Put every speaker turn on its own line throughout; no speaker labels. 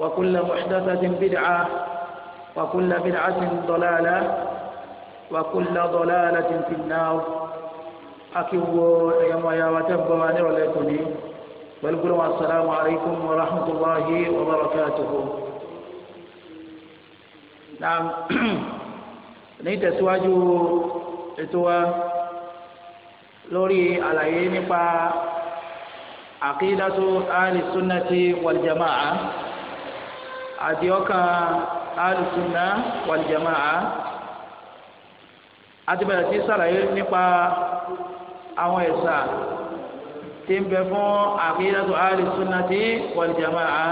وكل محدثة بدعة وكل بدعة ضلالة وكل ضلالة في النار أكيو يوم يا وتب وانير لكني والقلوا السلام عليكم ورحمة الله وبركاته نعم نيت سواجو إتوا على ينفع إيه عقيدة أهل السنة والجماعة àti ọkàn alùsùnà wàlìjàmáà àti bẹ̀rẹ̀ sí sàlàyé nípa àwọn ẹ̀sà tí ń bẹ fún àkídàtò alùsùnà tí wàlìjàmáà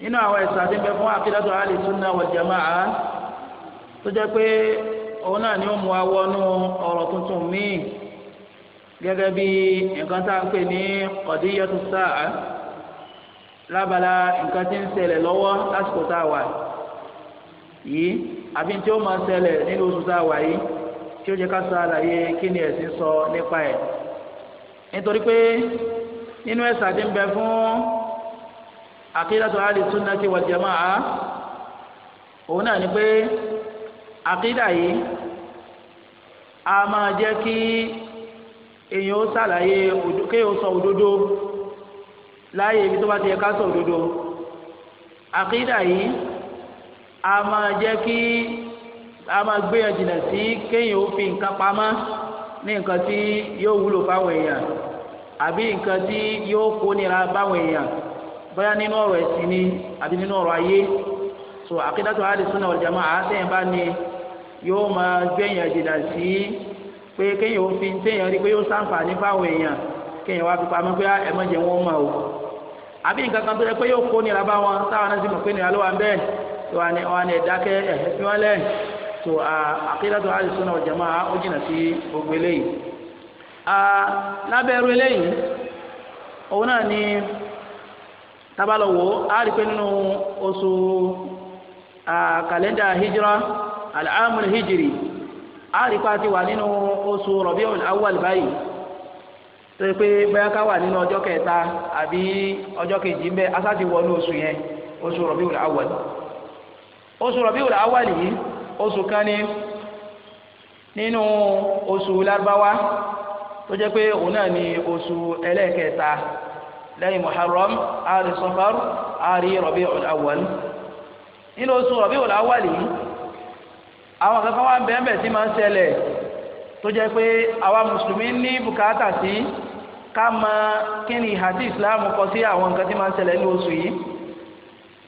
nínú àwọn ẹ̀sà tí ń bẹ fún àkídàtò alùsùnà wàlìjàmáà tó jẹ́ pé òun náà ni ó mú awọ́nú ọ̀rọ̀ tuntun míì gẹ́gẹ́ bí nǹkan tá à ń pè ní qadiyatus sa'a lábala nǹkan tí ń ṣẹlẹ̀ lọ́wọ́ lásìkò tá a wà yìí àbí tí ó máa ṣẹlẹ̀ nínú oṣù tá a wà yìí tí ó jẹ́ ká sọ àlàyé kí ni ẹ̀sìn sọ nípa ẹ̀ nítorí pé nínú ẹ̀sà tí ń bẹ fún àkídàtu ahli sunnati wal jama'a òun náà ni pé àkídà yìí a máa jẹ́ kí èèyàn ó ṣàlàyé kéèyàn ó sọ òdodo. láàyè ibi tó bá ti yẹ ká sọ òdodo àkídà yìí a máa jẹ́ kí a máa gbéyàn jìnnà sí kéèyàn ó fi nǹkan pamọ́ ní nǹkan tí yóò wúlò fáwọn èèyàn àbí nǹkan tí yóò kó nira báwọn èèyàn bóyá nínú ọ̀rọ̀ ẹ̀sìn ni àbí nínú ọ̀rọ̀ ayé so àkídàtò àdìsúnà wal jamaa àtẹ̀yìn bá ní yóò máa gbéyàn jìnnà sí pé kéèyàn ó fi téèyàn rí pé yóò ṣàǹfààní fáwọn èèyàn kéèyàn wá fi pamọ́ pé ah, àbí nǹkan kan tó yẹ pé yóò kó nira bá wọn táwọn náà sì mọ̀ pé nira ló wà ń bẹ́ẹ̀ tó wà ní ọ̀hán ẹ̀dákẹ́ ẹ̀hẹ́ fi wọ́n lẹ̀ tó àkídàtu ahlu sunna wal jamaa ó jìnà sí gbogbo eléyìí. lábẹ́rú eléyìí òun náà ni tabalọ̀wọ́ á rí pé nínú oṣù kàlẹ́ndà hijra al-aamul hijri á rí pé a ti wà nínú oṣù Rabiul Awwal báyìí. tó yẹ pé bẹ́ẹ̀ ká wà nínú ọjọ́ kẹta àbí ọjọ́ kejì mbẹ́ asáti wọnú oṣù yẹn oṣù Rabiul Awwal oṣù Rabiul Awwal yìí oṣù kan ní nínú oṣù Lárúbáwá tó jẹ́ pé òun náà ni oṣù ẹlẹ́ẹ̀kẹta lẹ́yìn Muharram àrí Safar rọ̀bí Rabiul Awwal nínú oṣù Rabiul Awwal yìí àwọn bẹ́ẹ̀ bẹ́ẹ̀ máa ń ṣẹlẹ̀ tó jẹ́ pé àwa mùsùlùmí ní bùkátà sí ká mọ kí ni ìhàdí ìsìláàmù kọ sí àwọn nǹkan tí máa ń ṣẹlẹ̀ ní oṣù yìí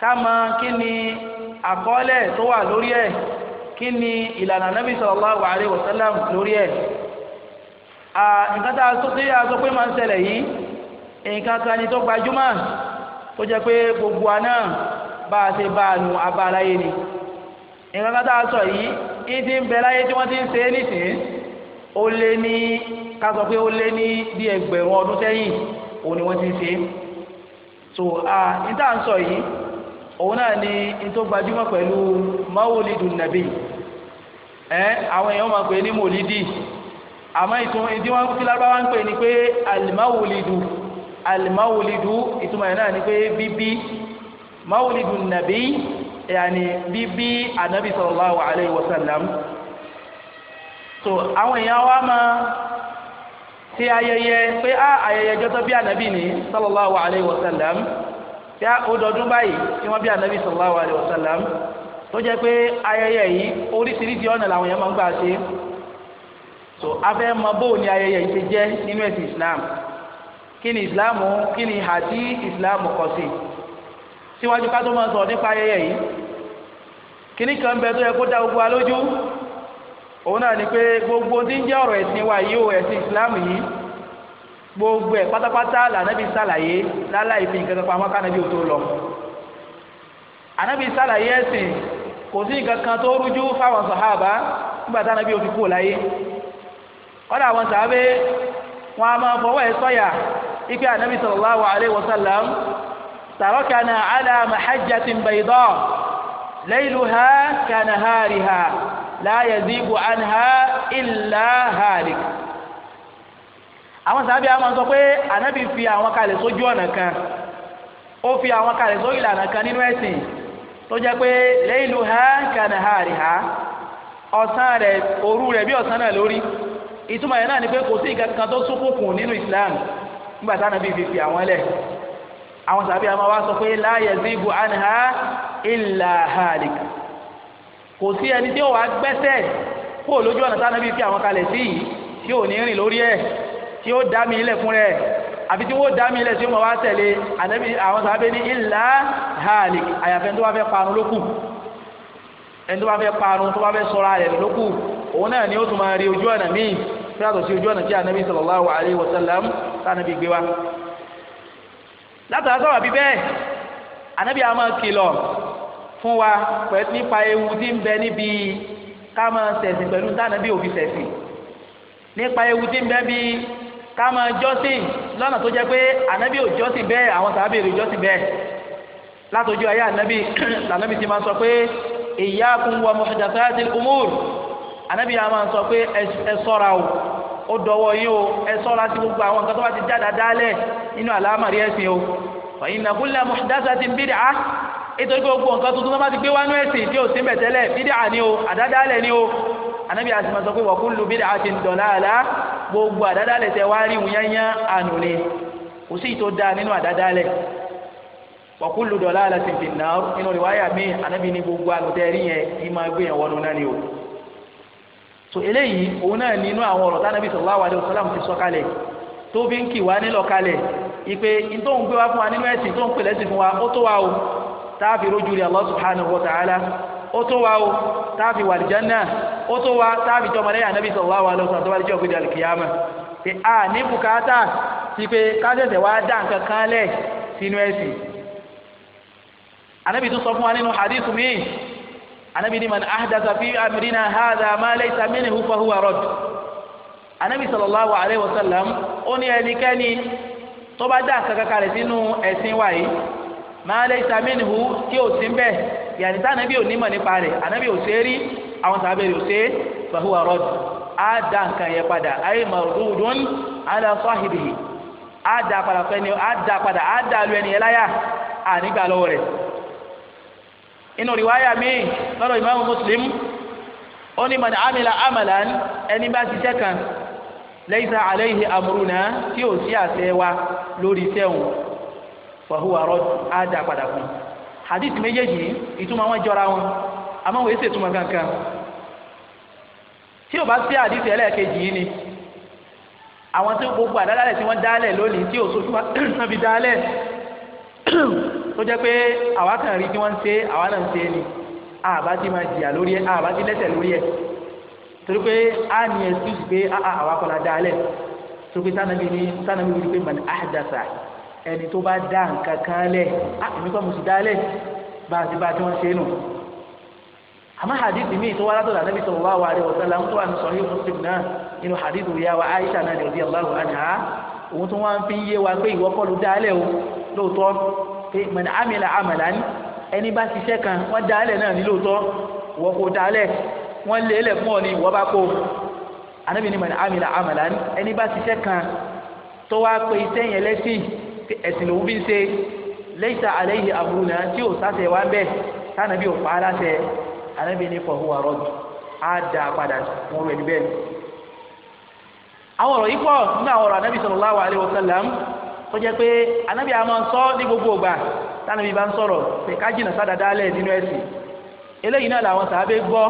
ká mọ kí ni àkọọ́lẹ̀ tó wà lórí ẹ̀ kí ni ìlànà nàbì sallallahu alaihi wasallam lórí ẹ̀ nǹkan tá a sọ pé a sọ pé máa ń ṣẹlẹ̀ yìí nǹkan kan ni tó gbajúmọ̀ tó jẹ́ pé gbogbo àná bá a ṣe bá a nù abá aláyé ni nǹkan tá a sọ yìí ìdí ń bẹ láyé tí wọ́n ti ń ṣe é nísìnyí ó lé ní ká sọ pé ó lé ní bí ẹgbẹ̀rún ọdún sẹ́yìn òun ni wọ́n ti ṣe so níta ń sọ yìí òun náà ni n tó gbajúmọ̀ pẹ̀lú mawulidun nabi ẹ àwọn èèyàn máa ń pè ní mòlídì àmọ́ ìtún ìdí wọn ti lábá wá ń pè ní pé alimawulidu alimawulidu ìtumọ̀ yẹn náà ni pé bíbí mawulidun nabi yàní bíbí anabi sallallahu alayhi wa sallam. so àwọn èèyàn wa máa ti ayẹyẹ pé á ah, ayẹyẹ ọjọ́ bí ànábì ní sallallahu alayhi wa sallam tí a ó dọdún báyìí tí wọ́n bí ànábì sallallahu alayhi wa sallam tó jẹ́ pé ayẹyẹ yìí oríṣiríṣi ọ̀nà làwọn èèyàn máa ń gbà ṣe so afẹ́ mọ bóò ni ayẹyẹ yìí jẹ́ nínú islam kí ni islam kí ni hàdí islam kọ sí síwájú ká tó máa sọ nípa ayẹyẹ yìí kan bẹ tó yẹ kó òun náà ni pé gbogbo tí ń jẹ́ ọ̀rọ̀ ẹ̀sìn wa yìí ó ẹ̀sìn Islam yìí gbogbo ẹ̀ pátápátá lànàbí sàlàyé láláì fi nǹkan kan pamọ́ kánàbí ò tó lọ ànàbí sàlàyé ẹ̀sìn kò sí nǹkan kan tó rújú fáwọn sàhábà nígbà tánàbí ò fi kú láyé kọ́dà àwọn sàábé wọn a máa fọwọ́ ẹ̀ sọ́yà ipe ànàbí sallallahu alaihi wasallam tarakana ala mahajjatin bayda layluha kanahariha la yazigu anha illa halik àwọn sábẹ́ àwọn sọ pé ànábì fi àwọn kalẹ̀ sójú ọ̀nà kan ó fi àwọn kalẹ̀ sójú ìlànà kan nínú ẹ̀sìn tó jẹ́ pé lẹ́yìnlú ha kànà ha rí ha ọ̀sán rẹ̀ òru rẹ̀ bí ọ̀sán náà lórí ìtumọ̀ yẹn náà ni pé kò sí nǹkan kan tó súnkùnkùn nínú Islam nígbà tí ànábì fi àwọn lẹ̀ àwọn sábẹ́ àwọn wa sọ pé la yazigu anha illa halik kò sí ẹni tí ó wàá gbẹ́sẹ̀ kó o lójú ọ̀nà sànàbí fi àwọn kalẹ̀ sí yìí tí ò ní rìn lórí ẹ̀ tí ó dá mi ilẹ̀ fún rẹ̀ àbí tí wọ́n dá mi ilẹ̀ tí ó mọ̀ wá tẹ̀lé ànábì àwọn sàbẹ̀ ní ìlà hàlì àyàfẹ́ tó bá fẹ́ parun lókù ẹni tó bá fẹ́ parun tó bá fẹ́ sọ̀rọ̀ rẹ̀ lókù òun náà ni ó tún máa rí ojú ọ̀nà míì fíjàtọ̀ sí ojú ọ̀nà tí ànábì sallallahu alaihi wasallam sànàbí gbé wa látara sọ̀rọ̀ bí bẹ́ẹ̀ ànábì fún wa pẹ̀lú nípa ewu tí ń bẹ níbi ká máa ṣẹ̀sìn pẹ̀lú tánàbí òbí ṣẹ̀sìn nípa ewu tí ń bẹ bí ká máa jọ́sìn lọ́nà tó jẹ́ pé ànábì ò jọ́sìn bẹ́ẹ̀ àwọn sàábẹ̀rẹ̀ ò jọ́sìn bẹ́ẹ̀ látọjú ayé ànábì lànábì ti máa sọ pé iyyakum wa muhdathatil umur ànábì yà máa sọ pé ẹ ṣọ́ra o ó dọwọ́ yín o ẹ ṣọ́ra sí gbogbo àwọn nǹkan tó bá ti jáde dálẹ̀ nínú àlámàrí ẹ̀sìn o fa inna kulla muhdathatin bid'ah nítorí pé gbogbo nǹkan tuntun tó bá ti gbé wá ní ẹ̀sìn tí ò sí mẹ̀tẹ́lẹ̀ bídíà ni o àdádálẹ̀ ni o anábì àtìmọ̀ sọ pé wa kullu bid'atin dalala gbogbo àdádálẹ̀ tẹ wá rí wúnyányá ànú ni kò sí ìtò dáa nínú àdádálẹ̀ wa kullu dalalatin fin nar nínú riwaya mi anábì ní gbogbo àlùtẹ́rì yẹn ní máa gbé yẹn wọnú náà ni o so eléyìí òun náà nínú àwọn ọ̀rọ̀ tánàbí sallallahu alaihi wasallam ti sọ kalẹ̀ tó fi ń kì wá nílọ̀ kalẹ̀ ìpè ntòun gbé táàfi rójú rí Allah subhanahu wa ta'ala ó tó wa o táàfi wà lìjánná ó tó wa táàfi jọmọ lẹ́yìn anábì sallallahu alaihi wasallam tó bá jẹ́ òkúta alìkìyàmà pé a ní bùkátà sí pé káṣẹ̀ṣẹ̀ wá dá nǹkan kan lẹ̀ sínú ẹ̀sìn anábì tó sọ fún wa nínú hadith mi anábì ní man ahdatha fi amrina hadha ma laysa minhu fa anábì sallallahu alaihi wasallam ó ní ẹnikẹ́ni tó bá dá nǹkan kan kalẹ̀ sínú ẹ̀sìn wa máa lẹ́yìn sàmínì hu tí ò sí bẹ́ẹ̀ yàtí tá ànábì ò ní mọ̀ nípa rẹ̀ ànábì ò ṣe é rí àwọn sàbẹ̀ ò ṣe é fàhùn ọ̀rọ̀ á da nǹkan yẹn padà ayé màrúdùn àlà sọ́hìbìhì á da padà fẹ́ni á da padà á da lu ẹni yẹn láyà ànígbà lọ́wọ́ rẹ̀ inú riwaya mi lọ́dọ̀ ìmáàmù Muslim ó ní mọ̀nà amìlà amalan ẹni bá ṣiṣẹ́ kan lẹ́yìn sà àlẹ́ yìí àmúrúnà tí ò wa lórí iṣẹ́ wàhùwà rọ àdá padà fún un hadith méjèèjì ìtumọ̀ wọn jọra wọn àmọ́ wọ́n èsì ìtumọ̀ kankan tí o bá sí hadith ẹlẹ́ẹ̀kejì yìí ni àwọn tí gbogbo àdádálẹ̀ tí wọ́n dálẹ̀ lónìí tí òṣojú wọn fi dálẹ̀ tó jẹ́ pé àwa kan rí tí wọ́n ń ṣe àwa náà ń ṣe ni àbá ti máa jìyà lórí ẹ̀ àbá ti lẹ́sẹ̀ lórí ẹ̀ torí pé a ní ẹ̀sùn pé àwa kọ́ dálẹ̀ torí pé sanabi ni sanabi wuli pé mani ahadasa ẹni tó bá dá nǹkan kan lẹ̀ àmì kọ́ mo sì dá lẹ̀ bá a ti bá a ti wọ́n ṣe nù àmọ́ hadith mi tó wá látọ̀dọ̀ anábì sallallahu alaihi wasallam tó wà ní sọ̀rọ̀ yóò muslim náà nínú hadith ìyá wa aisha náà radiyallahu anha òun tó wá ń fi yé wa pé ìwọ kọ́ ló dálẹ̀ o lóòótọ́ pé man amila amalan ẹni bá ṣiṣẹ́ kan wọ́n dálẹ̀ náà ní lóòótọ́ tó wá pé iṣẹ́ yẹn lẹ́sìn ẹ̀sìn lòun fi ń ṣe lẹ́yìntà àlẹ́yìn àbúrúnà tí ò sáṣẹ wá bẹ́ẹ̀ tánàbí ò pa á láṣẹ ànábì ní fọwọ́ àrọ́jù á dá a padà wọn rẹ̀ níbẹ̀. àwọn ọ̀rọ̀ yìí pọ̀ nínú àwọn ọ̀rọ̀ ànábì sallallahu alaihi wasallam tó jẹ́ pé ànábì a máa ń sọ ní gbogbo ìgbà tánàbí bá ń sọ̀rọ̀ pé ká jìnnà sádàdálẹ̀ nínú ẹ̀sìn eléyìí náà làwọn sàábẹ́ gbọ́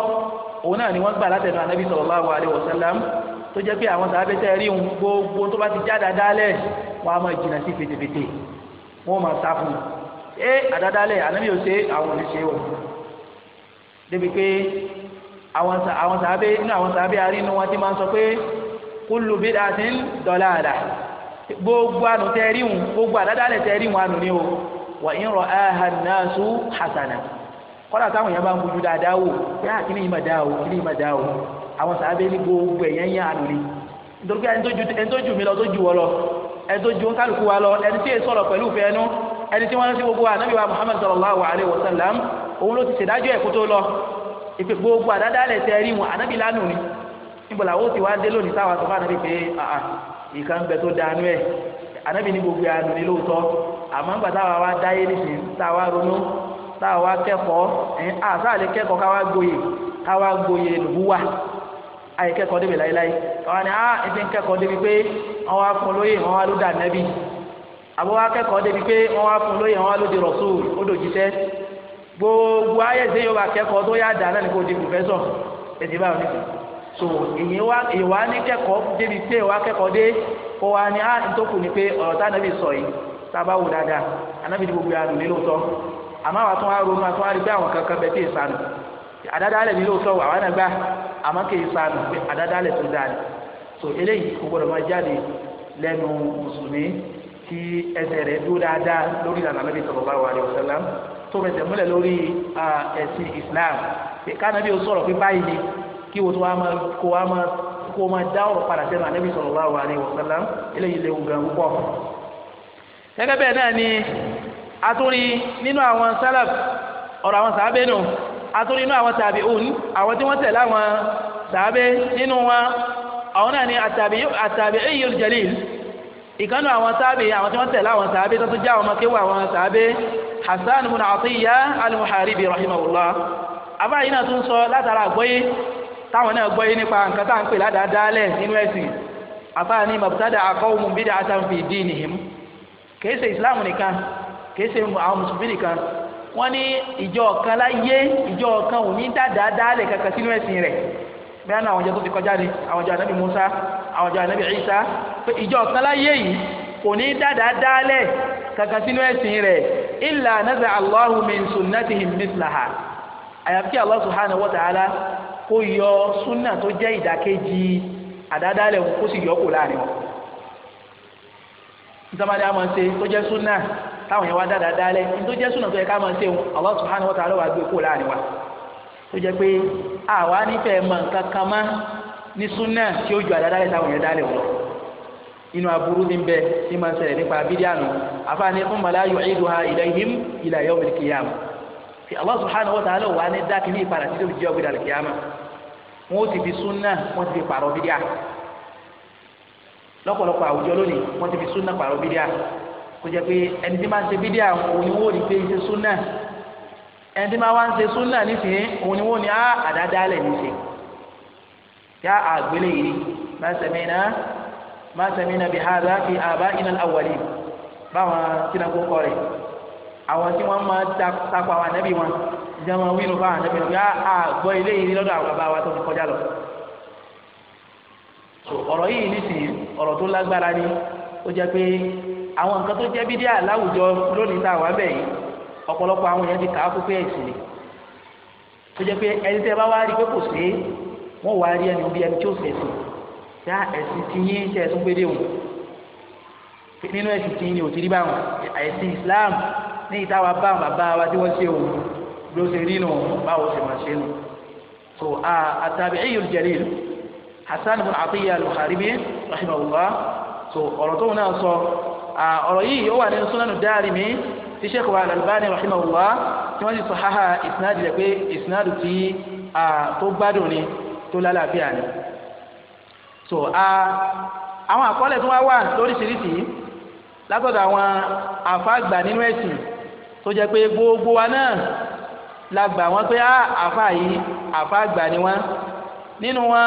òun náà ni wọ́n gbà látẹnu ànábì sallallahu alaihi wasallam tó jẹ́ pé àwọn sàábẹ́ tẹ́ rí gbogbo tó bá ti já dáadáa lẹ̀ ọ̀pọ̀lọpọ̀ á máa jìnnà sí fètèfètè wọ́n máa sá fún un ṣé àdádálẹ̀ ànábì ò ṣe àwọn oníṣẹ́ wọn débi pé àwọn sàábé inú àwọn sàábé arínú wọn ti máa ń sọ pé kullu bid'atin dalalah gbogbo àánú tẹ́rí wọn gbogbo àdádálẹ̀ tẹ́rí wọn àánú ni o wà ń rọ ahannasu hasana kọ́dà táwọn èèyàn bá ń bójú dáadáa wò pé à kíní yìí máa dáa o kíní yìí máa dáa o àwọn sàábé ní gbogbo ẹ̀yẹ́ ń yá àánú ni nítorí pé ẹni tó ju mi lọ tó ju wọ lọ ẹni tó ju kálukú wa lọ ẹni tí yẹ sọ̀rọ̀ pẹ̀lú fẹ́ẹ́nu ẹni tí wọ́n ń sí gbogbo ànábì wa Muhammad sallallahu alayhi wa sallam òun ló ti ṣèdájọ́ ẹ̀kú tó lọ ìpè gbogbo àdádálẹ̀ tẹ rí wọn ànábì lánàá ni níbo làwọn ó ti wá dé lónìí táwa sọ fún ànábì pé ìkan bẹ tó dánú ẹ ànábì ní gbogbo àánú ni lóòótọ́ àmọ́ nígbà táwa wá dáyé nìsín táwa ronú táwa wá kẹ́kọ̀ọ́ ẹ̀ àṣà lè kẹ́kọ̀ọ́ káwa gboyè káwa gboyè nùbúwà àìkẹ́kọ̀ọ́ débi láéláé àwọn ni ah ẹbí ń kẹ́kọ̀ọ́ débi pé wọ́n wá fún lóyè wọ́n wá ló dà nẹ́bí àbọ̀ wá kẹ́kọ̀ọ́ débi pé wọ́n wá fún lóyè wọ́n wá ló di rọ̀sù ó dòjíṣẹ́ gbogbo ayé ṣe yóò bá kẹ́kọ̀ọ́ tó yá dáná ni kò di pòfẹ́sọ̀ ẹ̀dí báwọn nìkan so èyí wá ìwà ní kẹ́kọ̀ọ́ débi pé ìwà kẹ́kọ̀ọ́ dé kó wa ni ah ntòkù ni pé ọ̀rọ̀ tá ànábì sọ yìí tá a bá wò dáadáa ànábì ni gbogbo yà àmọ́ àwọn àtúnwá ronú àtúnwá rí pé àwọn kankan bẹ tí ì sànù àdádálẹ̀ ní lóòótọ́ wà wọn àgbà àmọ́ kì í sànù pé àdádálẹ̀ tó dáa ni so eléyìí kò gbọdọ̀ máa jáde lẹ́nu mùsùlùmí kí ẹsẹ̀ rẹ̀ dúró dáadáa lórí ìlànà Ànábì sallallahu alaihi wasallam tó fẹsẹ̀ múlẹ̀ lórí ẹ̀sìn Islam kánábì ó sọ̀rọ̀ pé báyìí ni kí wọ́n tó wá máa kó wá máa kó máa dá ọ̀rọ̀ padà sẹ́nu Ànábì sallallahu alaihi wasallam eléyìí léwu gan púpọ̀. gẹ́gẹ́ bẹ́ẹ̀ náà ni a nínú àwọn sálàf ọ̀rọ̀ àwọn sàábẹ́nù atúrí inú àwọn tàbí òun àwọn tí wọ́n tẹ̀lé àwọn sàábé nínú wọn àwọn náà ni àtàbí eyín jalil ìkànnì àwọn sàábé àwọn tí wọ́n tẹ̀lé àwọn sàábé tó tún já àwọn kéwà àwọn sàábé hasan ibn atiya al-muharibi rahimahullah abáyé náà tún sọ látara àgbọ́yé táwọn náà gbọ́yé nípa nǹkan tá à ń pè ládàádáálẹ̀ nínú ẹ̀sìn àfáà ní mabtada qawmun bid'atan fi dinihim kìí ṣe ìsìláàmù nìkan kìí àwọn mùsùlùmí nìkan wọ́n ní ìjọ kan láyé ìjọ kan ò ní dáadáa dáálẹ̀ kankan sínú ẹ̀sìn rẹ̀ bẹ́ẹ̀ náà àwọn ìjọ tó ti kọjá ni àwọn ìjọ ànábì Musa àwọn ìjọ ànábì Isa pé ìjọ kan láyé yìí kò ní dáadáa dáálẹ̀ kankan sínú ẹ̀sìn rẹ̀ illa naza Allahu min sunnatihim mislaha àyàfi kí Allah subhanahu wa ta'ala kó yọ Sunna tó jẹ́ ìdàkejì àdáadáa lẹ̀ kó sì yọ kó láàrin wọn nítorí àwọn ṣe tó jẹ́ súnà táwọn yẹn wá dáadáa dálẹ̀ tó jẹ́ súnà tó yẹ ká máa ṣe wọn Allah subhanahu wa ta'ala wà gbé kó láàrin wa tó jẹ́ pé àwa nífẹ̀ẹ́ mọ̀ kankan má ní súnà tí ó ju àdáadáa lẹ̀ táwọn yẹn dálẹ̀ wọn inú aburú ní bẹ ní máa ń ṣẹlẹ̀ nípa bídíànù àfààní fún màlá yu'iduha ilayhim ila yawm al-qiyamah fi Allah subhanahu wa ta'ala wà ní dákìní ìpadà títí òjì ọ̀gbìn al-qiyamah wọn ó sì fi súnà wọn ti fi pààrọ̀ bídíà lọ́pọ̀lọpọ̀ àwùjọ lónìí wọ́n ti fi súnà pààrọ̀ bídíà kó jẹ́ pé ẹni tí máa ń ṣe bídíà òun ni wọ́n ò ní pé ṣe súnà ẹni tí máa wá ń ṣe súnà nísìnyí òun ni wọ́n ò ní àdádálẹ̀ níṣe yá àgbélé yìí má sẹ́mínà má sẹ́mínà bí hàdá fi àbá iná àwọ̀lì báwọn sinago kọ rẹ̀ àwọn tí wọ́n máa takọ àwọn ànábì wọn jẹ́ wọn fáwọn ànábì wọn yá àgbọ́ ilé yìí lọ́dọ̀ àwọn bàbá wa tó ti kọjá lọ ọ̀rọ̀ yìí nísìnyí ọ̀rọ̀ tó lágbára ni ó jẹ́ pé àwọn nǹkan tó jẹ́ bídíà láwùjọ lónìí tá a wà bẹ́ẹ̀ yìí ọ̀pọ̀lọpọ̀ àwọn èèyàn ti kà á kó pé ẹ̀sìn ni tó jẹ́ pé ẹni tẹ́ bá wá rí pé kò sí wọ́n wá rí ẹni bí ẹni tí ó sẹ̀sìn tá ẹ̀sìn ti yín tẹ́ ẹ̀sùn gbédè wọn nínú ẹ̀sìn ti yín ni rí báwọn ẹ̀sìn Islam ní ìtawà báwọn bàbá wa tí wọ́n ṣe òun ló ṣe rí nù báwo ṣe máa ṣe nù so àtàbí ẹ̀yìn olùjẹ́rìí hasan bin atiya al-kharibi rahimahullah so ọ̀rọ̀ tó náà sọ ọ̀rọ̀ yìí ó wà nínú sunanu darimi tí sheikh wa al-albani rahimahullah tí wọ́n ti sọ haha isnadu rẹ̀ pé isnadu ti tó gbádùn ni tó lálàáfíà ni so àwọn àkọọ́lẹ̀ tó wá wà lóríṣiríṣi látọ̀dọ̀ àwọn àfáàgbà nínú ẹ̀sìn tó jẹ́ pé gbogbo wa náà la gbà wọ́n pé àfáà yìí àfáàgbà ni wọ́n nínú wa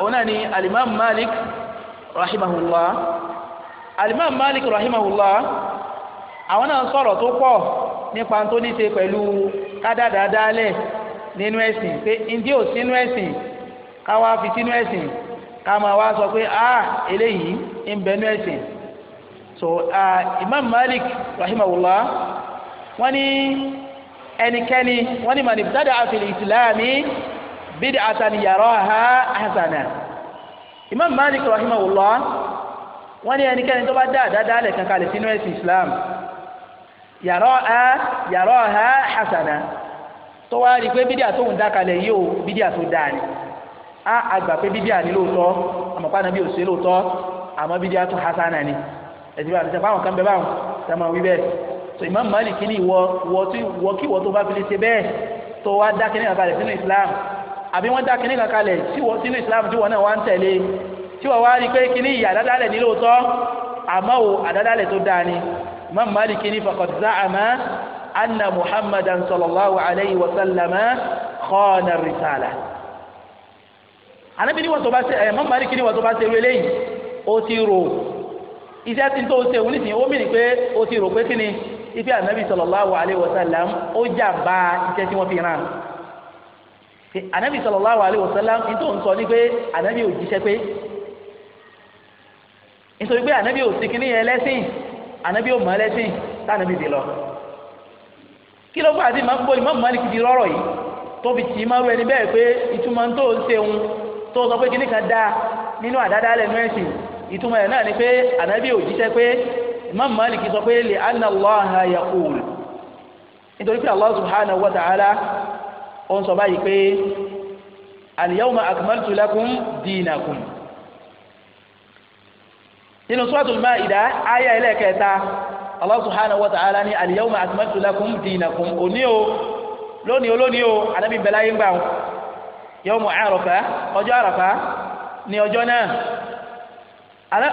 òun náà ni alimam malik rahimahullah alimam malik rahimahullah àwọn náà sọ̀rọ̀ tó pọ̀ nípa tó ní ṣe pẹ̀lú kádàdàdálẹ̀ nínú ẹ̀sìn pé ndí ò sínú ẹ̀sìn káwá fi sínú ẹ̀sìn ká wá sọ pé a eléyìí ń bẹ ẹ̀sìn so uh, imam malik rahimahullah wọ́n ní ẹnikẹ́ni wọ́n ní manibdada afil islami bid'atan yaraha hasana imam malik rahimahullah wọ́n ní ẹnikẹ́ni tó bá dá àdáda lẹ̀ kan kalẹ̀ sínú ẹ̀sìn islam yaraha yaraha hasana tó wá rí i pé bídíà tó ń dá kalẹ̀ yìí ó bídíà tó dáa ni a àgbà pé bídíà ni lóòótọ́ àmọ̀pá nàbí ò sí lóòótọ́ àmọ́ bídíà tó hasana ni ẹ̀sìn bá àtẹ̀sẹ̀ fáwọn kan bẹ báwọn ṣe máa wí bẹ́ẹ̀ so imam malik ní ìwọ ìwọ kí ìwọ tó bá fi lè ṣe bẹ́ẹ̀ tó wá dá kíní àkàlẹ̀ sínú islam àbí wọ́n dá kíní kankan lẹ̀ sínú islam tí wọ́n náà wá ń tẹ̀lé tí wọ́n wá rí pé kíní yìí àdádálẹ̀ ní lóòótọ́ àmọ́ o àdádálẹ̀ tó dáa ni imam malik ní faqad za'ama anna muhammadan sallallahu alayhi wa sallama khana risala anabi ni wọ́n tó bá ṣe imam malik ni wọ́n tó bá ṣe wele yìí ó ti rò iṣẹ́ tí tó ṣe òun nìyí ó mìíràn pé ó ti rò pé kíni ife anabi sallallahu alayhi wa sallam ó jàmbá iṣẹ́ tí wọ́n fi ràn án anabi sallallahu alayhi wa sallam nítorí nsọ sọ ni pé anabi ò jíṣẹ́ pé nítorí pé anabi ò sí kíní yẹn lẹ́sìn anabi ò mọ̀ lẹ́sìn tànàbí ti lọ kí ló fà á sí máa ń bọ́ ìmọ̀ mọ́lìkì di rọ́rọ̀ yìí ni bẹ́ẹ̀ pé ìtumọ̀ tó ń ṣe tó sọ pé kíní anabi ò jíṣẹ́ pé ìmọ̀ mọ́lìkì sọ pé lè ó ń sọ báyìí pé al-yawma akmaltu lakum dinakum nínú suratul Maida aya ẹlẹ́kẹta Allah subhanahu wa ta'ala ní al-yawma akmaltu lakum dinakum òní o lónìí o lónìí o ànábì bẹ̀lá yín gbà yawmu Arafa ọjọ́ Arafa ní ọjọ́ náà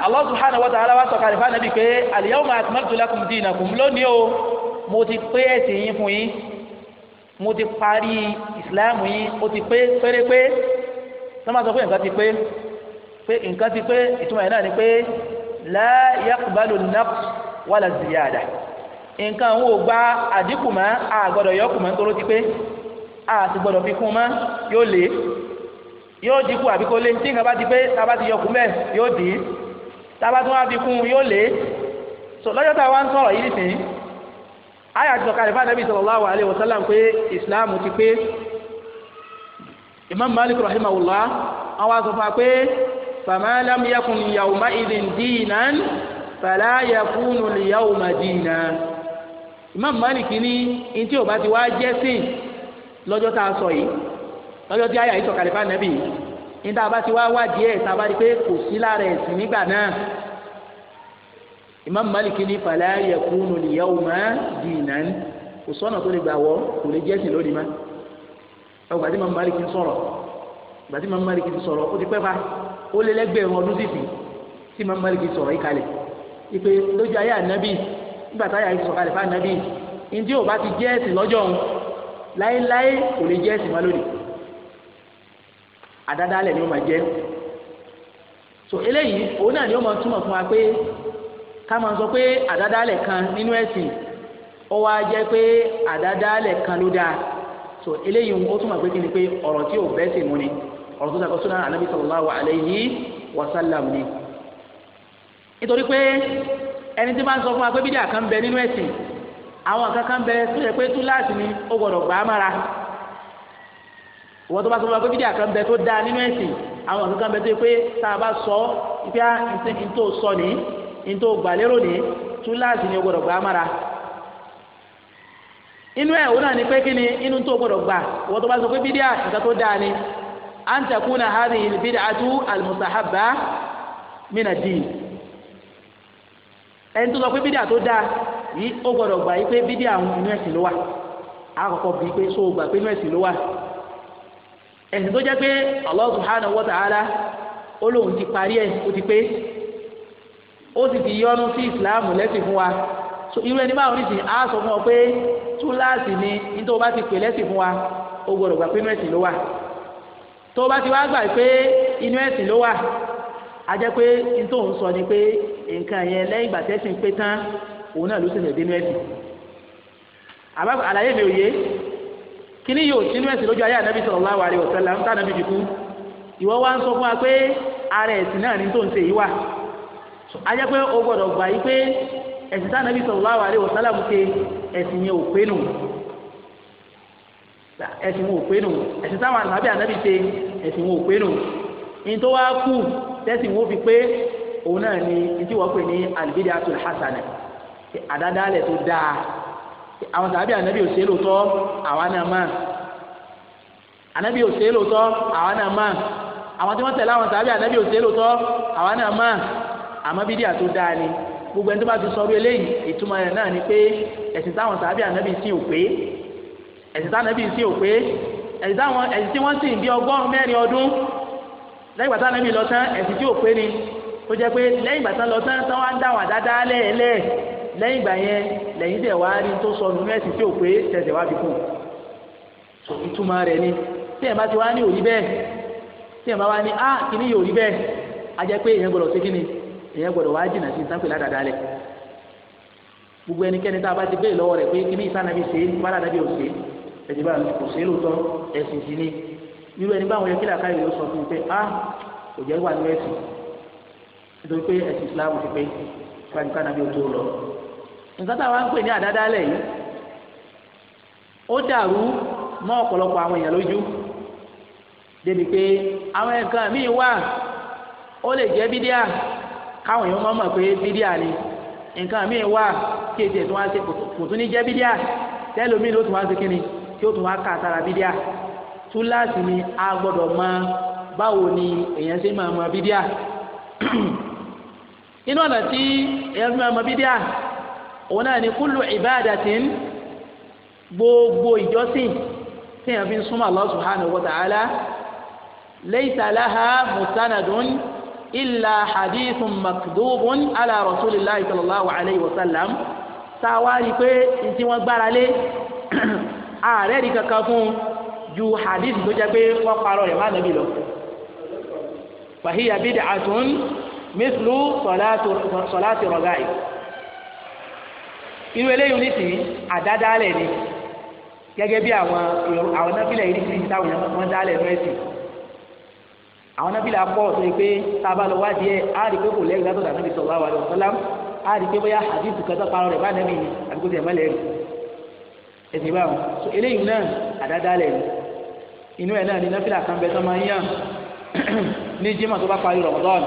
Allah subhanahu wa ta'ala wa sọ̀kalẹ̀ fún ànábì pé al-yawma lakum dinakum lónìí o mo ti pé ẹ̀sìn yín fún yín mo ti parí ìsìláàmù yìí ó ti pé pérépé sọ́mà sọ pé nǹkan ti pé pé nǹkan ti pé ìtumọ̀ yẹn náà ni pé la yaqbalu naqs wala ziyada nǹkan àwọn ò gba àdínkù mọ́ a gbọ́dọ̀ yọkù mọ́ nítorí ti pé a sì gbọ́dọ̀ fi kún mọ́ yóò lé yóò dínkù àbí kó lé tí nǹkan bá ti pé tá a bá ti yọkù mẹ́ yóò dín tá a wá fi kún yóò lé lọ́jọ́ tá a wá ń sọ̀rọ̀ yìí nìsín àyà ti sọ̀kalẹ̀ fún anabi sallallahu alayhi wa sallam pé islam ti pé imam malik rahimahullah àwọn asọ̀fà pé famalam yakun yawma idin diinan fala yakunu liyawma diinan imam malik ní ntí ó bá ti wá jẹ́ sìn lọ́jọ́ tá a sọ yìí lọ́jọ́ tí àyà yìí sọ̀kalẹ̀ fún anabi yìí níta bá ti wá wádìí ẹ̀ tá a bá rí pé kò sí lára ẹ̀sìn nígbà náà Imam Malik ní fala yakunu al-yawma dinan kò sọ́nà tó lè gbà wọ́ kò lè jẹ́ ẹ̀sìn lónìí má ọgbà tí Imam Malik ń sọ̀rọ̀ ọgbà tí Imam Malik ń sọ̀rọ̀ ó ti pẹ́ fa ó lé lẹ́gbẹ̀rún ọdún sì sìn tí Imam Malik sọ̀rọ̀ yìí kalẹ̀ ìpè lójú ayé ànábì nígbà táyà yìí sọ̀rọ̀ kalẹ̀ fún ànábì ǹjẹ́ ò bá ti jẹ́ ẹ̀sìn lọ́jọ́ òun láéláé kò lè jẹ́ ẹ̀sìn má lónìí àdádálẹ̀ ni ó máa jẹ́ so eléyìí òun náà ni ó máa túmọ̀ fún wa pé ká máa sọ pé àdádálẹ̀ kan nínú ẹ̀sìn ó wá jẹ́ pé àdádálẹ̀ kan ló dáa so eléyìí ó túmọ̀ pé kí ni pé ọ̀rọ̀ tí ò bẹ́ẹ̀ sì mú ni ọ̀rọ̀ tó sàkó súnà ànábì sallallahu alayhi wa sallam ni. nítorí pé ẹni tí bá ń sọ fún wa pé bídíà kan bẹ nínú ẹ̀sìn àwọn kan kan bẹ tó yẹ pé túláàsì ni ó gbọdọ̀ gbà á mára ìwọ́n tó bá sọ fún wa pé bídíà kan bẹ tó dáa nínú ẹ̀sìn àwọn kan kan bẹ tó yẹ pé tá a bá sọ ìfẹ́ à ń tó sọ nìyí nítorí o gbà lérò ní túláàsì ni o gbọ́dọ̀ gbà á inú ẹ̀ náà ni pé kí ni inú tó o gbọ́dọ̀ gbà wọ́n tó bá sọ pé bídíà nǹkan tó dáa ni à ń tẹ̀kú na hàbí ìbídà àtú àlùmùsàhábà dì tó sọ pé bídíà tó dáa yìí ó gbọ́dọ̀ gbà yìí pé bídíà àwọn inú ẹ̀sìn ló wà wa ó sì ti yọnu sí ìsìláàmù lẹ́sìn fún wa irú ẹni báwọn oníṣìí á sọ fún ọ pé túláàsì ni nítorí ti pè lẹ́sìn fún wa ó gbọdọ̀ gbà pé inú ẹ̀sìn ló wà ti wá gbà pé inú ẹ̀sìn ló wà á jẹ́ pé nítorí òun sọ ni pé nǹkan yẹn lẹ́yìn ìgbà tẹ́sìn pé tán òun náà ló ṣẹ̀ṣẹ̀ ẹ̀sìn àlàyé mi ò yé kíní yóò ẹ̀sìn lójú ayé ànábì fi ń sọ fún wa pé ara ẹ̀sìn náà tó ajẹ́ pé o gbọ́dọ̀ gbà yí pé ẹ̀sìn tí Ànábì sallallahu alaihi wasallam ṣe ẹ̀sìn yẹn ò pé nù ẹ̀sìn wọn ò pé nù ẹ̀sìn táwọn àlàbí Ànábì ṣe ẹ̀sìn wọn ò pé nù fi pé òun náà ni ìdí wọ́n pè ní al-bid'atul hasana àdádálẹ̀ tó dáa àwọn sàbí anabi òṣèlú lóòótọ́ àwa náà máa ànábì òṣèlú lóòótọ́ àwa náà máa àwọn tí wọ́n tẹ̀lé àwọn sàbí ànábì òṣèlú lóòótọ́ àwa náà máa àmọ́ bídíà tó dáa ni gbogbo ẹni tó bá ti sọ̀rọ̀ eléyìí ìtumọ̀ rẹ̀ náà ni pé ẹ̀sìn táwọn sàábì ànábì sí òpé ẹ̀sìn táwọn ànábì sí òpé ẹ̀sìn táwọn ẹ̀sìn tí wọ́n sì ń bí ọgọ́rùn mẹ́rin ọdún lẹ́yìn gbàtà ànábì lọ tán ẹ̀sìn tí òpé ni ó jẹ́ pé lẹ́yìn gbàtà lọ tán tán wá ń dáwọn àdáda lẹ́ẹ̀lẹ́ lẹ́yìn ìgbà yẹn lẹ́yìn tẹ̀ wá rí tó sọnù mẹ́sìn tí òpé tẹ̀sẹ̀ wá fi kù ìtumọ̀ rẹ̀ ni tí ẹ̀ bá ti wá ní òrí èyàn gbọ́dọ̀ wá jìnnà sí sáfìlà dáadáa lẹ̀ gbogbo ẹnikẹ́ni tá a bá ti bẹ́ẹ̀ lọ́wọ́ rẹ̀ pé kí ní ìsànàbí ṣe é bálàdàbí ò ṣe é ẹ̀sìn bá kò ṣe é lóòótọ́ ẹ̀sìn sí ni irú ẹni báwọn yẹ kí làákàyè yóò sọ fún un pé a kò jẹ́ wà ní ẹ̀sìn nítorí pé ẹ̀sìn Islam ti pé fàdúkà nàbí òtó lọ. nǹkan táwa ń pè ní àdádálẹ̀ yìí ó dàrú mọ́ ọ̀pọ̀lọpọ̀ àwọn èèyàn lójú débi pé àwọn ẹ̀kan míì wà ó lè jẹ́ bídíà káwọn èèyàn máa mọ̀ pé bídíà ni nǹkan míì wà kí ètò ẹ̀tún wá ṣe kò tún ní jẹ́ bídíà tẹ́lómìn ló tún wá ṣe kí ni tí ó tún wá kà sára bídíà túláàsì ni a gbọ́dọ̀ mọ báwo ni èèyàn ṣe máa mọ bídíà inú ọ̀nà tí èèyàn máa mọ bídíà òun náà ni kúlù ìbáàdàtìn gbogbo ìjọsìn tí èèyàn fi ń súnmọ́ Allah subhanahu wa ta'ala laysa laha mustanadun illa hadithun makdubun ala rasulillahi sallallahu alayhi wa sallam sáwárí pé ntí wọ́n gbára lé ààrẹ rí kankan fún ju hadith tó jẹ́ pé wọ́n parọ́ rẹ̀ má nàbí lọ. fahiya bid'atun mislu salati rọgáì irú eléyìí nísìnyí àdádálẹ̀ ni gẹ́gẹ́ bí àwọn àwọn náfìlẹ̀ yìí nísìnyí táwọn yẹn wọ́n dálẹ̀ nú àwọn nábìlà pọ̀ tó yẹ pé tábà lọ wádìí ẹ̀ á rí pé kò lẹ́yìn látọ̀ dàbí sallallahu alaihi wasallam á rí pé bóyá hadithu kan tó parọ́ rẹ̀ bá nẹ́mì ni àdúgbò tẹ̀ mọ́lẹ̀ rí ẹ̀sìn báwọn so eléyìí náà àdádálẹ̀ ni inú ẹ̀ náà ni nábìlà kan bẹ tó máa ń yàn ní jímọ̀ tó bá parí Ramadan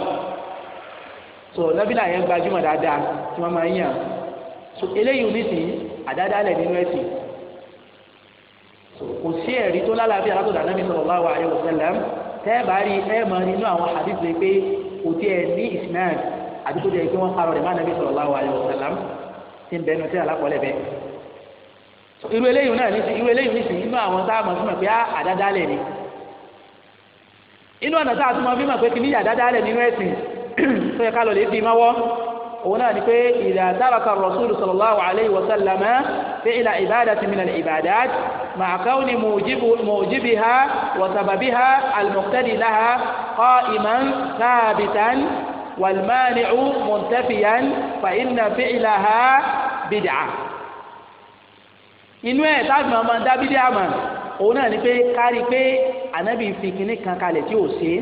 so nábìlà yẹn gbajúmọ̀ dáadáa tí wọ́n máa ń yàn so eléyìí tẹ́ẹ̀bà rí ẹ mọ̀ nínú àwọn hadith rẹ pé kò tí ẹ ní ismail àti kó jẹ́ pé wọ́n parọ́ rẹ̀ má nàbí sallallahu alaihi wasallam tí ń bẹ ẹnu tí alákọ̀ọ́lẹ̀ bẹ. irú eléyìí náà nísìn irú eléyìí nísìn inú àwọn tá a mọ̀ sí mọ̀ pé ah, àdádálẹ̀ ni inú ọ̀nà tá a tún mọ̀ bí mọ̀ pé kì òun náà ni pé idha taraka ar-rasulu sallallahu alayhi wa sallam fi'la ibadatin min al-ibadat ma'a kawni mujibiha wa sababiha al-muqtadi laha qa'iman thabitan والمانع منتفيا فإن فعلها بدعة inú ẹ táàbì máa máa dábídé àmà òun náà ni pé kárí pé ànábì fi kinní kan tí ò ṣe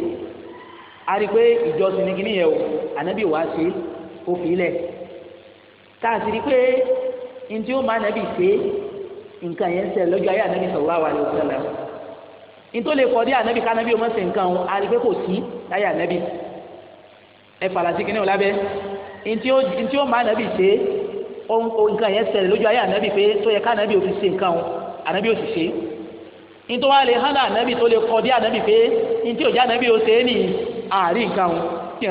é pé ìjọsìn ní kinní yẹn o ànábì wàá ṣe ó fi lẹ̀ káàsìrí pé ntí ó máa nàbì ṣe nǹkan yẹn ń ṣe lọ́jọ́ ayé ànábì sallallahu alaihi wasallam ntó lè kọ́ dé ànábì kánábì ó máa ṣe nǹkan ọ̀hún àrí pé kò sí láyé ànábì ẹ fàlàsì kìnìún lábẹ́ ntí ó máa nàbì ṣe nǹkan yẹn ṣẹlẹ̀ lójú ayé ànábì pé tó yẹ kánábì ò fi ṣe nǹkan ọ̀hún ànábì ò sì ṣe ntó wá lè hánà ànábì tó lè kọ́ dé ànábì pé ntí òjá ànábì ó ṣe é nì àárín nǹkan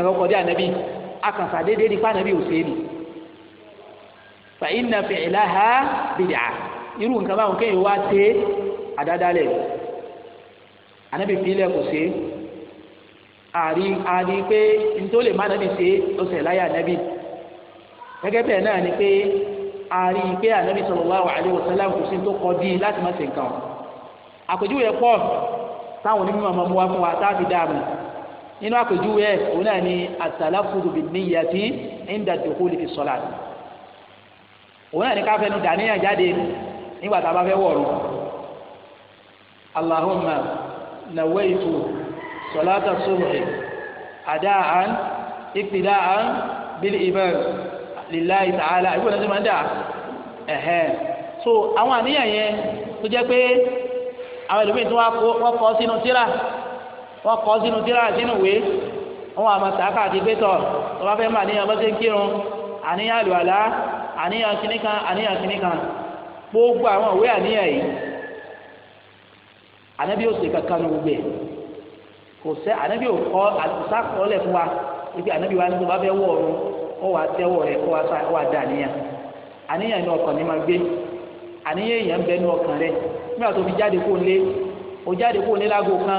ọ̀hún kí akànṣà déédéé di fànàbí òsèlú fa inna fi'laha bid'a irú nǹkan báwọn kéèyàn wá sé àdádálẹ̀ ànábì fílẹ̀ kò sé àrí àrí pé nítorí lè má ànábì sé ọ̀sẹ̀ láyà ànábì gẹ́gẹ́ bẹ́ẹ̀ náà ni pé àrí pé ànábì sallallahu alaihi wasallam kò sí tó kọ́ di láti má ṣe nǹkan àpèjúwe pọ̀ táwọn onímọ̀ máa mú wa fún wa táàbì dáàbò nínú àpèjúwe ẹ̀ òun náà ni àtàláfùdù bí níyàtí inda dukhuli fi sọ́lá òun náà ni ká fẹnu dàníyàn jáde nígbà tá a bá fẹ́ wọ̀ọ̀rù allahumma nawaitu salata subhi adaan iktidaan bil iman lillahi ta'ala ìgbọ́n náà ti máa ń dà ẹ̀hẹ́n so àwọn àníyàn yẹn tó jẹ́ pé àwọn ẹlòmíín tó wá kọ́ sínú tíra wọ́n kọ́ sínú tíra sínú ìwé wọ́n wà máa sàákà àti pétọ̀ tó bá fẹ́ mọ àníyàn bó ṣe ń kírun àníyàn àlùwàlá àníyàn kìnnìkan àníyàn kìnnìkan gbogbo àwọn ìwé àníyàn yìí anabi yóò ṣe kankan ní gbogbo yẹ kò sẹ anabi yóò kọ àtúnṣe àkọọlẹ fún wa ibi anabi wa nígbà bẹ wọ ọrùn ó wà tẹwọ rẹ ó wà sá ó wà dá àníyàn àníyàn ní ọkàn ní ma gbé àníyàn èèyàn ń bẹ ní ọkàn rẹ nígbà tó fi jáde kó lé o jáde kó o kan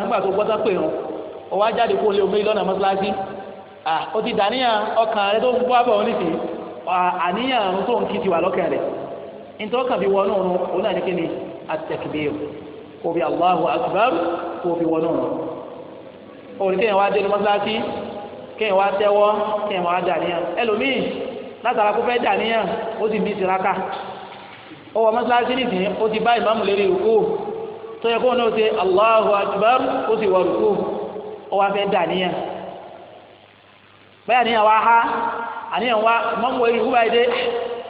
nígbà tó gbọ́dọ̀ pè rún o wá jáde kó o omi lọ́nà o ti dàníyàn ọkàn rẹ tó ń bọ́ àbọ̀ àníyàn tó ń kí ti wà lọ́kàn rẹ nítorí kàn fi wọnú náà ní kí ni at kò fi kò fi wọnú kéèyàn wá dé ní mọ́sálásí kéèyàn wá tẹ́wọ́ kéèyàn wá dàníyàn ẹlòmíì látara kó fẹ́ dàníyàn ó ti bí ó wọ mọ́sálásí tó yẹ kóun náà ṣe Allahu Akbar ó sì wọ̀rù kú ó wá fẹ́ dàníyàn bẹ́ẹ̀ àníyàn wá há àníyàn wá mọ́mọ́ irú wáyé dé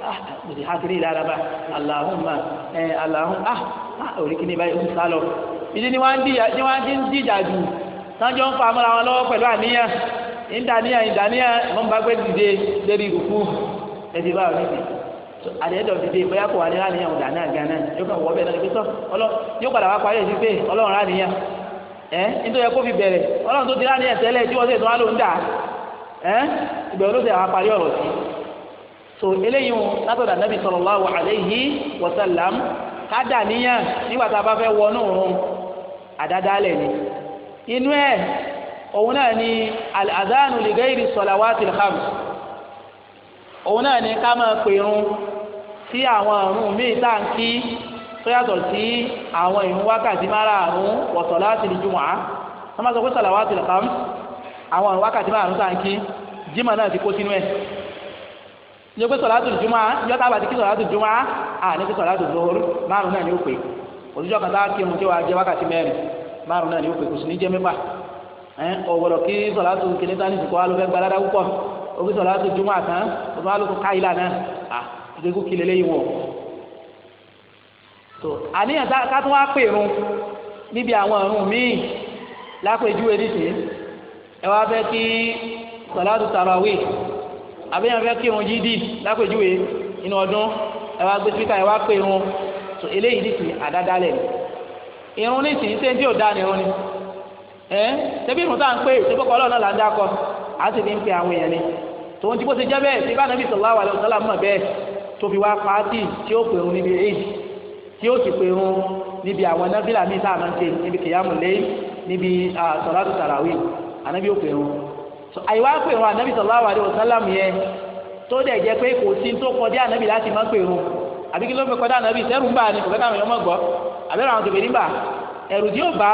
ah, ah, mo ti há kiri ìlànàbà Allahumma ẹ̀ eh, Allahumma ah, ah orí kìíní báyìí ó ń sá lọ ìdí ni wọ́n ń dìjà jù sanjọ ń fa amúra wọn lọ́wọ́ pẹ̀lú àníyàn ìdàníyàn ìdàníyàn mọ́mọ́ bá gbé dìde lérí ìrùkú ẹ̀ ti àdéhùn ti dé bóyá kò wá ní láàrin àwọn dàní àgànà yóò kàn wọ́ bẹ́ẹ̀ náà lóòótọ́ yóò padà wá parí èsì pé ọlọ́run láàrin ẹ nítorí ẹ fi bẹ̀rẹ̀ ọlọ́run tó ti láàrin ẹ tẹ́lẹ̀ tí wọ́n sì tún wá ló ń dà ẹ ìbẹ̀rù ló àwọn parí ọ̀rọ̀ sí. so eléyìí wọn látọ̀dà nàbì sallallahu alaihi wa sallam ká níyàn nígbà a bá fẹ́ wọnú òun àdádálẹ̀ ni inú ẹ̀ òun náà ni al-adhanu li ghairi salawatil òun náà ni ká máa pèrun sí àwọn àrùn míì tá à ń kí tó yàtọ̀ sí àwọn ìrun wákàtí márààrún wa salatil jumu'ah wọ́n máa sọ pé salawatil khams àwọn àrùn wákàtí márààrún tá à ń kí jimá náà ti kó sínú ẹ̀ ní o pé salatul jumu'ah yọ tá a bá ti kí salatul à ní kí salatul zuhur márùn náà ni ó pè òṣìṣẹ́ ọ̀kan tá a kírun tí wàá jẹ wákàtí mẹ́rin márùn náà ni ó pè kò sí ní jẹ́ mẹ́fà ọ̀wọ̀rọ̀ kí salatul kìnìkan ní ìsìnkú wa ló fẹ́ gbalada púpọ̀ òbí sọ̀rọ̀ láti jùmọ̀ àtàn òbí wa lóko káyìlá a à ìdókò kílẹ̀ lẹ́yìn wọn. tó àníyàn ká tó wá pè run níbi àwọn ọ̀run míì lápèjúwe nìṣe ẹ wá fẹ́ kí sọ̀láàtù tàràwì àbẹ́yàn fẹ́ kí irun yídì lápèjúwe inú ọdún ẹ wá gbé spíkà ẹ wá pè irun tó eléyìí nìṣe àdádálẹ̀ irun nìṣe ṣé tí ò dá ni irun ni ẹ ṣẹbi irun tá à ń pè ṣẹbi ọkọ ọlọ́ọ̀nà là ń dákọ a sì fi ń pe àwọn èèyàn ni tòun tí kò ti jẹ́ bẹ́ẹ̀ tí bá nàbí sallallahu alaihi wasallam mọ̀ bẹ́ẹ̀ tó fi wá pàtì tí ó pèrún níbi eid tí ó sì pèrún níbi àwọn nábìlà míì sáà máa ń ṣe níbi kìyàmù lẹ́yìn níbi salatu ànábì ó pèrún pèrún ànábì yẹn tó dẹ̀ jẹ́ pé kò sí tó kọjá ànábì láti má pèrún àbí kí ló fi kọjá ànábì sẹ́rù ń bà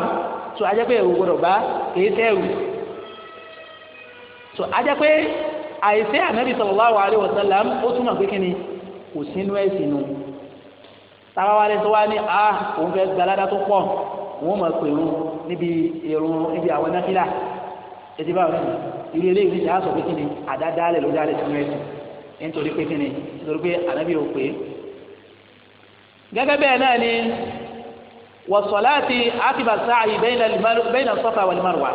ní so ajẹ́ pé ẹ̀rù gbọ́dọ̀ bá kìí sẹ́rù so ajẹ́ pé àìsẹ́ ànábì sallallahu alaihi wasallam ó túmọ̀ pé kíni kò sínú ẹ̀sìn nù táwa wá lẹ́sọ wá ní a ah, òun fẹ́ gbalada tó pọ̀ òun mọ̀ pé òun níbi èrò níbi àwọn náfìlà ètí báwọn ẹ̀sìn irú eléyìí ní sàásọ̀ pé da àdádálẹ̀ ló dálẹ̀ sínú ẹ̀sìn nítorí pé kíni nítorí pé ànábì ò pé gẹ́gẹ́ bẹ́ẹ̀ náà ni wọ̀sọ̀láàtì àkìbà sáàyì bẹ́yìn sọ́fà wà ní márùwà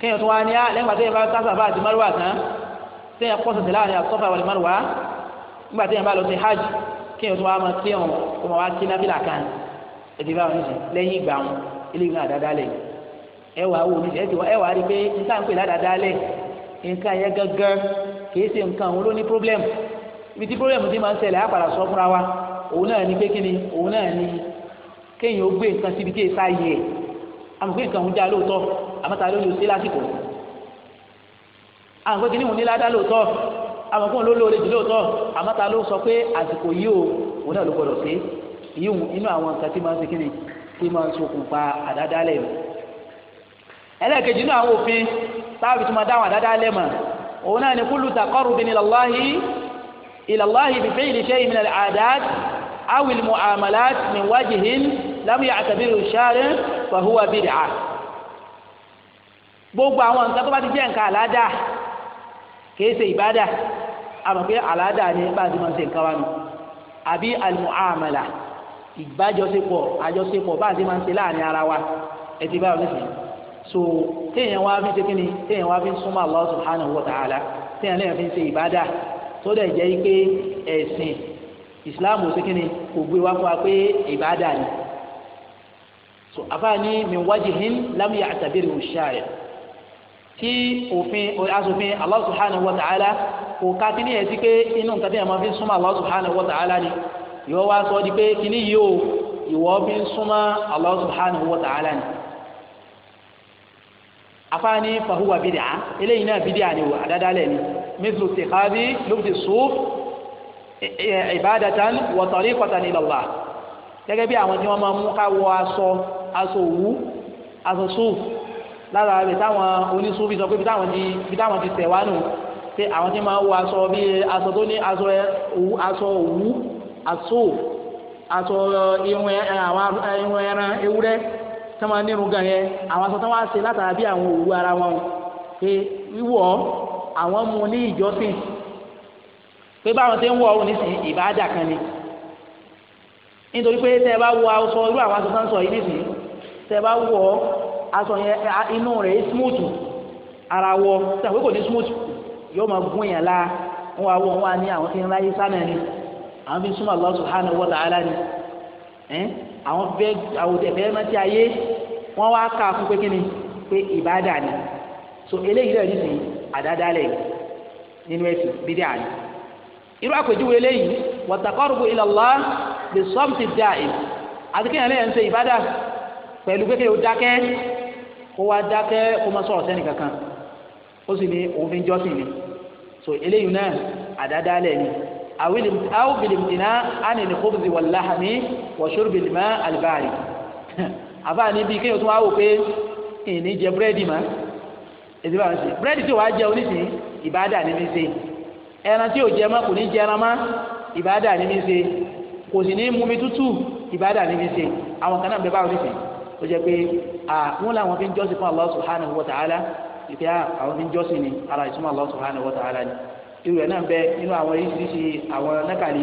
kéèyàn tó wá ní ah, lẹ́yìn pàtẹ́yìn bá sáfà bá àti márùwà tán téèyàn pọ̀ sọ̀tẹ̀ láàrin àsọ́fà wà ní márùwà nígbà téèyàn bá lọ sí hajj kéèyàn tó wá máa kéèyàn kó máa wá kí nábìlà kan ètò ìbára wọn nìyí lẹ́yìn ìgbà wọn ilé ìgbà àdáadáa lẹ̀ ẹ wàá wò ní ẹ wàá rí pé nǹkan pè ládàádáa lẹ̀ nǹkan yẹn gángan kìí ṣe nǹkan òun ló ní ibi tí problem ti máa ń kéèyàn ó gbé nǹkan síbi tí èsà yẹ amògbé nǹkan òun já lóòótọ́ àmọ́ta ló lè ṣe lásìkò àmọ́gbé kìíní òun ní ládá lóòótọ́ àmọ́gbé òun ló lóore jù lóòótọ́ àmọ́ta ló sọ pé àsìkò yìí o òun náà ló gbọdọ̀ ṣe yìí inú àwọn nǹkan tí máa ń ṣe tí máa ń ṣokùnfà àdádálẹ̀ rẹ̀ ẹlẹ́ẹ̀kejì inú àwọn òfin táwọn fi máa dáhùn àdádálẹ̀ mọ̀ òun náà ni kúlù taqarrubin ilallahi ilallahi bi fi'li أو المعاملات من وجه لم يعتبره الشارع فهو بدعة gbogbo àwọn nǹkan tó bá ti jẹ́ nǹkan àládà kìí ṣe ìbádà àmọ́ pé àládà ni bá a ti máa ṣe nǹkan wa nù àbí al-mu'amala ìbájọṣepọ̀ àjọṣepọ̀ bá a ti máa ṣe láàrin ara wa ẹtì báwo ní sè so téèyàn wá fi ṣe kí ni téèyàn wá fi súnmọ́ Allah subhanahu wa ta'ala téèyàn lè fi ṣe ìbádà tó dẹ̀ jẹ́ pé ẹ̀sìn islam ò sí kí ni kò gbé wá fún wa pé ìbáadà ni so àfààní min wajihin lam ya'tabiru ash-shari' tí òfin asòfin Allah subhanahu wa ta'ala kò ká kí ni ẹ̀ sí pé inú nǹkan tí a máa fi súnmọ́ Allah subhanahu wa ta'ala ni yóò wá sọ di pé kí ni yìí o ìwọ fi ń súnmọ́ Allah subhanahu wa ta'ala ni afaani fahuwa bid'a eléyìí náà bid'a ni wò àdádálẹ̀ ni mithlu ittikhadhi lubdi suf ìbádàtàn wa tariqatan ila Allah gẹ́gẹ́ bí àwọn tí wọ́n máa mú káwọ aṣọ aṣọ òwú aṣọ sóòfù lára rẹ̀ táwọn oníṣòwò sọ pé bí táwọn ti tẹ̀ wá nù pé àwọn tí máa wọ aṣọ bí aṣọ tó ní aṣọ òwú aṣọ òwú aṣọ aṣọ irun ẹran ewúrẹ́ tó máa nírun gan yẹn àwọn aṣọ tó wá ṣe látara bí àwọn òwú ara wọn pé wíwọ̀ àwọn mú ní ìjọsìn pé báwọn ṣe ń wọ òun nísìnyí ìbáàdà kan ni nítorí pé tẹ́ ẹ bá wọ aṣọ irú àwọn aṣọ sáńsọ yìí nísìnyí tẹ́ ẹ bá wọ aṣọ yẹn inú rẹ̀ smooth ara wọ tẹ́ àpé kò ní smooth yóò máa gún yàn láà wọn wá wọn ní àwọn tí ń láyé sánà ni àwọn fi ń súnmọ́ Allah subhanahu wa ta'ala ni àwọn fẹ́ àwòtẹ́ fẹ́ rántí ayé wọ́n wá ká fún pé kíni pé ìbáàdà ni so eléyìí rẹ̀ nísìnyí àdádálẹ̀ nínú ẹ̀sìn bídíà ni irú àpèjúwe eléyìí wàtàkọ́rùbù ìlàlá lè sọ́ọ̀mùtì dáì àti kéèyàn lè ń ṣe ìbádà pẹ̀lú pé kéèyàn dákẹ́ kó wá dákẹ́ kó má sọ̀rọ̀ sẹ́ni kankan ó sì ní òun fi ń jọ́sìn ni so eléyìí náà àdádálẹ̀ ni aw bilimtina ani ni kóbzi wàláhàmì wàṣúrùbìlìmá àlìbáàrì àbáà níbi kéèyàn tún wá wò pé ìní jẹ búrẹ́dì mọ́ èdè bá wọn sí búrẹ́dì tí wàá jẹ oníṣìí ìbádà ní fi ṣe ẹran tí ò jẹ mọ́ kò ní jẹ ẹran mọ́ ìbádà ní mi ṣe kò sì ní mumi tútù ìbádà ní mi ṣe àwọn kan náà bẹ báwọn nìsín tó jẹ pé àwọn làwọn fi ń jọ́sìn fún Allah subhanahu wa ta'ala ìfẹ́ àwọn fi ń jọ́sìn ni ara ìtumọ̀ Allah subhanahu wa ta'ala ni irú ẹ̀ náà bẹ nínú àwọn oríṣiríṣi àwọn nákàlí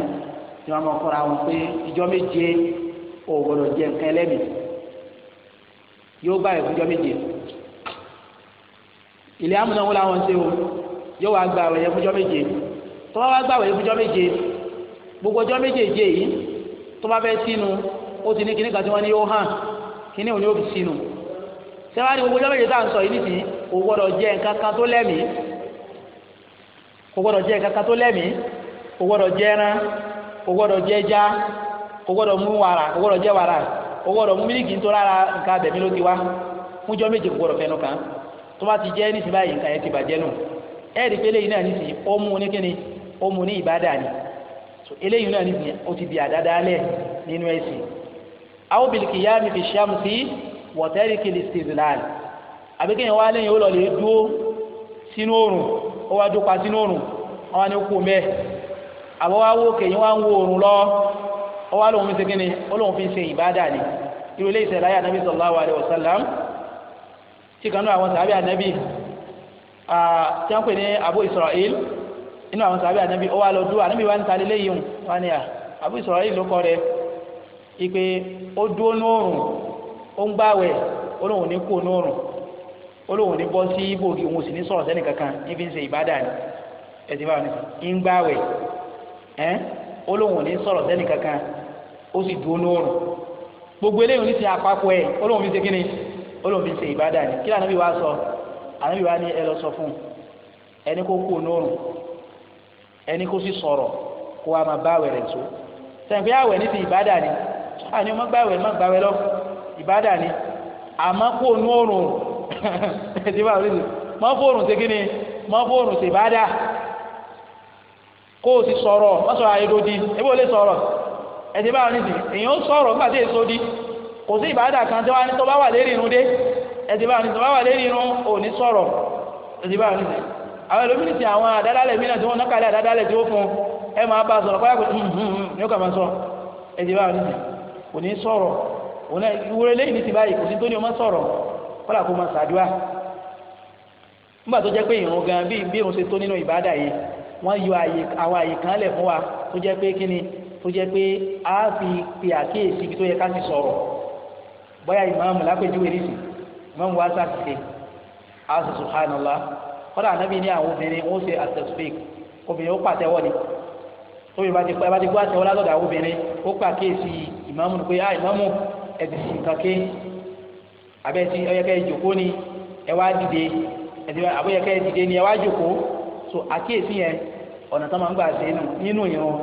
ni wọ́n máa kọ́ra wọn pé ìjọ méje ò gbọdọ̀ jẹ nǹkan ẹlẹ́mìí yóò gbà ẹ̀fún ìjọ méje ilé amúnáwó làwọn ṣe o yóò wá gba ẹ̀fún ìjọ méje tó bá wá gbàwé fúnjọ́ méje gbogbo ọjọ́ méjèèje yìí tó bá fẹ́ sínú ó ti ní kíní kan tí ni ní yóò hàn kíní òní ó fi sínú sẹ́wárí gbogbo ọjọ́ méje tá à ń sọ yìí nìsín kò gbọ́dọ̀ jẹ́ nǹkan kan tó lẹ́mìí kò gbọ́dọ̀ jẹ́ nǹkan kan tó lẹ́mìí kò gbọ́dọ̀ jẹ́ ẹran kò gbọ́dọ̀ jẹ́ ẹja kò gbọ́dọ̀ mú wàrà kò gbọ́dọ̀ jẹ́ wàrà kò gbọ́dọ̀ mú mílíkì nítorí ara nǹkan abẹ̀mí ló ti wá fúnjọ́ méje kò fẹnu kan tó bá ti jẹ́ nísìnyí báyìí nǹkan yẹn ti bàjẹ́ nù ẹ̀ẹ́dì pé lẹ́yìn náà nísìnyí ó mú ní ó mu ní ìbádà ni so eléyìí náà nìyí ó ti di àdádálẹ̀ nínú ẹ̀sìn àwọn bìlìkì yá mi fi ṣàmù sí wọ̀tẹ́rì kìlì stizilal àbíkẹ́yìn wa lẹ́yìn ó lọ lè dúó sínú oòrùn ó wá dúpa sínú oòrùn ni wo lọ o wa lóun fi ṣe kíni ó fi ni irú ile ìṣẹ̀lẹ̀ ayé anabi sallallahu wa sallam anabi inú àwọn sàbí ànábì ó wá lọ dúró ànábì wá ń ta lélẹ́yìí hùn wá ní à àbú ìsọ̀rọ̀ yìí ló kọ́ rẹ ipe ó dúró nóòrùn ó ń gbàwẹ̀ olóhùn ní kó nóòrùn olóhùn ní bọ́ sí ibòògì òun sì ní sọ̀rọ̀ sẹ́nì kankan ní ń ṣe ìbádà ni ẹ̀sìn báwọn ní ń gbàwẹ̀ ẹ́ olóhùn ní sọ̀rọ̀ sẹ́nì kankan ó sì dúró nóòrùn gbogbo eléyìí ní ẹni kó sì sọ̀rọ̀ kó a máa bá rẹ̀ tó sẹ́yìn pé àwẹ̀ ní ti ìbádà ni àní ọmọ gbàwẹ̀ má lọ ìbádà ni àmọ́ o nú bá wọlé mọ́ fóòrùn ṣe kí mọ́ fóòrùn ṣe ìbádà kó o sì sọ̀rọ̀ àyè lè sọ̀rọ̀ bá wọlé èyàn ó sọ̀rọ̀ kan tí wọ́n á ní tó bá wà lérí irun dé àwọn ẹlòmíì ti àwọn àdádálẹ̀ mìíràn tí wọ́n nákàlẹ̀ àdádálẹ̀ tí ó fún ẹ máa bá sọ̀rọ̀ pẹ́yà pé ní hmm, hmm, hmm, ó kà máa sọ ẹ̀jẹ̀ bá nìyí kò ní sọ̀rọ̀ ìwúrẹ́ lẹ́yìn ní ti báyìí kò sí tó ní ọmọ sọ̀rọ̀ kọ́là kó máa ṣàdúrà nígbà tó jẹ́ pé ìrun gan bí bí ìrun ṣe tó nínú ìbádà yìí wọ́n yọ àwọn àyè kan lẹ̀ fún wa tó jẹ́ pé kíni tó jẹ́ pé a fi pe àkíyèsí ibi tó yẹ ká ti sọ̀rọ̀ bóyá ìmáàmù lápèjúwe nísìn ìmáàmù wa sá ti ṣe a sì subhanallah kọ́dà anábì ní àwọn obìnrin wọ́n ṣe àtẹ̀sífèk obìnrin ó pàtẹ́wọ́ ni tóbi bá ti bá ti gbọ́ àtẹ̀wọ́ látọ̀dọ̀ àwọn obìnrin ó pàkíyèsí ìmáàmù ni pé ah ìmáàmù ẹ ti sìn kàké àbẹ́tí ọ̀yẹ́kẹ́ ìjòkó ni ẹ wá dìde àbẹ́yẹ́kẹ́ ìdìde ni ẹ wá jòkó so àkíyèsí yẹn ọ̀nà tó máa ń gbà ṣe nínú ìrun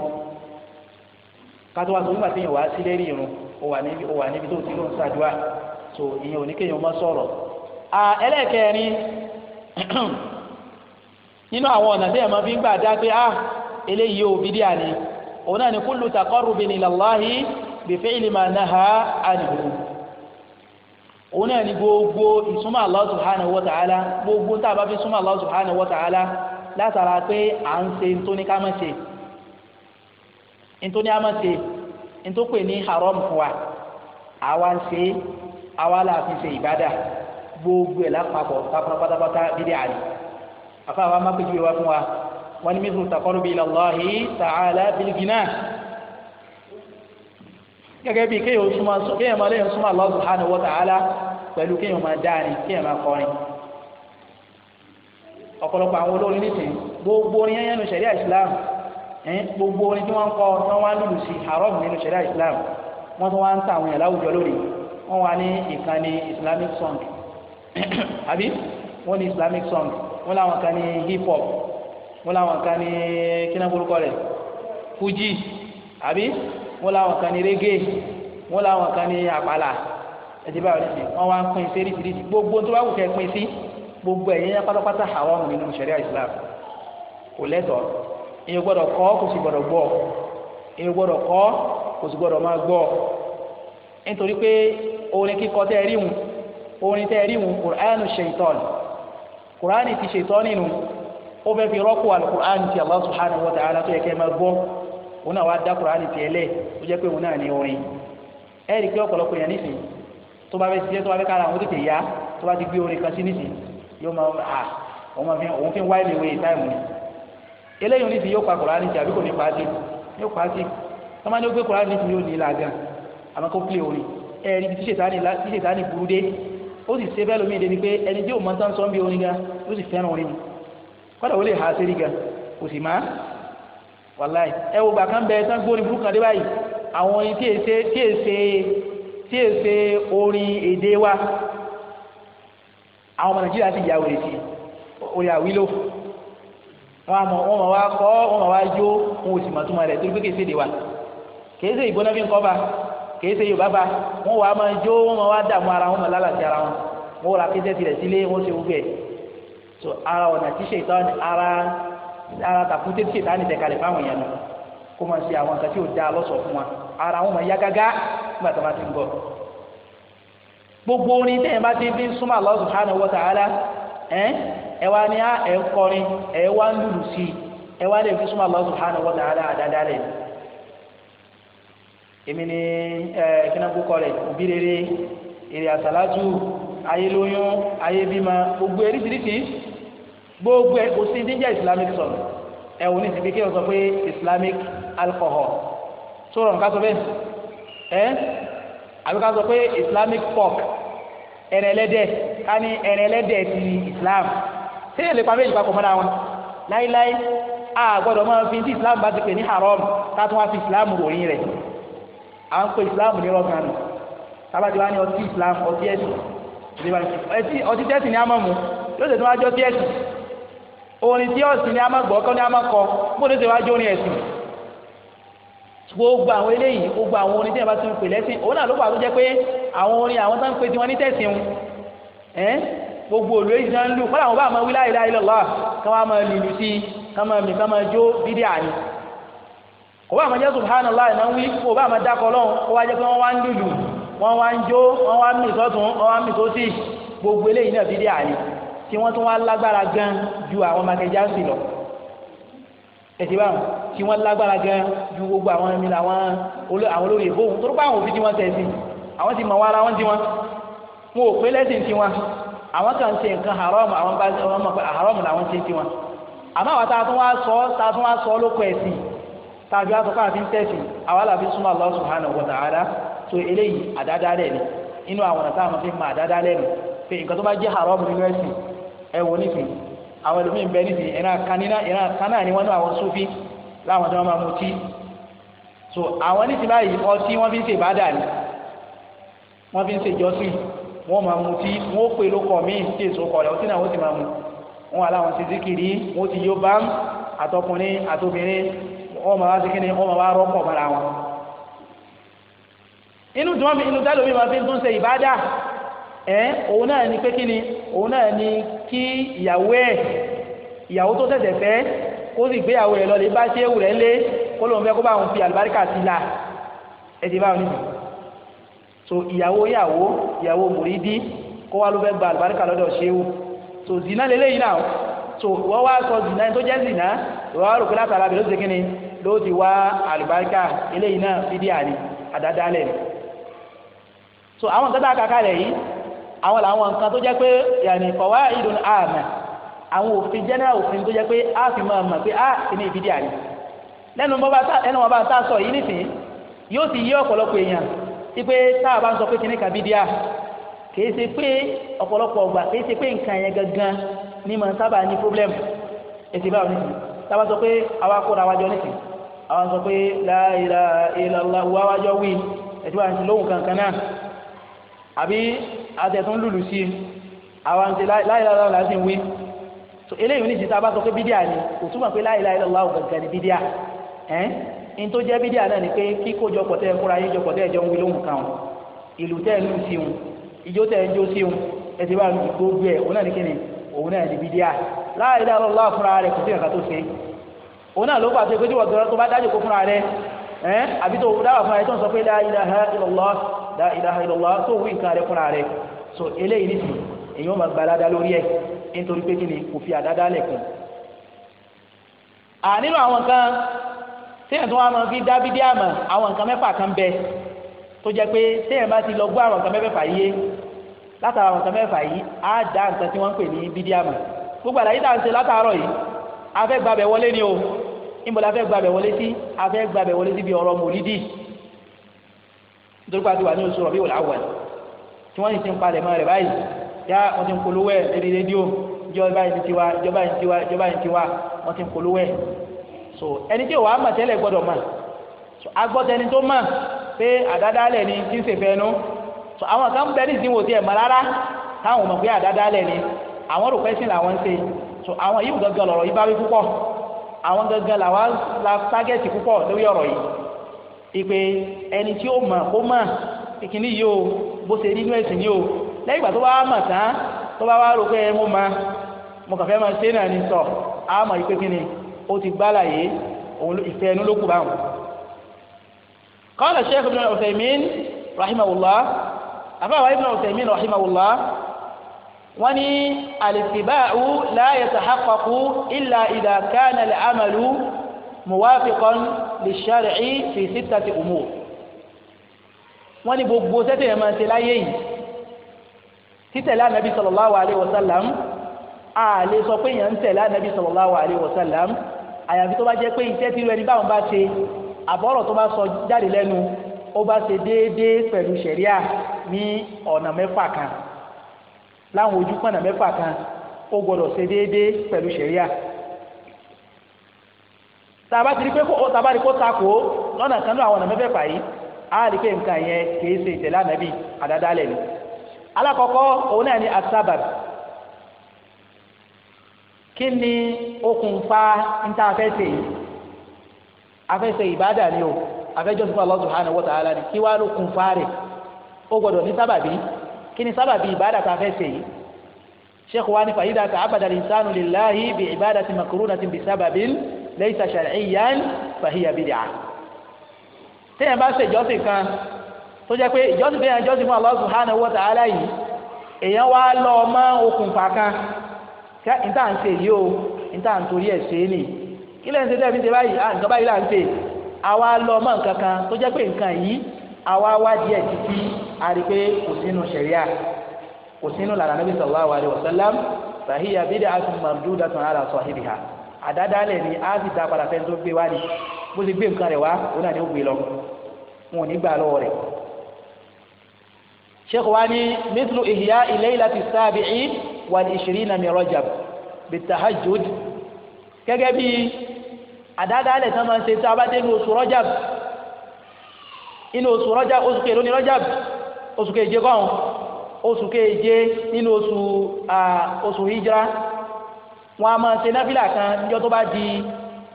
kátó wá sọ nígbà tí yẹn wá sí lérí ìrun ó wà níbi ó wà níbi tó ti ló ń ṣàdúrà so ìyẹn ò ní kéèyàn mọ́ sọ̀rọ̀ ẹlẹ́ẹ̀kẹrin nínú àwọn ọ̀nà tí ẹ̀ máa fi ń gbà dá pé ah eléyìí ò bídí àní òun náà ni kullu taqarrubin ilallahi bi fi'li ma naha anhu òun náà ni gbogbo ìsúnmọ́ Allah subhanahu wa ta'ala gbogbo tá a bá fi súnmọ́ Allah subhanahu wa ta'ala látara pé à ń ṣe ntóní ká má ṣe ntóní á má ṣe ntópè ní haram fún àwa ń ṣe àwa là fi ṣe ìbádà gbogbo ẹ̀ lápapọ̀ pátápátá bídí àní afa wa ma kujuwe wa fún wa wọ́n ní mithlu taqarrubi ila Allahi ta'ala bil ghina
gẹ́gẹ́ bí kéèyàn súnmọ́ kéèyàn máa léèyàn súnmọ́ Allah subhanahu wa ta'ala pẹ̀lú kéèyàn máa dáàrin kéèyàn máa kọrin
ọ̀pọ̀lọpọ̀ àwọn olórin nìsín gbogbo orin yẹn nínú Islam ẹ̀yìn gbogbo orin tí wọ́n ń kọ wá lùlù sí haram nínú ṣẹ̀ríà Islam wọ́n tún wá ń ta àwọn èèyàn láwùjọ wọ́n wá ní ìkànnì Islamic song àbí wọ́n ní Islamic song wọ́n làwọn kan ní hip hop wọ́n làwọn kan ní kínákúrúkọ rẹ̀ fuji àbí wọ́n làwọn kan ní reggae wọ́n làwọn kan ní àpàlà ẹ̀dí báyọ̀ lẹ́sìn wọ́n wá pín sí eríṣiríṣi gbogbo tó bá wù kẹ́ pín sí gbogbo ẹ̀yìn yẹn pátápátá àwọn ọmọ nínú sẹ̀ríà Islam kò lẹ́tọ̀ọ́ èyí gbọ́dọ̀ kọ́ kò sì gbọ́dọ̀ gbọ́ èyí gbọ́dọ̀ kọ́ kò sì gbọ́dọ̀ máa gbọ́ nítorí pé orin kíkọ tẹ́ rí wọn orin tẹ́ rí wọn Qur'anu Shaitan kùránì ti ṣètọ́ nínú ó fẹ́ fi rọ́pò alukùránì ti Allah subhanahu wa ta'ala tó yẹ kẹ́ máa gbọ́ òun náà wá dá kùránì ti ẹlẹ́ ó jẹ́ pé òun náà ní orin ẹ̀rì pé ọ̀pọ̀lọpọ̀ yẹn nísìn tó bá fẹ́ ṣiṣẹ́ tó bá fẹ́ kára àwọn tètè yá tó bá ti gbé orin kan sí nísìn yóò máa à òun fi òun fi ń wé táìmù ni ó sì ṣe bẹ́ẹ̀ lómi ìdè ni pé ẹni tí ò mọ tán sọ ń bí orin ga ó sì fẹ́ràn orin kọ́dà ó lè ha sí rí ga kò sì má wàláì ẹ wo gbà kan bẹ tán gbórin burúkú kan dé báyìí àwọn orin tí èsè tí èsè tí èsè orin èdè wa àwọn ọmọ nàìjíríà ti yà wèrè sí orin àwílò wọn mọ wọn mọ wá kọ wọn mọ wá jó wọn ò sì mọ túmọ̀ rẹ̀ torí pé kèsè èdè wa kèsè ìgbóná fi ń kọ́ bá kìí ṣe yorùbá bá wọn wà á máa jó wọn máa wá dààmú ara wọn máa lálàsí ara wọn wọn wọlé akéde tirẹ̀ sílé wọn ṣe gbogbo ẹ̀ so ara ọ̀nà tí ṣètọ́n ara ara tàkúté tí ṣètọ́n tẹ̀ kalẹ̀ fáwọn èèyàn náà kó máa ṣe àwọn nǹkan tí ò dáa lọ́sọ̀ fún wa ara wọn máa yá gágá nígbà tó bá ti ń bọ̀ gbogbo orin tẹ̀yìn bá ti fi súnmọ́ Allah subhanahu wa ta'ala ẹ wá ní ẹ kọrin ẹ wá ń lùlù sí ẹ wá lè fi súnmọ́ Allah subhanahu wa ta'ala àdáadáa lẹ́yìn èmi ni ẹ kínákú kọ rẹ òbí rere èrè àsálàtù ayé lóyún ayé bímọ gbogbo eríṣiríṣi gbogbo ẹ kò sí níjà islamic sọnù ẹ wò ní ìsìnkú kí wọn sọ pé islamic alcohol tó rọrùn ká sọ bẹ́ẹ̀ ẹ àbí ká sọ pé islamic pork ẹ̀rẹ̀ ẹlẹ́dẹ̀ ká ní ẹ̀rẹ̀ ẹlẹ́dẹ̀ ti islam ṣé èlé pa méjì papọ̀ mọ́ra wọn láíláí a gbọ́dọ̀ máa fi ti islam bá ti pè ní haram ká tún wá fi islam ròyìn rẹ̀ à ń pe islam ní rọ́gàn nù sábàtì wa ní ọtí islam ọtí ẹ̀sìn ọtí tẹ́sì ni a máa mú yóò ṣètò wájú ọtí ẹ̀sìn orin tí ọ̀sìn ni a máa gbọ́ ọkọ ni a máa kọ bó ló ṣe wájú orin ẹ̀sìn gbogbo àwọn eléyìí gbogbo àwọn orin tí a bá ti ń pè lẹ́sìn òun náà ló pàtó jẹ́ pé àwọn orin àwọn tó ń pè tiwọn ní tẹ̀sìn wọn gbogbo òlò èyí náà ń lù kọ́lá àwọn bá máa wí láìláìlọ́lá kí kò bá àmàjẹ́ subhanallah náà wí kò bá àmàjẹ́ akọlọ́hún kó wá jẹ́ pé wọ́n wá ń lùlù wọ́n wá ń jó wọ́n wá ń mì sọ́tún wọ́n wá ń mì sósì gbogbo eléyìí náà bídíà ni tí wọ́n tún wá lágbára gan ju àwọn makẹjá sí lọ ẹ̀sìn báwọn tí wọ́n lágbára gan ju gbogbo àwọn ẹ̀mí làwọn olórí èbó tó rúbọ àwọn òfin tí wọ́n tẹ̀sí àwọn ti mọ̀ wá ara wọn tí wọ́n wọn ò lẹ́sìn tí wọ́n àwọn kan ṣe haram àwọn haram làwọn ṣe tí wọ́n àmọ́ àwọn tá a tún wá sọ tá tàbí àtọ́kọ́ àti tẹ́sì àwọn àlàfi súnmọ́ Allah subhanahu wa ta'ala tó eléyìí àdáadáa lẹ̀ ni inú àwọn ọ̀nà táwọn fi máa dáadáa lẹ̀ ni pé nǹkan tó bá jẹ́ haram nínú ẹ̀sìn ẹ àwọn ẹlòmíín bẹ nísìn ìran kaníná ìran kaná ni wọ́n ní àwọn sufi láwọn tí wọ́n máa mutí so àwọn nísìn báyìí ọtí wọ́n fi ń ṣe ìbádà ni wọ́n fi ń ṣe ìjọsìn wọ́n máa mutí wọ́n pè lóko míì tí èso wọ́n ti ọmọ wa sikini ọmọ wa rọ́pọ̀ bára wọn inú tí wọ́n fi inú tẹ́lómi máa fi ń tún ṣe ìbádà ẹ̀ òun náà ni pé kíni òun náà ni kí ìyàwó ẹ̀ ìyàwó tó tẹ̀sẹ̀ fẹ́ kó sì gbéyàwó ẹ̀ lọ lè bá ṣéwù rẹ̀ lé kó lóun fẹ́ kó bá òun fi àlùbáríkà sí la ẹ̀ ti bá òun nìyí so ìyàwó yàwó ìyàwó mùrídí kó wá ló fẹ́ gba àlùbáríkà lọ́dọ̀ ṣéwù so zina lélẹ́yìn náà so wọ́n wá sọ zina tó jẹ́ zina wọ́n wá rò pé látara bẹ̀ ló ṣe kíni ló ti wá àlùbáríkà eléyìí náà fídíà ni àdádálẹ̀ so àwọn nǹkan tá a kà kalẹ̀ yìí àwọn làwọn nǹkan tó jẹ́ pé yàní kọ̀wá ìdùn àmà àwọn òfin general òfin tó jẹ́ pé a fi máa mọ̀ pé a ti ní fídíà ni lẹ́nu wọn bá tá a sọ yìí nísìnyí yóò ti yé ọ̀pọ̀lọpọ̀ èèyàn tí pé tá a bá ń sọ pé kíní kan fídíà kìí ṣe pé ọ̀pọ̀lọpọ̀ ọgbà kìí ṣe pé nǹkan yẹn gangan ni màá sábà ní problem èsì báwọn nísìnyí tá a bá sọ pé àwa kóra wájọ nísìnyí àwọn sọ pé la ilaha illallah wáwájọ́ wí ẹ̀tí wà ní lóhùn kankan náà àbí àtẹ̀tún lùlù sí àwọn ti la ilaha láti wí so eléyìí ní ìsìta bá sọ pé bídíà ni kò túmọ̀ pé la ilaha illallah gangan ni bídíà ẹ́ in tó jẹ́ bídíà náà ni pé kíkó jọpọ̀ tẹ́ kóra yín jọpọ̀ tẹ́ jọ ń wí lóhùn kan ni kíni òun la ilaha illallah fúnra rẹ̀ kò òun náà ló bá tó ìgbésí wọ̀gbọ́n tó bá kó fúnra rẹ ẹ́n àbí tó dáwà fúnra rẹ tó ń sọ pé la ilaha illallah la rẹ fúnra rẹ so eléyìí nìsín èyí ó máa gba lórí ẹ nítorí pé kí ni kò fi àdá lẹ̀ kùn. à nínú àwọn nǹkan téèyàn tó wá máa fi dá bídí kan bẹ tó pé téèyàn bá lọ gbọ́ àwọn nǹkan mẹ́fà yìí àwọn nǹkan mẹ́fà afẹ́ gbàbẹ̀ wọlé ni o níbo la fẹ́ gbàbẹ̀ wọlé sí afẹ́ gbàbẹ̀ wọlé sí bí ọ̀rọ̀ mòlídì nítorí pé a ti wà ní oṣù Rabiul Awwal tí wọ́n sì ti ń palẹ̀ mọ́ rẹ̀ báyìí yá wọ́n ti ń polówó ẹ̀ lédi rédíò ìjọba yìí ti wá ìjọba yìí ti wá ìjọba yìí ti wá wọ́n ti ń polówó ẹ̀ so ẹni tí òwà mà tẹ́lẹ̀ gbọ́dọ̀ mà so agbọ́tẹni tó mà pé àdádálẹ̀ ni tí ń ṣèfẹ́ nu so àwọn kan bẹ́ẹ̀ ní ìsìn wò tiẹ̀ mọ́ rárá táwọn mọ̀ pé àdádálẹ̀ ni àwọn rò pẹ́sìn so àwọn yìí gangan lọ̀rọ̀ yìí bá wí púpọ̀ àwọn gangan làwa la tágẹ́tì púpọ̀ lórí ọ̀rọ̀ yìí ìpè ẹni tí ó mọ̀ ó mọ̀ ìkíní yìí o bó ṣe rí inú ẹ̀sìn yìí o lẹ́yìn ìgbà tó bá mọ̀ tán tó bá wá rò pé mo mọ̀ mo kàn fẹ́ mọ̀ ṣé náà ni sọ àmọ̀ ìpè kíni ó ti gbálà yìí òun ìfẹ́ ẹnu ló kù báwọn. qala Sheikh Ibn Uthaymin rahimahullah àfáà wa Ibn Uthaymin rahimahullah wọ́n ní alìtìbáàú láàyè tàhákọ̀kú ìlà ìdàkánà lẹ́àmàlú mùwáfíkan lè ṣàrẹ̀í fi síta ti òmù wọ́n ní gbogbo sẹ́tẹ̀ yẹn máa ṣe láyé yìí títẹ̀lé ànábì sallallahu alaihi wasallam a lè sọ pé èèyàn ń tẹ̀lé sallallahu alaihi wasallam àyàfi tó bá jẹ́ pé iṣẹ́ tí irú báwọn bá láwọn ojú pọ̀nà kan ó gbọ́dọ̀ ṣe déédéé pẹ̀lú ṣẹ̀ríà tàbá ti rí pé tàbá rí kó takò lọ́nà kan náà àwọn ọ̀nà mẹ́fẹ̀ẹ̀fà yìí á rí pé nǹkan yẹn kìí ṣe ni alákọ̀ọ́kọ́ òun náà ni asábàbí kí ni ni o afẹ́jọ́sí fún Allah subhanahu wa ni kí wàá rẹ̀ ó kí ni sábàbí ìbádà tá a fẹ́ ṣe yìí sheikh wa ni fàyídà tá a bàdà linsanu lillahi bí ìbádà ti makuruna ti bí sábàbí laysa shar'iyyan fàhíyà bid'ah téèyàn bá ṣe ìjọsìn kan tó jẹ́ pé ìjọsìn téèyàn ìjọsìn fún Allah subhanahu wa ta'ala yìí èèyàn kí lẹ́yìn ṣe tẹ́ẹ̀ fi ṣe báyìí à nǹkan nǹkan kan tó jẹ́ pé nǹkan yìí àwa wá díẹ̀ títí a rí pé kò sínú ṣẹ̀ríà kò sínú lànà Nabi sallallahu alaihi wasallam fahiya bid'atun mamdudatun ala sahibiha àdádálẹ̀ ni a sì dá padà fẹ́ni tó gbé wá ni bó ti gbé nǹkan rẹ̀ wá òun náà ni ó gbé lọ wọn ò ní gbà lọ́wọ́ rẹ̀. sheikh wa ni ihya ilaylati sabi'i wal ishirina min rajab bitahajjud gẹ́gẹ́ bí àdádálẹ̀ tí wọ́n máa ń ṣe tí a bá dé ní oṣù rọ́jàb inú oṣù rọ́jà oṣù kejì osu rọ́jà oṣù keje kọ́hún oṣù keje nínú oṣù oṣù hijra wọn a máa ṣe kan níjọ́ tó bá di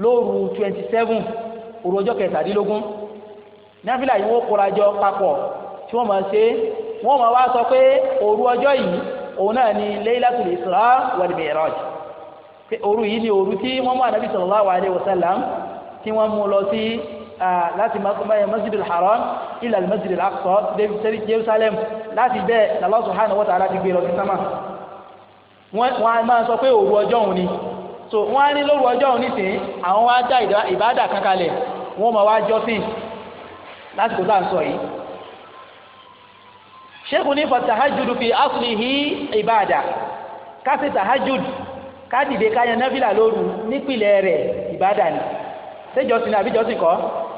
lóru twenty seven ọjọ́ kẹtàdínlógún náfìlà yìí wọ́n papọ̀ tí wọ́n máa ṣe wọ́n máa wá sọ pé òru ọjọ́ yìí òun náà ni laylatul isra wal mi'raj òru yìí ni òru tí wọ́n mú lọ sí láti masjidul haram ila masjidul aqsa david jerusalem láti bẹ́ẹ̀ Allah subhanahu wa ta'ala ti gbé lọ sí sámà wọ́n á máa sọ pé òru ọjọ́ òun ni so wọ́n á ní lóru ọjọ́ òun nísìn àwọn wá dá ìbádà kankalẹ̀ wọ́n máa wá jọ́sìn lásìkò tá à ń sọ yìí sheikh ní fa tahajjudu fi aslihi ìbádà ká ṣe tahajjud ká dìde ká yan lóru nípìnlẹ̀ rẹ̀ ìbádà ni séjọsìn ni àbíjọsìn kọ́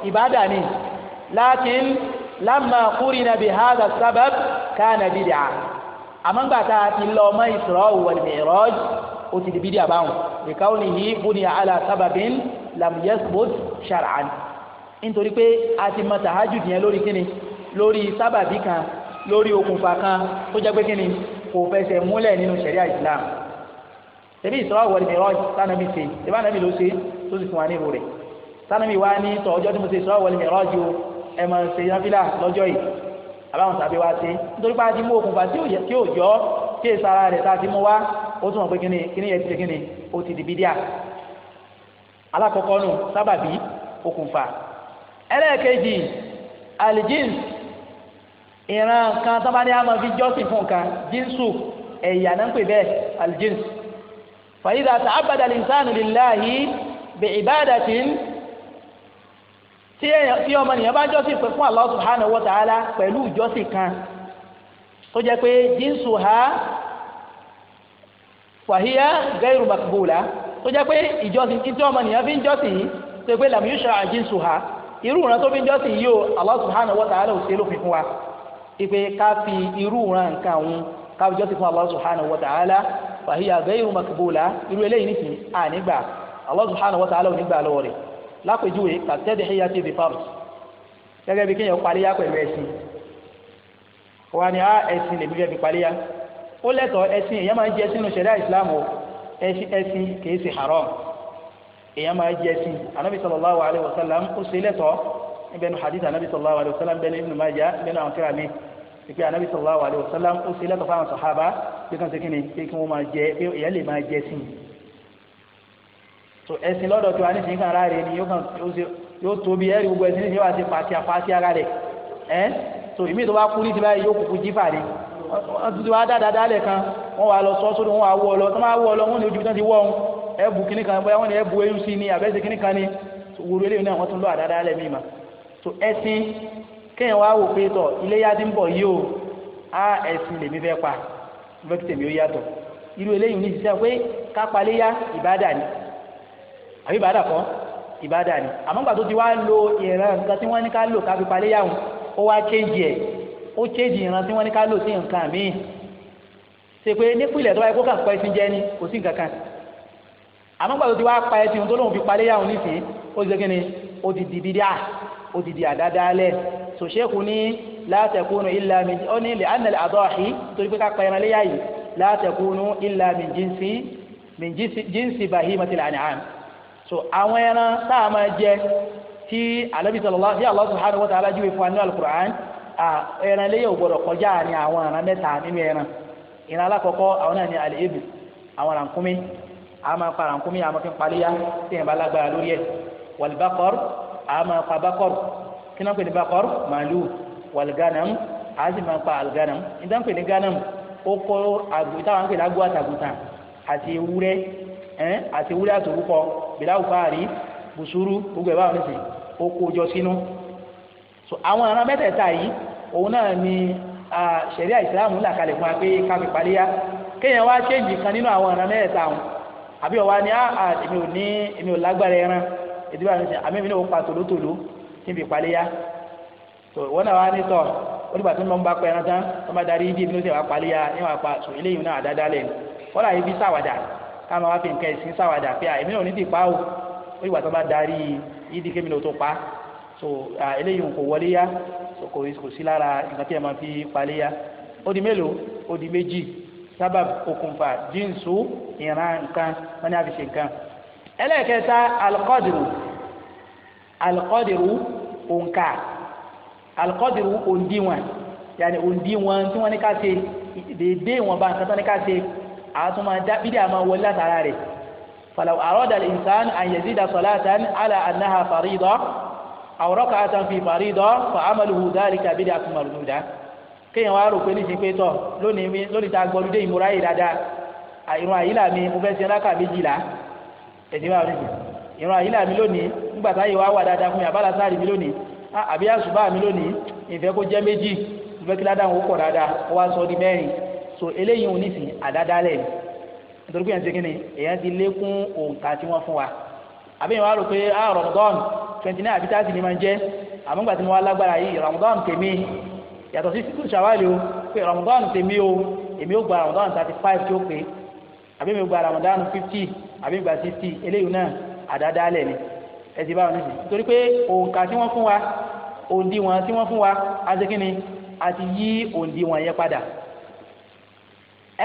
ìbádà ni lakin lamma qurina bi hadha sábàb kana bid'a àmọ́ngbà tá a ti lọ ọmọ Isra wal Mi'raj ó ti di bídíà báwọn ìkáwọnìyí buniya ala sábàbin lam yathbut shar'an nítorí pé a ti mọ tahajjud yẹn lórí kíni lórí sábàbí kan lórí okùnfà kan tó jẹ́ pé kíni kò fẹsẹ̀ múlẹ̀ nínú ṣẹ̀ríà Islam tẹ̀bí Isra wal Mi'raj tánàbí ṣe tẹ̀bá nàbí ló ṣe tó sì fún wa ní ìrò rẹ̀ sanabi wa ní tọ ọjọ́ tí mo ṣe Isra wal Miraj ẹ máa ṣe náfìlà lọ́jọ́ yìí àbáwọn sàbí wa ṣe nítorí pé a ti mú okùnfà tí ò yọ kí èsì ara rẹ̀ tá a ti mú wá ó tún mọ̀ pé kíni kíni yẹn ti ṣe kíni ó ti di bídíà alákọ̀ọ́kọ́ nù sábàbí okùnfà ẹlẹ́ẹ̀kejì alijins ìran kan tó bá ní àmọ́ fi jọ́sìn fún nǹkan jínsù ẹ̀yà náà ń pè bẹ́ẹ̀ alijins fàyídà tààbàdà linsanu lillahi bi ibadatin tí ọmọ nìyẹn bá jọ́sìn pé fún Allah subhanahu wa ta'ala pẹ̀lú ìjọ́sìn kan tó jẹ́ pé jíǹsù ha wàhíyá gairu makbula tó jẹ́ pé ìjọ́sìn tí ọmọ nìyẹn fi ń jọ́sìn yìí tó jẹ́ pé lam yushra' jíǹsù ha irú ìran tó fi ń jọ́sìn yìí ó Allah subhanahu wa ta'ala ò sí lófin fún wa ipe ká fi irú ìran nǹkan òun ká fi jọ́sìn fún Allah subhanahu wa ta'ala wàhíyá gairu makbula irú eléyìí nìsín ànígbà Allah subhanahu wa ta'ala ò nígbà lọ́wọ́ rẹ̀ lápèjúwe kàtẹ́dẹ̀ ẹ̀yà ti di fáwọn gẹ́gẹ́ bí kéèyàn paléyà pẹ̀lú ẹ̀sìn wà ní ẹ̀sìn lèmi fẹ́ fi paléyà ó lẹ́tọ̀ ẹ̀sìn èèyàn máa ń jẹ sínú ṣẹ̀dá ìsìláàmù ẹ̀sìn ẹ̀sìn kìí ṣe haram èèyàn máa jẹ ẹ̀sìn anábì sallallahu alaihi wasallam ó ṣe lẹ́tọ̀ níbẹ̀ hadith anábì sallallahu alaihi wasallam bẹ́ẹ̀ nínú máa jẹ́ nínú àwọn kíra mi ìpè sallallahu alaihi wasallam ó ṣe lẹ́tọ̀ fáwọn sàhábà bí kan ṣe kí ni pé kí wọ́n máa jẹ èèyàn so ẹ̀sìn lọ́dọ̀ tí wà ní ìsìnkàn ara rẹ̀ ni yóò tóbi ẹ̀rí gbogbo ẹ̀sìn níbi wà sí pàṣẹ pàṣẹ ara rẹ̀ ẹ̀ so ìmí tó bá kú ní ti báyìí yóò kúkú jífà ni wọ́n ti wá dáadáa dálẹ̀ kan wọ́n wà lọ sọ́ sódò wọ́n wà wọ́ lọ tó máa wọ́ lọ wọ́n ní ojú tán ti wọ́ ọ ẹ̀bù kínní kan bóyá wọ́n ní ẹ̀bù eyín sí ni àbẹ́sẹ̀ kínní kan ni wúru eléyìí náà wọ́n tún lọ àdáadáa lẹ̀ míì so ẹ̀sìn kéèyàn wá wò pé tọ̀ iléyà ti ń bọ̀ yìí o á ẹ̀sìn lèmi fẹ́ pa fẹ́ kí ó yàtọ̀ irú eléyìí ní ti sẹ́ pé kápá léyà ìbádà ni àbí ìbádà kọ́ ìbádà ni àmọ́ gbà tó ti wá lo ìran nǹkan tí wọ́n ní ká lò ká fi palẹ́ yàwùn ó wá chéjì ẹ̀ ó chéjì ìran tí wọ́n ní ká lò sí nǹkan míì ṣe pé nípìnlẹ̀ tó wáyé kó kàn pa ẹṣin jẹ ni kò sí nǹkan kan àmọ́ gbà tó ti wá pa ẹṣin tó lóun fi palẹ́ yàwùn nísìnyí ó ṣe kí ó ti di dídá ó ti di àdádálẹ̀ sòṣèkù ní látẹ̀kùnú ilẹ̀ annal àdọ́ọ̀hí torí pé ká pa so àwọn ẹran tá a máa jẹ tí Ànábì sallallahu tí Allah subhanahu wa ta'ala júwe fún wa ní alukur'an ẹran léyìn ògbọ́dọ̀ kọjá ní àwọn ẹran mẹ́ta nínú ẹran ìran alákọ̀ọ́kọ́ àwọn náà ní àlèébù àwọn rànkúmí a máa pa rànkúmí a máa fi paléyà tí yẹn bá lágbára lórí ẹ̀ wàlbákọ́r a máa pa bákọ́r kí náà pè ní bákọ́r màálù wàlgánam a sì máa pa àlgánam ìdá ń ní gánam ó kọ́ àgbò àti ewúrẹ́ ẹ̀ àti wúlẹ̀ àtòrúkọ bìláwù fáàrí bùsùrù gbogbo ẹ̀ báwọn ní sìn sínú. so àwọn ará mẹ́tẹ̀ẹ̀ta yìí òun náà ni ṣẹ̀ríà ìsìláàmù là kalẹ̀ fún wa pé ká fi parí kéèyàn wá ṣéǹjì kan nínú àwọn ará mẹ́tẹ̀ẹ̀ta àwọn àbí ọ̀wá ni èmi ò ní èmi ò lágbára ẹran ìdíbà mi sìn àmì mi náà ó pa tòlótòló níbi ìparí yá so wọn náà wá ní sọ onígbà tó ń bá ń bá pẹ ẹran tán wọn bá darí ibi ìbínú sí ìwà parí ní wàá pa so eléyìí náà àdáadáa lẹ́nu wọn náà ibi sáwàdà káma wá fi nǹkan ẹ̀sìn sáwàdà pé èmi náà ní ti pa o ó ìgbà tó bá darí yídí kémi náà tó pa so eléyìí kò wọlé yá kò sí lára nǹkan tí ẹ máa fi palẹ̀ yá ó di mélòó ó di méjì sábàb okùnfà jíǹsù ìran nǹkan wọn ni a fi ṣe nǹkan ẹlẹ́ẹ̀kẹta alqadru alqadru òǹkà alqadru òǹdíwọ̀n yàní òǹdíwọ̀n tí wọ́n ní ká ṣe déédéé ìwọ̀nba nǹkan tó ní ká ṣe àtún máa dá bídí àmà wọlé látara rẹ̀ falaw arada al-insan an yazida salatan ala annaha farida aw rak'atan fi farida fa amaluhu dhalika bid'atun mardooda kéèyàn wá rò pé ní ìsìn pé tọ̀ lónìí lónìí tá a gbọ́ lóde ìmúra yìí dáadáa ìrun àyílà mi mo fẹ́ ṣe rákà méjìlá ẹ̀sìn bá rí ìrun àyílà mi lónìí nígbà táyé wá wà dáadáa fún mi àbálà sáàrì mi lónìí àbí àṣùbà mi lónìí ìfẹ́ kó jẹ́ méjì ìfẹ́ kí ládàá wọn kọ̀ dáadáa ó wá sọ di mẹ́rin so eléyìí òun nísìnyí àdádálẹ̀ nítorí pé èèyàn ti kíni èèyàn ti lékún òǹkà tí wọ́n fún wa àbí èèyàn rò pé ah Ramadan twenty nine àbí thirty ni máa ń jẹ́ àmọ́ gbà tí mo wá lágbára yìí Ramadan tèmi yàtọ̀ sí títún ṣàwálì o pé Ramadan tèmi o èmi ó gba Ramadan thirty five tí ó pé àbí mi gba Ramadan fifty àbí mi gba sixty eléyìí náà àdádálẹ̀ ni ẹ ti bá wọn nísìnyí nítorí pé òǹkà tí wọ́n fún wa òǹdíwọ̀n tí wọ́n fún wa á ti kíni yí òǹdíwọ̀n yẹn padà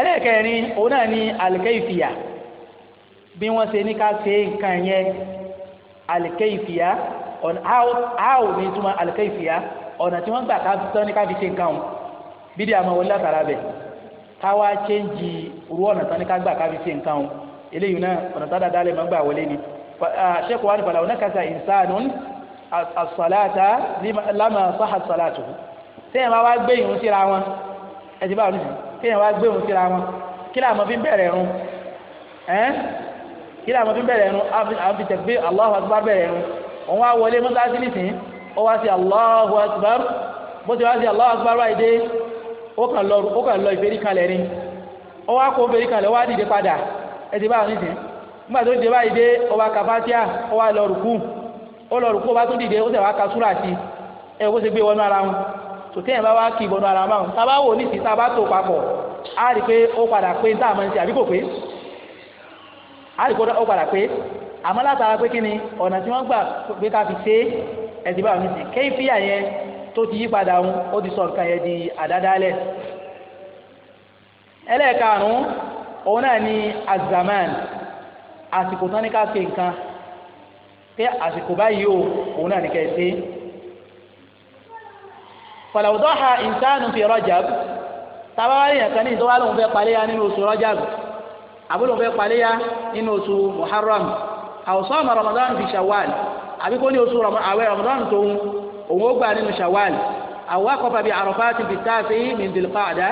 ẹlẹ́ẹ̀kẹrin òun náà ni alikẹ́ìfìyà bí wọ́n ṣe ní ká ṣe nǹkan yẹn alikẹ́ìfìyà ọ̀nà áò ní túmọ̀ alikẹ́ìfìyà ọ̀nà tí wọ́n gbà ká tán ní ká fi ṣe nǹkan o bídí àmọ́ wọlé látara bẹ̀ ká wá chéǹjì irú ọ̀nà tán ní ká gbà ká fi ṣe nǹkan eléyìí náà ọ̀nà tá dáadáa lè má gbà wọlé ni ṣẹ́kù wá ní fàlàwọ́ náà kásá ìsánú àṣàláta lámà sáhà sàlátù tẹ́yìn bá wá gbé ìhun síra wọn ẹ kéèyàn wá gbé òun síra wọn kí lè àmọ́ fi bẹ̀rẹ̀ ẹ̀rùn ẹ́n kí lè àmọ́ fi bẹ̀rẹ̀ ẹ̀rùn àwọn fi tẹ̀gbé Allahu Akbar bẹ̀rẹ̀ ẹ̀rùn òun wá wọlé mọ́sáàsì nìsín ó wá sí Allahu Akbar bó ti wá sí Allahu Akbar wáyé dé ó kàn lọ ó kàn lọ ìfèrí kalẹ̀ ni ó wá kó ìfèrí kalẹ̀ ó wá dìde padà ẹ ti báwọn nìsín nígbà tó dìde báyìí ó wá kàfátíà ó wá lọ rùkú ó lọ rùkú ó bá tún dìde ó sì wá ka sí ẹ kó ṣe gbé wọnú ara wọn sòtẹ́ yẹn bá wá kí ìbọnú ara báwọn tábà wò ní ìsìn tábà tó papọ̀ á rí i pé ó padà pé ní táà máa ń ṣe àbí kò pé á rí i pé ó padà pé àmọ́ látara pé kí ni ọ̀nà tí wọ́n gbà pé ká fi ṣe ẹ̀sìn báwọn nìsín kéfíà yẹn tó ti yí òun ó ti sọ nǹkan yẹn di àdádálẹ̀ ẹlẹ́ẹ̀karùn-ún òun náà ni azaman àsìkò tán ní ká ṣe nǹkan pé àsìkò báyìí òun náà ní ká fọlọ́wọ́dọ́ ha ìntánù fi rọ́jàb tábàwárí yẹn kan ní ìtọ́wá lóun fẹ́ paléya nínú oṣù rọ́jàb àbúrò fẹ́ paléya nínú oṣù muharram àwòsàn ọmọ ramadan fi shawal àbí kó ní oṣù àwẹ̀ ramadan tóun òun ó gbà nínú shawal àwọn akọ́fà bíi àròfà ti fi táàfì min dìlfàdà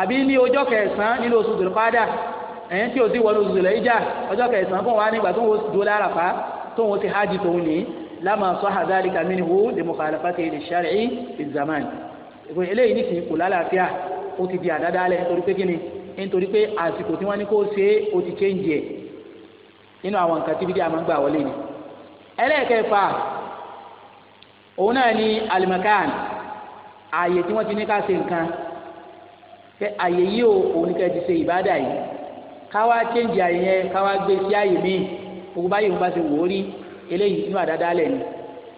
àbí ní ọjọ́ kẹsàn-án nínú oṣù dìlfàdà ẹ̀yìn tí o ti wọnú oṣù dìlẹ̀ ìjà ọjọ́ kẹsàn-án fún wa nígbà tó ń dúró lárafa tó ń ti hajj tóun nìyí lama sahha dhalika minhu li mukhalafatihi lish-shar'i fi zaman ìgbò eléyìí ní kìí kò lálàáfíà ó ti di àdáda alẹ́ nítorí pé kíni nítorí pé àsìkò tí wọ́n ní kó ṣe é ti kéńjì ẹ̀ nínú àwọn nǹkan tí bídíà máa ń gbà wọlé ni. ẹlẹ́ẹ̀kẹfà òun náà ni alimakan ààyè tí wọ́n ti ní ká ṣe nǹkan pé ààyè yìí ò òun ní ká ti ṣe ìbádà yìí káwá kéńjì ààyè yẹn káwá gbé sí ààyè míì gbogbo báyìí òun bá ṣe wò rí eléyìí inú àdáda lẹ̀ ni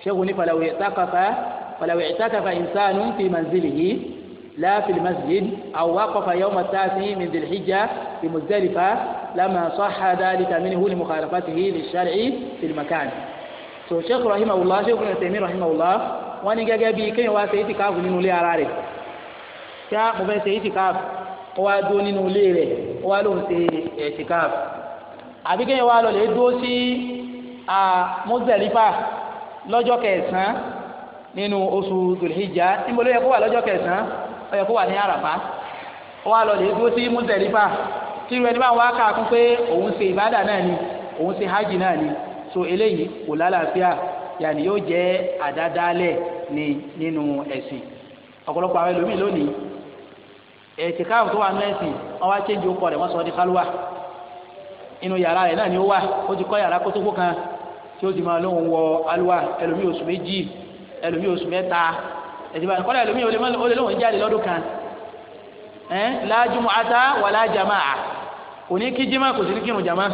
ṣẹ́gun ní falawo ìtàkàfà falawo ìtàkàfà ìsánú fi manzilihi la fi masjid aw waqafa yawma tasi min dhilhijja fi muzdalifa lama sahha dhalika minhu li mukhalafatihi li shar'i fi makan. so sheikh rahimahullah sheikh ibn taymiyyah rahimahullah wọ́n ní gẹ́gẹ́ bíi kéèyàn wá ṣe ìtìkáàfù nínú ara rẹ̀ kí á mo fẹ́ ṣe ìtìkáàfù ó wá dúró nínú ilé rẹ̀ ó wá lóun ṣe ìtìkáàfù àbí kéèyàn lọ lè dúró sí a lọ́jọ́ kẹsàn-án nínú oṣù Zulhijja níbo ló yẹ kó wà lọ́jọ́ kẹsàn-án ó yẹ kó wà ní Àràfá wọn á lọ lè dúró sí ẹni hajj so eléyìí kò lálàáfíà yàní yóò jẹ́ àdádálẹ̀ ni nínú ẹ̀sìn ọ̀pọ̀lọpọ̀ àwọn ẹlòmíì lónìí ẹ̀tìkáàfù tó wà ní ẹ̀sìn wá chéńjì ó kọ yàrá náà ni ó kan tí ó ti máa lóun wọ aluwa ẹlòmíì oṣù méjì ẹlòmíì oṣù mẹ́ta ẹ̀dìbà kọ́lá ẹlòmíì ó lè lóun jáde lọ́dún kan
ẹ̀ lájúmọ́ ata wà lájàmá kò ní kí jimá kò sí ní kírun jàmá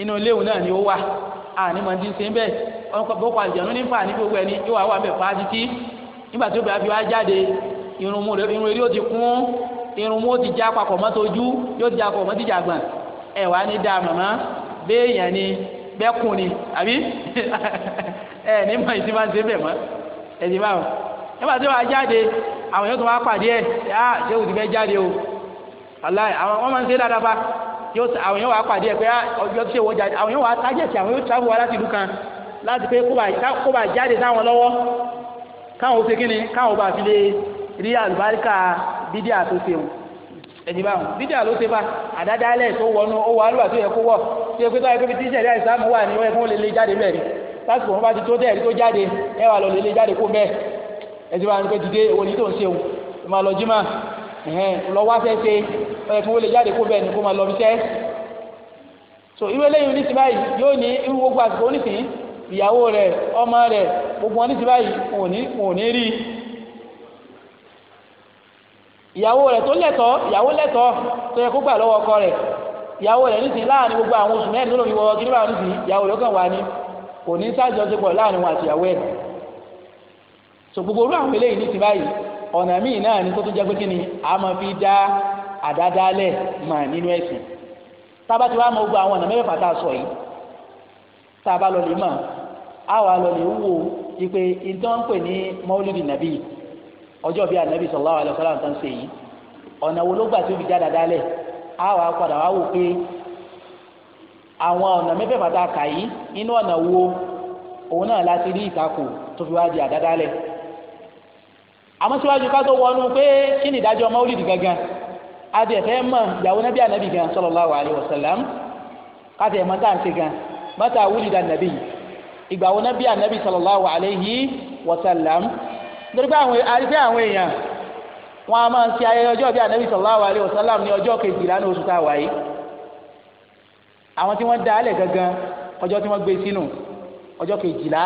inú léwu náà ni ó wà àní mọ̀ ní sẹ́yìn bẹ́ẹ̀ ọkọ̀ bọ́kọ̀ àjẹ̀nú ní fà ní gbogbo ẹni yóò wá wà bẹ̀ fà á títí nígbà tí ó bẹ̀rẹ̀ fi wá jáde irun mu irun eré ó ti kún irun mu ó ti já papọ̀ mọ́tò ojú yóò ti já papọ̀ mọ́tò ìjàgbọ̀n ẹ̀ wá ní dáa màmá béèyàn ni bẹ́kùn ni àbí ẹ ní mọ̀ ìdí máa ń ṣe bẹ̀ mọ́ ẹ̀dí máa nígbà tí wàá jáde àwọn yóò tún wá pàdé ẹ̀ yá ṣé òtún fẹ́ jáde o aláì àwọn wọ́n máa ń ṣe dáadáa pa àwọn yóò wá pàdé ẹ̀ pé ah, ọjọ́ tí ṣe wọ́n jáde àwọn yóò wá tájẹ̀tì àwọn yóò travel wá láti ìlú kan láti pé kó bá jáde sáwọn lọ́wọ́ káwọn ó ṣe kí ni káwọn ó bá fi lè rí àlùbáríkà bídíà tó ṣe wọn ẹ̀jìnbá wọn dídà ló ṣe bá àdádálẹ̀ tó wọnú owó alúwà tó yẹ kó wọ̀ tí o pé tó yẹ pé tíṣẹ̀ ìdá ìsáàmù wà ní ọ̀yẹ́ fún olè lè jáde mẹ́rin lásìkò wọn bá ti tó dẹ́ẹ̀rí tó jáde ẹ wà lọ lè lè jáde kó mẹ́ẹ̀ ẹ̀jìnbá wọn pé dìde owó ní tó ń ṣe o máa lọ jímà lọ wá fẹ́ ṣe ọ̀yẹ́ fún jáde kó bẹ́ẹ̀ ni kó máa lọ fiṣẹ́ so irú eléyìí ní ti ìyàwó rẹ̀ tó lẹ́tọ̀ọ́ ìyàwó lẹ́tọ̀ọ́ tó yẹ kó gbà lọ́wọ́ ọkọ rẹ̀ ìyàwó rẹ̀ nísìnyí láàrin gbogbo àwọn oṣù mẹ́rin lónìí wọ kí nígbà nísìnyí ìyàwó rẹ̀ kàn wá ní kò ní sájọṣepọ̀ láàrin wọn àti ìyàwó ẹ̀ so gbogbo orú àwọn eléyìí ní ti báyìí ọ̀nà míì náà ni tó tún jẹ́ pé kí ni a máa fi dá àdádálẹ̀ mà nínú ẹ̀sìn tába ti wá mọ gbogbo àwọn ọ̀nà mẹ́fẹ̀ẹ̀fà ọjọ́ bíi anabi sallallahu alaihi wasallam tó ń ṣe yìí ọ̀nà wo ló gbà tó fi jáde dálẹ̀ á wàá padà wá wò pé àwọn ọ̀nà mẹ́fẹ̀ẹ̀fà tá a kà yìí inú ọ̀nà wo òun náà láti rí ìtakò tó fi wá di àdádálẹ̀ àmọ́ síwájú ká tó wọnú pé kí ni ìdájọ́ maulid gangan adìẹ fẹ́ mọ̀ ìyàwó nábì ànábì gan sallallahu alaihi wasallam káti ẹ̀ nítorí pé àwọn àrífẹ́ àwọn èèyàn wọn a máa ń ṣe ayẹyẹ ọjọ́ bí anabi sallallahu alayhi wa sallam ní ọjọ́ kejìlá ní oṣù tá a wà yìí àwọn tí wọ́n dá alẹ̀ gangan ọjọ́ tí wọ́n gbé sínú ọjọ́ kejìlá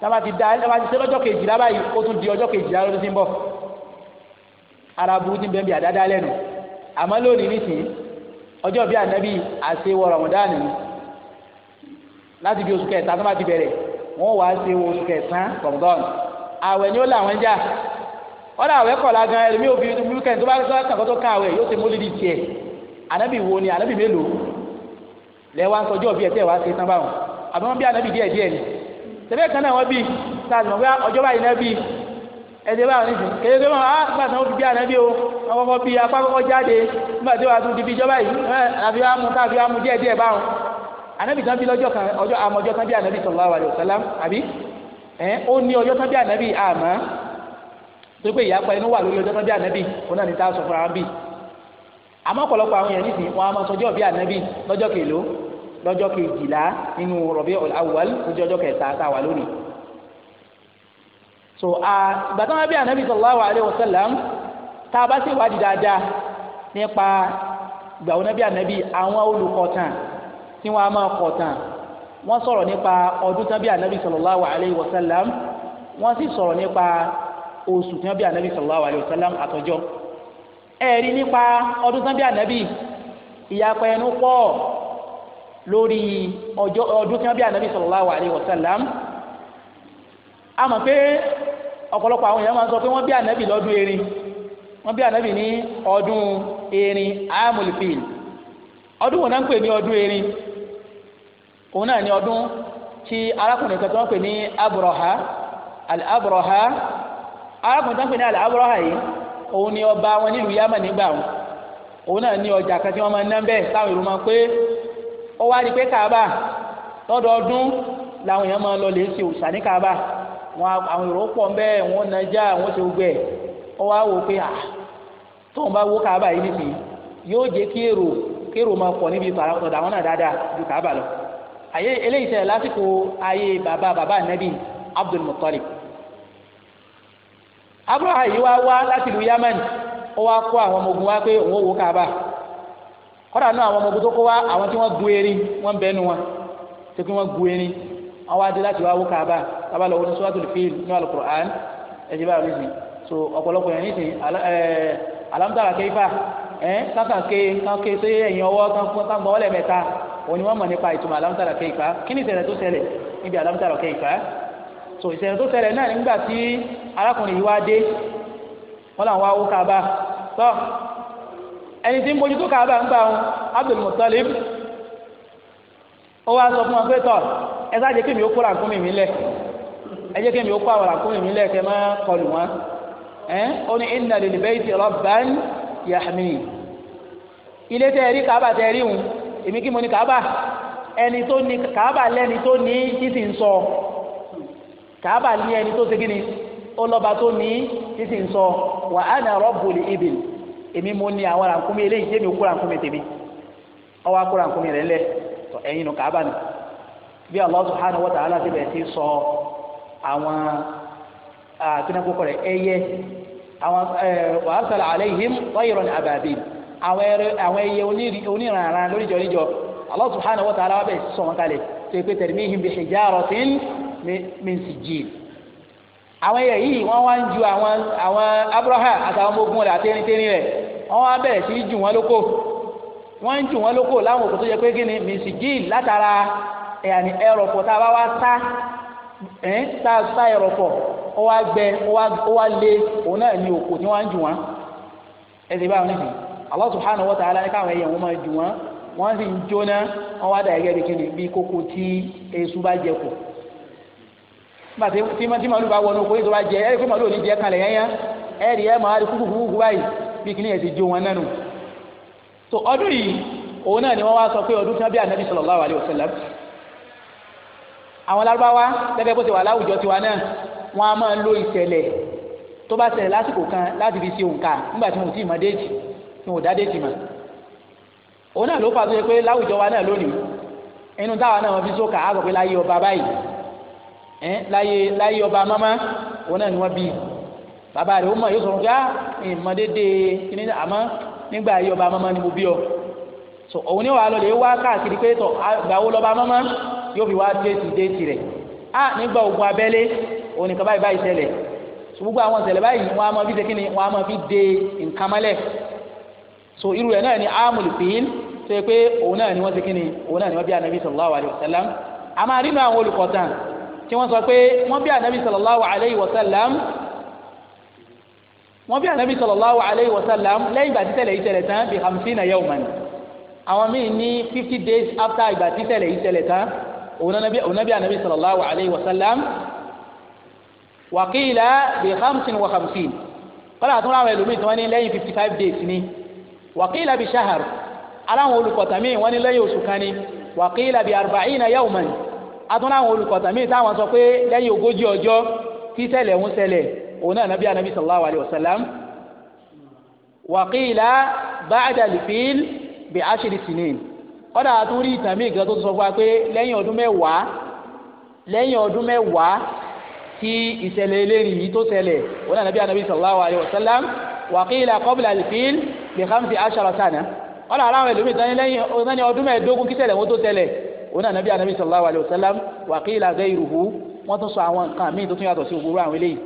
tábà ti dá tábà ti ṣe lọ́jọ́ kejìlá báyìí ó tún di ọjọ́ kejìlá lọ́dún tí ń bọ̀ ara burú ti bẹ́ẹ̀ àdáda lẹ́nu àmọ́ lónìí nísìnyí ọjọ́ bí anabi àṣewọ̀ ramadan ni láti bí oṣù kẹsàn tó bá ti bẹ̀rẹ̀ wọ́n wàá ṣe oṣù kẹsàn-án ramadan àwẹ̀ ni ó là wọ́n jà ọ̀dà àwẹ̀ kọ̀ la gan ẹlòmí òbí wíkẹ́ǹd tó bá kàkọ́ tó ká àwẹ̀ yóò ti mólídì tiẹ̀ ànábì wo ni ànábì mélòó lẹ́wà ń sọjọ́ bí ẹ tẹ́ wá ṣe tán báwọn àbí wọ́n bí ànábì díẹ̀ díẹ̀ ni tẹ̀lé kan náà wọ́n bí sáà mọ̀ pé ọjọ́ báyìí náà bí ẹ̀dẹ̀ báwọn ní sùn kéde pé wọ́n á gbà tán ó fi bí ànábì o wọ́n kọ́kọ́ bí apá kọ́kọ́ jáde nígbà tí wọ́n á tún di bí ìjọba yìí eh, àfi wọ́n á mú káàfi wọ́n á mú díẹ̀ díẹ̀ báwọn ànábì kan bí lọ́jọ́ kan ọjọ́ àmọ́jọ́ kan bí ànábì sallallahu alaihi wasallam àbí ẹ ó ní ọjọ́ tán bí ànábì àmọ́ tó pé ìyapa inú wà lórí ọjọ́ tán bí ànábì ó náà ní tá a sọ fúnra bí àmọ́ ọ̀pọ̀lọpọ̀ àwọn èèyàn nìsín wọn a máa sọjọ́ bí ànábì lọ́jọ́ kèló lọ́jọ́ kejìlá nínú rọ̀bí awwal ojú ọjọ́ kẹta tá a wà lónìí so ìgbà tán bí ànábì sallallahu alaihi wasallam tá a bá sì wádìí dáadáa nípa ìgbà wọn bí ànábì àwọn olùkọ̀tàn wọ́n sọ̀rọ̀ nípa ọdún tán bí anabi sallallahu alayhi wa sallam wọ́n sì sọ̀rọ̀ nípa oṣù tán bí anabi sallallahu alayhi wa sallam àtọ́jọ́ ẹ̀rí nípa ọdún tán bí anabi ìyapa ẹnu pọ̀ lórí ọdún tán bí anabi sallallahu alayhi wa sallam a mọ̀ pé ọ̀pọ̀lọpọ̀ àwọn èèyàn máa ń sọ pé wọ́n bí anabi lọ́dún erin wọ́n bí anabi ní ọdún erin amulfil ọdún wo náà ń pè ní ọdún erin òun náà ní ọdún tí arákùnrin kan tó wọ́n pè ní abúrọ̀há al arákùnrin tó wọ́n pè ní al yìí òun ni ọba wọn nílùú yámà nígbà wọn òun náà ní ọjà kan tí wọ́n máa ń ná bẹ́ẹ̀ táwọn èrò máa pé ó wá di pé Kaaba lọ́dọọdún làwọn èèyàn máa ń lọ lè ṣe òòṣà ní Kaaba wọn àwọn èrò pọ̀ ń bẹ́ẹ̀ na já wọ́n ṣe gbẹ ó wá wò pé ah tóun bá wó Kaaba yìí nìsín yóò jẹ́ kí èrò kí èrò máa pọ̀ níbi ìtàn àwọn náà ju Kaaba lọ. ayé eléyìí ṣẹlẹ̀ lásìkò ayé bàbá bàbá anabi Abdul Muttalib Abraha yìí wá wá láti ìlú Yaman ó wá kó àwọn ọmọ ogun wá pé òun ò wó Kaaba kọ́dà náà àwọn ọmọ ogun tó kó wá àwọn tí wọ́n gun erin wọ́n bẹ́ẹ̀ wọn tó kí wọ́n gun erin wọ́n wá dé láti wá wó Kaaba Kaaba lọ́wọ́ ní Suratul Fil ní Al-Qur'an ẹ̀jẹ̀ bá rí so ọ̀pọ̀lọpọ̀ yẹn nísìn alamtara keifa ẹ̀ sáfà ké kán ké sí ẹ̀yìn ọwọ́ kán gbọ́wọ́lẹ̀ mẹ́ta òun ni wọ́n ma nípa ìtumọ̀ alámútàlà kẹfà kí ni ìṣẹ̀lẹ̀ tó ṣẹlẹ̀ níbi alámútàlà kẹfà so ìṣẹ̀lẹ̀ tó ṣẹlẹ̀ náà nígbà tí arákùnrin yìí wá dé làwọn ẹni tí ń bójú tó ń gbà wọn Abdul ó wá sọ fún wọn pé tọ́ ẹ sáà jẹ́ kí mi ó kó ràǹkúmì mi lẹ̀ ẹ jẹ́ kí mi ó kó àwọn mi má kọlù wọn ó ní èmi kí mo ní kàábà ẹni tó ní kàábà lẹ́ni tó ní títì ń sọ kàábà ní ẹni tó ṣe kí ni ó lọ́ba tó ní títì ń sọ wa ana rabbul ibil èmi mo ní àwọn ràkúnmí eléyìí jẹ́mi kó ràkúnmí tèmi ọwọ́ akó ràkúnmí rẹ̀ ńlẹ̀ tọ ẹ̀yin nù kàábà nù bí Allah subhanahu wa ta'ala ti sọ àwọn àtúnyẹ́kọ́kọ́ rẹ̀ ẹyẹ àwọn wàhálà alayhim tayran ababil àwọn ẹyẹ oníranran lóríjọ níjọ Allah subhanahu wa ta'ala wà bẹ̀ sọ wọn kalẹ̀ tó yẹ pé tarmihim bi hijaratin min sijil àwọn ẹyẹ yìí wọ́n wá ń ju àwọn àwọn àtàwọn ọmọ ogun rẹ̀ àtẹnitẹni rẹ̀ wọ́n wá bẹ̀rẹ̀ sí jù wọ́n lóko wọ́n ń jù wọ́n lóko láwọn òkú tó yẹ pé kí ni min sijil látara ẹ̀yàní tá a bá wá sá sá ẹrọ̀pọ̀ ó wá gbẹ ó wá lé òun náà ní òkú tí wọ́n ń jù wọ́n ẹ̀ Allah subhanahu wa ta'ala káwọn ẹyẹ wọn máa jù wọn wọn sì ń jóná wọn wá dà gẹ́gẹ́ bí kíni kókó tí èṣù bá jẹ kù tí tí bá wọnú kó èso bá jẹ ẹ̀rí pé màlúù ní jẹ kalẹ̀ yẹn ẹ̀rí ẹ̀ máa rí kúkúkú báyìí bí kíni ẹ̀ ti jó wọn nánu tó ọdún yìí òun náà ni wọ́n wá sọ pé ọdún tí wọ́n bí ànábì sallallahu alaihi wasallam tí wọn ò dá déètì mà òun náà ló fà tó yẹ pé láwùjọ wa náà lónìí inú táwa náà wọn fi sókà á sọ pé láyé ọba báyìí ẹ láyé láyé ọba mọ́mọ́ òun náà ni wọ́n bí bàbá rẹ̀ ó mọ̀ yóò sọ fún kí á ìmọ̀dédé kíní àmọ́ nígbà ayé ọba mọ́mọ́ ni mo bí ọ so òun ni wàá lọ lè wá káàkiri pé tọ àgbàwo lọ́ba mọ́mọ́ yóò fi wá déètì déètì rẹ̀ á nígbà ogun abẹ́lé òun nìkan báyìí báyìí ṣẹlẹ̀ gbogbo àwọn ìṣẹ̀lẹ̀ báyìí wọ́n á máa fi ṣe kíni á máa fi de nǹkan so irú ẹ̀ náà ni amul fiil tó yẹ pé òun náà ni wọ́n ti kí ni òun náà ni wọ́n bí anabi sallallahu alayhi wa sallam a máa nínú àwọn olùkọ́tàn tí wọ́n sọ pé wọ́n bí anabi sallallahu alayhi wa sallam wọ́n bí anabi sallallahu alayhi wa sallam lẹ́yìn ìgbà títẹ̀lẹ̀ ìtẹ̀lẹ̀ tán bí hamsina yawman àwọn míì ní fifty days after ìgbà títẹ̀lẹ̀ ìtẹ̀lẹ̀ tán òun náà bí anabi sallallahu alayhi wa sallam wàkìlá bí hamsin wa hamsin kọ́lá àtúnwá àwọn ẹlòmíì tí wọ́n ní lẹ́yìn fifty five days ni wàkìlà bíi ṣahar aláwọn olùkọ́tà míì wọ́n ní lẹ́yìn oṣù kan ni wàkìlà bíi arba'ina yawman adúlá àwọn olùkọ́tà míì táwọn sọ pé lẹ́yìn ogójì ọjọ́ tí ṣẹlẹ̀ ń ṣẹlẹ̀ òun náà nàbí anabi sallallahu alayhi wa sallam wàkìlà ba'da lifil bi ashri sinin kọ́dà tó rí ìtàn míì gan tó sọ fún wa pé lẹ́yìn ọdún mẹ́wàá lẹ́yìn ọdún mẹ́wàá tí ìṣẹ̀lẹ̀ eléyìí tó ṣẹlẹ̀ òun náà nàbí anabi sallallahu alayhi wa sallam wàkìlà kọ́bìlà fíl lè kàn fi aṣọ àṣàna ọ̀là aláwọ̀ ẹlòmíì tán lẹ́yìn ọdún mẹ́ẹ̀ẹ́dógún kí tẹ̀lẹ̀ wọn tó tẹ̀lẹ̀ òun náà nàbí anabi sallallahu alayhi wa sallam wàkìlà gẹ́yìrùhù wọ́n tún sọ àwọn nǹkan míì tó tún yàtọ̀ sí òwúrọ̀ àwọn eléyìí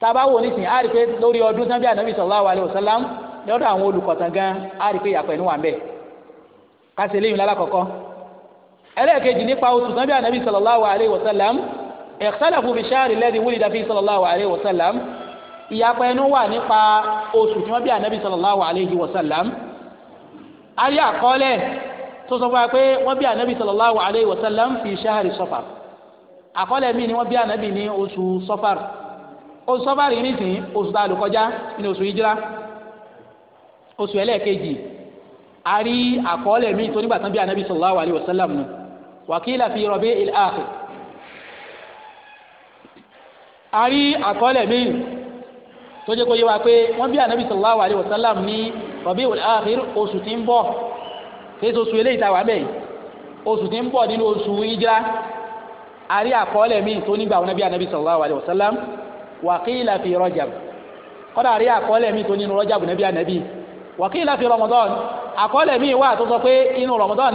tába wò ní sìn á rí i pé lórí ọdún nàbí anabi sallallahu alayhi wa sallam lọ́dọ̀ àwọn olùkọ̀tàn gan á rí i pé yàpẹ̀ níwà ń bẹ̀ kásì ìyapa ẹnu wà nípa oṣù tí wọ́n bí anabi sallallahu alayhi wa sallam
a rí àkọọ́lẹ̀ tó sọ fún wa pé wọ́n bí anabi sallallahu
alayhi wa sallam fi shahri sọfà àkọọ́lẹ̀ mi ni wọ́n bí anabi ní oṣù sọfàr oṣù sọfàr yìí nìsín oṣù tá a lò kọjá ní oṣù hijira oṣù ẹlẹ́ẹ̀kejì a rí àkọọ́lẹ̀ mi tó nígbà tán bí anabi sallallahu alayhi wa sallam nù wàkílà fi rabi'il akhir a rí àkọọ́lẹ̀ mi tó jẹ́ kó yé wa pé wọ́n bí anabi sallallahu alayhi wa sallam ní rabiul akhir oṣù tí ń bọ̀ kéésì oṣù eléyìí tá a wà bẹ́ẹ̀ oṣù tí ń bọ̀ nínú oṣù ìjìrá àrí àkọọ́lẹ̀ míì tó nígbà wọn bí anabi sallallahu alayhi wa sallam wa fi rajab kọ́dà àrí àkọọ́lẹ̀ míì tó nínú rajab nàbí anabi wa fi ramadan àkọọ́lẹ̀ míì wà tó sọ pé inú ramadan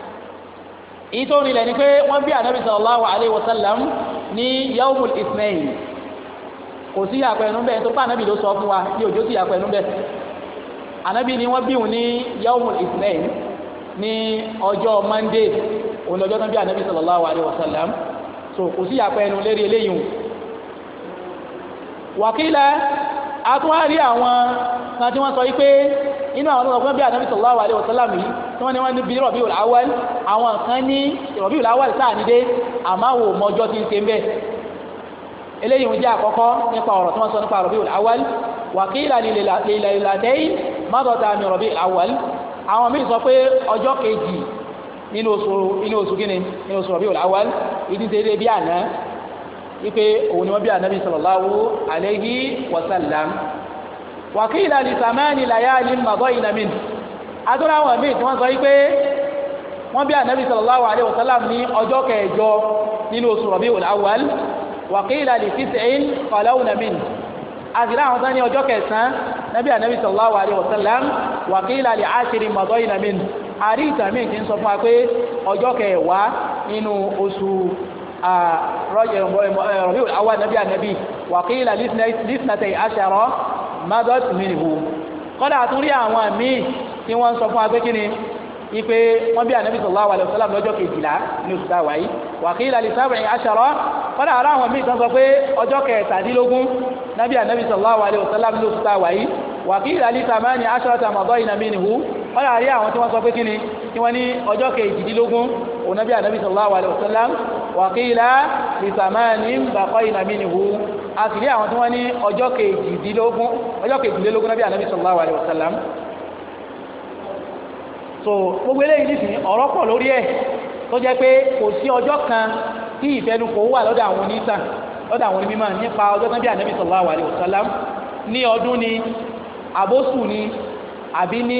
èyí tó rìnlẹ̀ ni pé wọ́n bí anabi sallallahu alayhi wa sallam ní yawmul ithnain kò sí yàpẹ̀ ẹnu bẹ́ẹ̀ nítorí pé anabi ló sọ fún wa ní òjò sí yàpẹ̀ ẹnu bẹ́ẹ̀ anabi ni wọ́n bí ní yawmul ithnain ní ọjọ́ monday òun tó bí anabi sallallahu alayhi so kò sí yàpẹ̀ lérí eléyìí a tún wá rí àwọn kan tí wọ́n sọ wípé inú àwọn ọmọ ọgbọ́n bí ànábì sallallahu alaihi wasallam yìí tí wọ́n ní wọ́n ní bí Rabiul Awwal àwọn kan ní Rabiul Awwal sáà nídé àmọ́ wò mọ́jọ́ ti ń ṣe ń bẹ̀ eléyìí ń jẹ́ àkọ́kọ́ nípa ọ̀rọ̀ tí wọ́n sọ nípa Rabiul Awwal wa qila lilaylatayn madata min Rabiul Awwal àwọn míì sọ pé ọjọ́ kejì nínú oṣù kínní nínú oṣù Rabiul Awwal ìdí wípé òun ni wọ́n bí anabi sallallahu alayhi wa sallam wàkìlá ní sàmáàní làyáàlì màbọ́ ìnàmín adúlá àwọn míì tí wọ́n sọ wípé wọ́n bí anabi sallallahu alayhi wa sallam ní ọjọ́ kẹjọ nínú oṣù Rabiul Awwal wàkìlá ní tis'in falawna min àtìlá àwọn sani ọjọ́ kẹsàn-án nabi anabi sallallahu alayhi wa sallam wàkìlá ní ashri màbọ́ àrí ìtàmí ti ń sọ fún wa pé ọjọ́ kẹwàá nínú oṣù rọ́bíù awá nàbí ànàbí wàkílà lísìnàtẹ̀ àṣàrọ̀ madot minihu kọ́dà àtúrí àwọn míì tí wọ́n sọ fún agbékíni ipe wọ́n bí ànàbí sallallahu alaihi wasallam lọ́jọ́ kejìlá ní oṣù táwa yìí wàkílà lísìnàtẹ̀ àṣàrọ̀ kọ́dà àrà àwọn míì tán sọ pé ọjọ́ kẹtàdínlógún nàbí ànàbí sallallahu alaihi wasallam ní oṣù táwa yìí wàkílà lísìnàtẹ̀ àṣàrọ̀ tàmọ̀dọ́ ìnàmínihù wọ́n yà rí àwọn tí wọ́n sọ pé kí ni tí wọ́n ní ọjọ́ kejìdínlógún ònàbí ànábì sallallahu alaihi wasallam wa qila li thamanin baqayna minhu a sì rí àwọn tí wọ́n ní ọjọ́ kejìdínlógún ọjọ́ kejìdínlógún so gbogbo eléyìí nísìnyí ọ̀rọ̀ pọ̀ lórí ẹ̀ tó jẹ́ pé kò sí ọjọ́ kan tí ìfẹnukò wà lọ́dọ̀ àwọn oníṣà lọ́dọ̀ àwọn onímọ̀ nípa ní ọdún ni àbóṣù ni àbí ní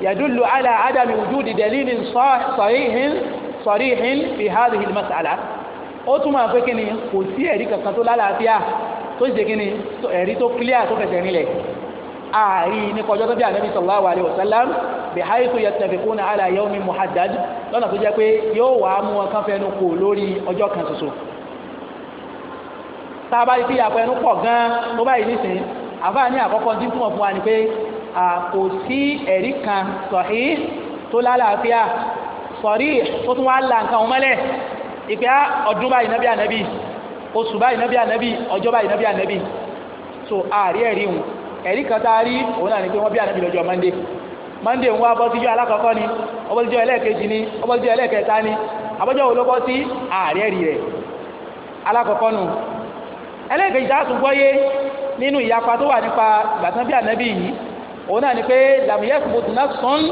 يدل على عدم وجود دليل صريح صريح في هذه المسألة ó túmọ̀ pé kí ni kò sí ẹ̀rí kankan tó lálàáfíà tó ṣe kí ni ẹ̀rí tó clear tó fẹsẹ̀ nílẹ̀ ààrí ní kọjọ́ tó bí ànábì sallallahu alaihi wasallam bi haythu yattafiquna ala yawmin muhaddad lọ́nà tó jẹ́ pé yóò wá mú wọn kan fẹnu kò lórí ọjọ́ kan ṣoṣo tá a bá rí sí ìyàpọ̀ ẹnu pọ̀ gan-an tó báyìí nísìnyí àfáà ní àkọ́kọ́ tí túmọ̀ fún wa ni pé kò sí ẹ̀rí kan sọ̀hí tó lálàáfíà sọ̀rí tó tún wá là nǹkan ọmọlẹ̀ ìpẹ́ ah, ọdún báyìí nábí ànábì oṣù báyìí nábí ànábì ọjọ́ báyìí nábí ànábì so ààrí ẹ̀rí hùn ẹ̀rí kan tá a rí òun náà ni pé wọ́n bí ànábì lọ́jọ́ Monday Monday ń wá bọ́ síjọ́ alákọ̀ọ́kọ́ ni ọbọ̀ síjọ́ ẹlẹ́ẹ̀kejì ni ọbọ̀ síjọ́ ẹlẹ́ẹ̀kẹta ni àbọ́jọ́ wo ló bọ́ sí ààrí ẹ̀rí rẹ̀ alákọ̀ọ́kọ́ nù ẹlẹ́ẹ̀kejì tá a tún gbọ́yé nínú ìyapa tó wà nípa ìgbà tán bí ànábì yìí òun náà ni pé lam yathbut nafsun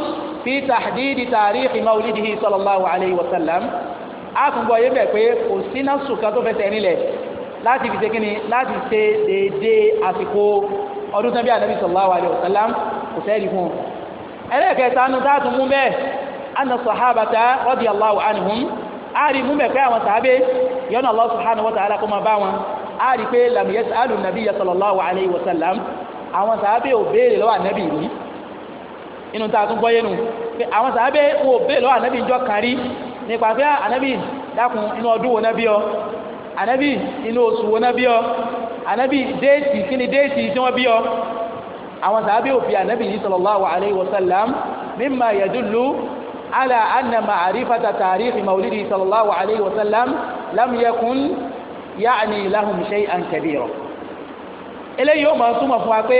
fi tahdidi tarikhi maulidihi sallallahu alayhi wa sallam a tún gbọ́ yé bẹ̀ pé kò sí nafsu kan tó fẹsẹ̀ nílẹ̀ láti fi ṣe kí ni láti ṣe déédéé àsìkò ọdún tán bí anabi sallallahu alayhi wa sallam kò sẹ́ẹ̀rì fún un ẹlẹ́ẹ̀kẹta nu táà tún mú bẹ́ẹ̀ anna sahabata radiyallahu anhum a rí mú bẹ́ẹ̀ pé àwọn sàábé yọ́nà Allah subhanahu wa ta'ala kó máa wọn a rí pé lam yas'alu nabiyya sallallahu alayhi wa sallam àwọn sàábẹ̀ ò béèrè lọ́wọ́ ànábì rí inú tá a tún gbọ́yé nu pé àwọn sàábẹ̀ ò béèrè lọ́wọ́ ànábì jọ kan rí nípa pé ah, ànábì dákun inú ọdún wo náà ọ ànábì inú oṣù wo náà ọ ànábì déètì kí ni déètì tí wọ́n bí ọ àwọn sàábẹ̀ ò fi ànábì yìí sallallahu alayhi wa sallam mimma yadullu ala anna ma'rifata tarikh mawlidi sallallahu alayhi wa sallam lam yakun ya'ni lahum shay'an kabira eléyìí yóò máa túmọ̀ fún wa pé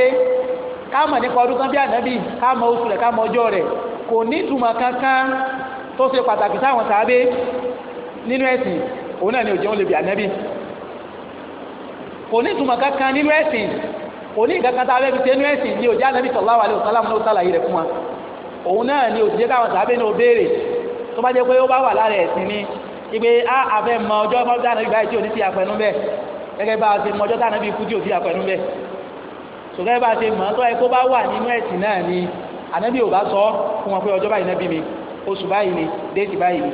ká mọ̀ nípa ọdún kan bí ànábì ká mọ̀ oṣù rẹ̀ ká mọ̀ ọjọ́ rẹ̀ kò ní ìtumọ̀ kankan tó ṣe pàtàkì sáwọn sàábé nínú ẹ̀sìn òun náà ni òjò lè bí ànábì kò ní ìtumọ̀ kankan nínú ẹ̀sìn kò ní ìkankan tá a fẹ́ fi ṣe nínú ẹ̀sìn ni òjò ànábì sallallahu alaihi wasallam ló sàlàyé rẹ̀ fún ni òjò káwọn sàábé náà béèrè tó bá wà lára ẹ̀sìn ni ìgbé a àfẹ́ mọ ọjọ́ mọ́tò ànábì báyìí tí ò gẹ́gẹ́ bá a ṣe mọ ọjọ́ tá ànábì kú tí ò sí àpẹnu bẹ́ẹ̀ so gẹ́gẹ́ bá a ṣe mọ̀ ọ́ tó ẹ kó bá wà nínú ẹ̀sìn náà ni ànábì ò bá sọ fún wọn pé ọjọ́ báyìí náà bí mi oṣù báyìí ni déètì báyìí ni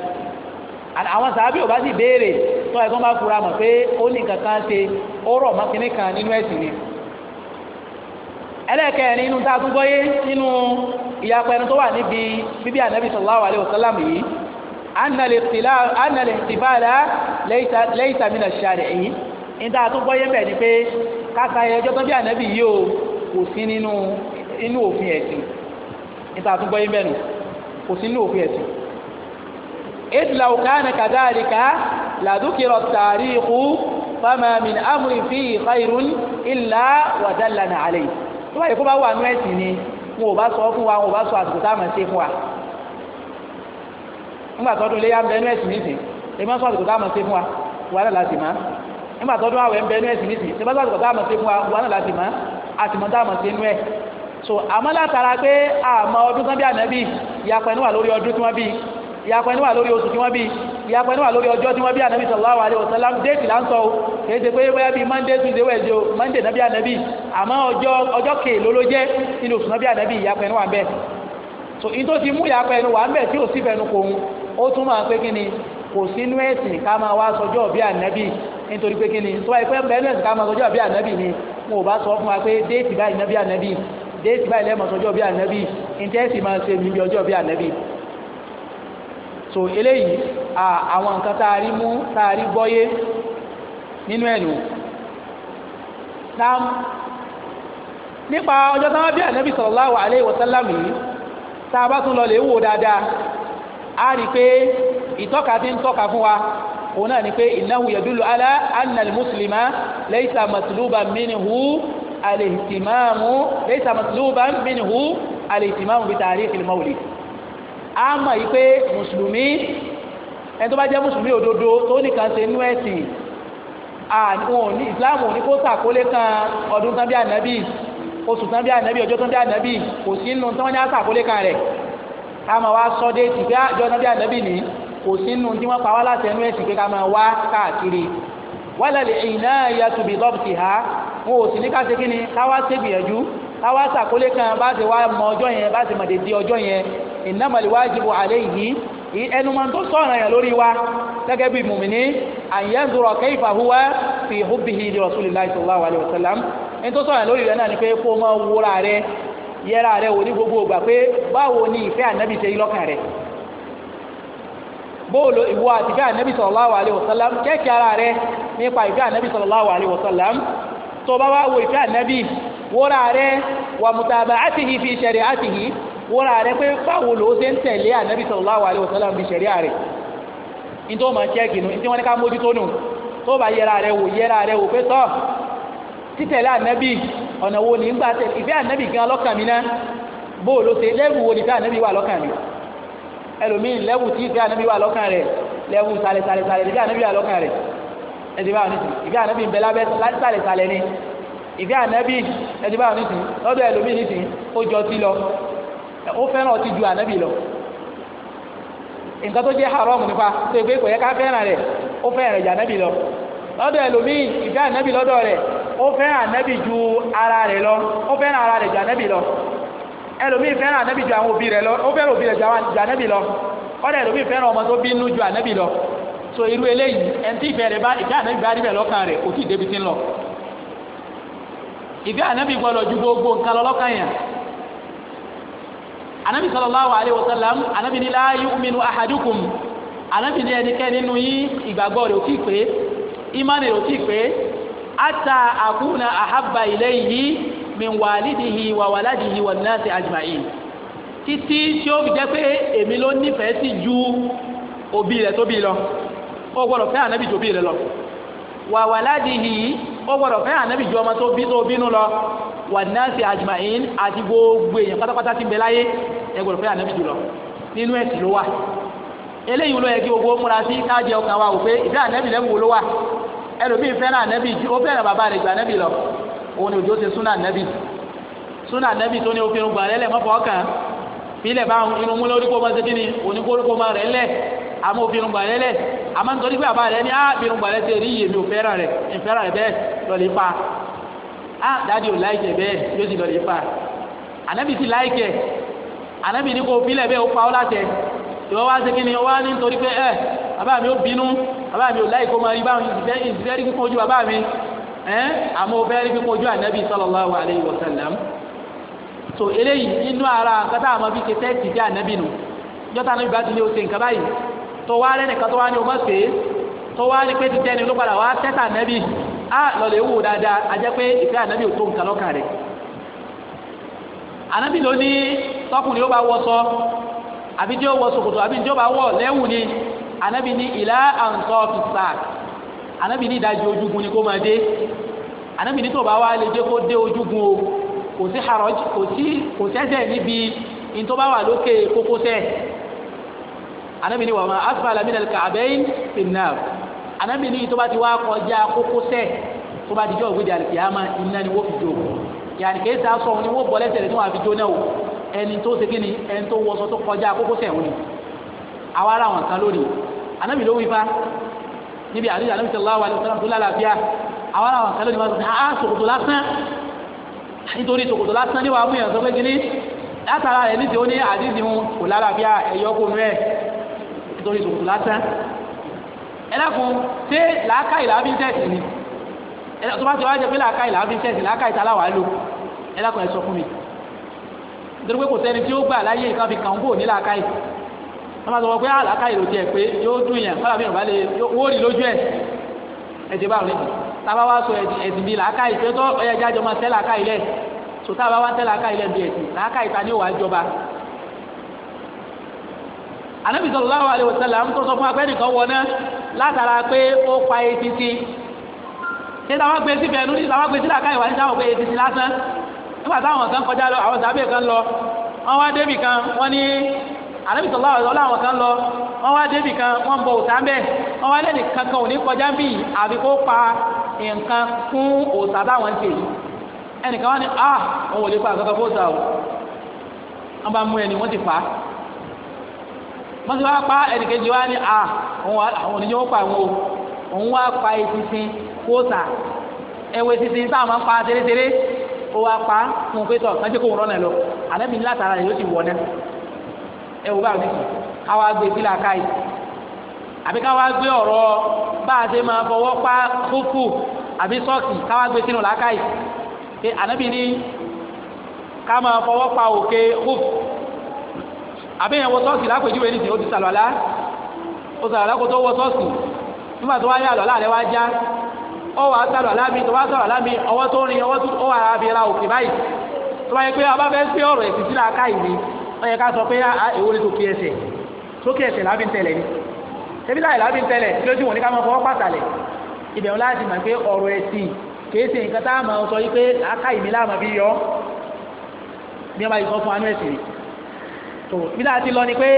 àwọn sàábì ò bá sì béèrè tó ẹ kó bá fura mọ̀ pé ó ní kankan ṣe ó rọ̀ mọ́ kinní kan nínú ẹ̀sìn ni ẹlẹ́ẹ̀kẹ́rin inú tá a tún gbọ́yé nínú ìyapa tó wà níbi bíbí ànábì sallallahu alaihi níta tó gbọ́yé bẹ̀ ni pé káka ẹjọ́ tó bí ànábì yìí o kò sí nínú inú òfin ẹ̀sìn níta tó gbọ́yé bẹ̀ nù kò sí nínú òfin ẹ̀sìn. èdè làwùkánì kàdáàríkà làdúkìrọ̀ tàríkù fama min amri fi khairun illa wadallana alayhi tó báyìí kó bá wà nú ẹ̀sìn ni wọn ò bá sọ fún wa wọn ò bá sọ àsìkò táwọn máa ṣe fún wa nígbà tó dún ilé yá ń bẹ nú ẹ̀sìn nìsín èmi máa sọ àsìkò táwọn máa ṣe fún wa wàhálà láti máa nígbà tó dún àwẹ̀ ń bẹ ní ẹ̀sìn nìsí tí bá sàtìkọ̀ táàmù sí fún wa náà láti mọ̀ àtìmọ̀ táàmù sí inú ẹ̀ so àmọ́ látara pé àmọ́ ọdún tán bí ànábì ìyapẹ́ níwà lórí ọdún tí wọ́n bí ìyapẹ́ níwà lórí oṣù tí wọ́n bí ìyapẹ́ níwà lórí ọjọ́ tí wọ́n bí ànábì sallallahu alaihi wasallam déètì là ń sọ o kìí ṣe pé bóyá bíi monday tuesday wednesday o monday nàbí ànábì àmọ́ ọjọ́ ọjọ́ kèèló jẹ́ nínú oṣù nàbí ànábì ìyapẹ́ níwà ń bẹ so in tó ti mú ìyapẹ́ níwà ń bẹ tí ò sí fẹnu kòun ó tún máa pé kí ni kò sínú ẹ̀sìn ká máa wá sọjọ́ bí ànábì nítorí pé kí ni tó bá yẹ pé bẹ́ẹ̀lẹ̀ ká máa sọjọ́ bí ànábì ni wọn ò bá sọ fún wa pé déètì báyìí nábì ànábì déètì báyìí lẹ́mọ̀ sọjọ́ bí ànábì ìtẹ́sì máa ṣe níbi ọjọ́ bí ànábì. so eléyìí àwọn nǹkan tá a rí mú tá a rí gbọ́yé nínú ẹ̀ nù. nípa ọjọ́ táwọn bí ànábì sallallahu alaihi wasallam yìí tá a bá tún lọ lè wò dáadáa á rí pé ìtọ́ka ti ń tọ́ka fún wa òun náà ni pé innahu yadullu ala anna al-muslima laysa matluban minhu al-ihtimamu laysa matluban minhu al-ihtimamu bi tarikh al-mawlid a mọ̀ yìí pé mùsùlùmí ẹni tó bá jẹ́ mùsùlùmí òdodo tó nìkan ṣe nú ẹ̀sìn àwọn òní islam òní kó sàkólé kan ọdún tán bí ànábì oṣù tán bí ànábì ọjọ́ tán bí ànábì kò sí nínú tán wọ́n ní kò sínú tí wọ́n pa wá láti ẹnu ẹ̀sìn pé ká máa wá káàkiri wálẹ̀lì ìná ìyàtú bí dọ́pìtì ha wọn ò sì ní ká ṣe kí ni káwá ṣègbìyànjú káwá ṣàkólé kan bá ti wá mọ ọjọ́ yẹn bá ti mọ̀ dédé ọjọ́ yẹn ìnámọ̀lì wájibu àlẹ́ yìí ẹnumọ̀ tó sọ̀rọ̀ yẹn lórí wa gẹ́gẹ́ bí mùmíní àyẹ̀zùrọ̀ kayfa huwa fi hubbihi li rasulillahi sallallahu alayhi wa sallam ẹni tó sọ̀rọ̀ lórí rẹ̀ náà ni pé kó máa wúra rẹ̀ yẹra rẹ̀ bóòlù ìwọ àti ìfẹ́ ànábì sallallahu alaihi wasallam kẹ́kẹ́ ara rẹ nípa ìfẹ́ ànábì sallallahu alaihi wasallam tó bá wá wo ìfẹ́ ànábì wóra rẹ wà mutaba'atihi fi shari'atihi wóra rẹ pé báwo ló ṣe ń tẹ̀lé ànábì sallallahu alaihi wasallam fi ṣẹ̀rí àrẹ nítorí wọn máa ń ṣẹ́ẹ̀kì nu nítorí wọn ní ká mójútó nù tó bá yẹra rẹ wò yẹra rẹ wò pé tọ́ títẹ̀lé ànábì ọ̀nà wo ní gbà tẹ̀lé ìfẹ́ ànábì gan lọ́kàn mi ná bóòlù ṣe lẹ́rù wo ní fẹ́ ànábì wà lọ́kàn mi ẹlòmíì lẹ́wù tí ìfẹ́ ànábì wà lọ́kàn rẹ̀ lẹ́wù sàlẹ̀ sàlẹ̀ sàlẹ̀ ìfẹ́ ànábì wà lọ́kàn rẹ̀ ẹ̀dí báwọn nìtì ìfẹ́ ànábì ń bẹ lábẹ́ sàlẹ̀ sàlẹ̀ ni ìfẹ́ ànábì ẹ̀dí báwọn nìtì lọ́dọ̀ ẹlòmíì nìtì ó jọ ti lọ ó fẹ́ràn ọtí ju ànábì lọ nǹkan tó jẹ́ haram nípa tó ìgbé kò yẹ ká fẹ́ràn rẹ̀ ó fẹ́ràn rẹ̀ ju ànábì lọ lọ́dọ̀ ẹlòmíì ìfẹ́ ànábì lọ́dọ̀ rẹ̀ ó fẹ́ràn ànábì ju ara rẹ̀ lọ ó ju ànábì lọ ẹlòmíì fẹ́ràn ànábì ju àwọn òbí rẹ̀ lọ ó fẹ́ràn òbí rẹ̀ ju ànábì lọ kọ́dà ẹlòmíì fẹ́ràn ọmọ tó bínú ju ànábì lọ so irú eléyìí ẹni tí ìfẹ́ rẹ̀ bá ìfẹ́ ànábì bá rí bẹ̀ lọ́kàn rẹ̀ kò tí ì débi tí ń lọ ìfẹ́ ànábì gbọ́dọ̀ ju gbogbo nǹkan lọ lọ́kàn yẹn ànábì sallallahu alaihi wasallam ànábì ní la yu'minu ahadukum ànábì ní ẹnikẹ́ni nínú yín ìgbàgbọ́ rẹ̀ ò pé ìmánì rẹ̀ ò tí ì pé ata akuna ahabba min wàlídìhì wà wàládìhì wà nàásì àjùmáyé títí tí ó fi jẹ́ pé èmi ló nífẹ̀ẹ́ sí ju òbí rẹ̀ tó bí lọ ó gbọ́dọ̀ fẹ́ ànábì ju òbí rẹ̀ lọ wà wàládìhì ó gbọ́dọ̀ fẹ́ ànábì ju ọmọ tó bí tó bínú lọ wà nàásì àjùmáyé àti gbogbo èèyàn pátápátá ti bẹ ẹ gbọ́dọ̀ fẹ́ ànábì jù lọ nínú ẹ̀sìn ló wà eléyìí ló yẹ kí gbogbo múra sí káàdì ọkàn wa wò pé ìfẹ́ ànábì lẹ́wọ̀ ló wà ẹlòmíì fẹ́ràn ànábì ó fẹ́ràn bàbá rẹ̀ ju ànábì lọ òun ni òjò ṣe súnà nẹ́bì súnà nẹ́bì tó ní òfin gbà lẹ́lẹ̀ mọ́fọ́ ọ̀kan fílẹ̀ bá irun mú lórí kó máa ṣe kíni òní kó kó máa rẹ̀ lẹ̀ àmọ́ òfin gbà lẹ́lẹ̀ àmọ́ nítorí pé àbá rẹ̀ ní á fi irun gbà lẹ́sẹ̀ rí iye mi ò fẹ́ràn rẹ̀ ìfẹ́ràn rẹ̀ bẹ́ẹ̀ lọ́lẹ̀ fa á dáàdi ò láìkẹ̀ bẹ́ẹ̀ yóò sì lọ́lẹ̀ fa ànábì sì láìkẹ̀ ànábì ní kó fílẹ̀ bẹ́ẹ̀ ó pa ọ́ látẹ̀ ìwọ wá ṣe kíni wá ní nítorí pé ẹ bàbá mi ò bínú bàbá mi ò láìkó máa rí báwọn ìṣiṣẹ́ ìṣiṣẹ́ ẹ eh? àmọ́ ọbẹ̀ rí fi kojú sallallahu alayhi wa sallam so eléyìí inú ara kata amabi a máa fi ṣe tẹ́ẹ̀tì dé ànábì nù jọ́tà ànábì bá ti lé o ṣe nǹkan báyìí tó wá rẹ́ o má ṣe é ní pé ti ló padà wá tẹ́tà wò a jẹ́ pé ìfẹ́ ò tó nǹkan lọ́kàn rẹ̀ ni ànábì ní ìlà àǹtọ́ fi anábì ní ìdajì ojúgun ni kó máa dé anábì ní tó bá wá lè jẹ́ kó dé ojúgun o kò sí haraj kò sí kò sẹ́sẹ̀ níbi ìtọ́ bá wà lókè kókósẹ̀ anábì ní wa ma asfala minal ka'bayn finnar anábì ní ìtọ́ bá ti wá kọjá kókósẹ̀ tó bá dijọ́ ògbéjà kìáma iná ni wọ́n fi jó yàrá kìí sá sọ ni wọ́n bọ̀ lẹ́sẹ̀ rẹ̀ tí fi jó náà o ẹni tó ṣe kíni ẹni tó wọṣọ tó kọjá kókósẹ̀ òní àwa ara wọn kan lónìí anábì ló wí fa níbi àríyá níbi sọlá wà lọ́sọ̀rọ̀ tó lálàáfíà àwọn àwọn kan lónìí wọn sọ ah ṣòkòtò lásán nítorí ṣòkòtò lásán níwàá mú yàn sọ pé kíní látara rẹ̀ nídìí ó ní àdídì ń kò lálàáfíà ẹ̀yọ́ kò nú ẹ̀ nítorí ṣòkòtò lásán ẹ dákun ṣé làákàyè làábí tẹ̀sí ni ẹ tó bá ti wá jẹ pé làákàyè làábí tẹ̀sí làákàyè tá láwàá lò ẹ dákun ẹ sọ fún mi nítorí pé kò sẹ́ni tí ó gbà láyé ìkànnì kan kò ní làákàyè wọ́n máa sọ pé àlàkà ah, ìròjì ẹ̀ pé yóò dùn yàn kọ́lá bí yorùbá lè wó rí lójú ẹ̀ ẹ̀jẹ̀ bá rẹ̀ tábà wá sọ ẹ̀sìn bíi làákà ìfẹ́ tó ẹ̀yà jájọ máa tẹ́ làákà ilẹ̀ tó tábà wá tẹ́ làákà ilẹ̀ bíi ẹ̀sìn làákà ìta ni ó wà jọba. Ànábì sallallahu alaihi wasallam ń tó sọ fún akẹ́nìkan wọ náà látara pé ó pa etí ti ṣé táwọn gbé síbẹ̀ ẹnu ní táwọn gbé sí làákà ìwà wá ànábì sọlá ọ̀dọ́ làwọn kan lọ wọ́n wá débì kan wọ́n bọ òòtá ń bẹ̀ wọ́n wá lẹ́nì kankan òní kọjá ń bì àbí kó pa nǹkan fún òòtá táwọn ń tè ẹnìkan wá ní a ah, wọn ò lè pa àkọ́kọ́ fóòtá o wọ́n bá mú ẹni wọ́n ti fà á wọ́n ti wá pa ẹnìkejì wá ní a ah, àwọn oníjẹ́ wọ́n pa àwọn o òun wá pa etintin fóòtá ẹwẹ́ etintin táwọn máa ń pa tẹ́lẹ́tẹ́lẹ́ ó wá pa fún pétọ̀ kájẹ́ kó wọ́n rọ́nà lọ àlẹ́ mi látara yóò ti ẹ wò bá mi sùn káwá gbé sílá káyì àbí káwá gbé ọ̀rọ̀ bá a ṣe máa fọwọ́ pa fúfú àbí sọ́ọ̀kì káwá gbé sínú làákàyè pé ànábì ní ká máa fọwọ́ pa òkè fúfú àbí yẹn wọ sọ́ọ̀kì lápèjúwe nísìnyí ó ti sàlọ́lá ó sàlọ́lá kó tó wọ sọ́ọ̀kì nígbà tó wá yá àlọ́lá rẹ wá já ọ wà á sàlọ́lá mi tó wá sàlọ́lá mi ọwọ́ tó rin ọwọ́ tó wà á fi ra òkè báyìí tó bá pé ọba fẹ́ ọ̀rọ̀ ẹ̀sìn sí làákàyè ni ó yẹ ká sọ pé a ah, ah, èwo lè sókè ẹsẹ̀ sókè ẹsẹ̀ lábí ń tẹ̀lẹ̀ ni ṣebí láì lábí ń tẹ̀lẹ̀ kí ló ti wọ̀ ní ká máa fọwọ́ pàtàlẹ̀ ibẹ̀ wọn láti mọ̀ pé ọ̀rọ̀ ẹ̀sìn kìí ṣe nǹkan tá a máa sọ yí pé àáká ìmí láàmà bí yọ bí wọn bá yìí sọ fún anú ẹ̀sìn tó bí láti lọ ni pé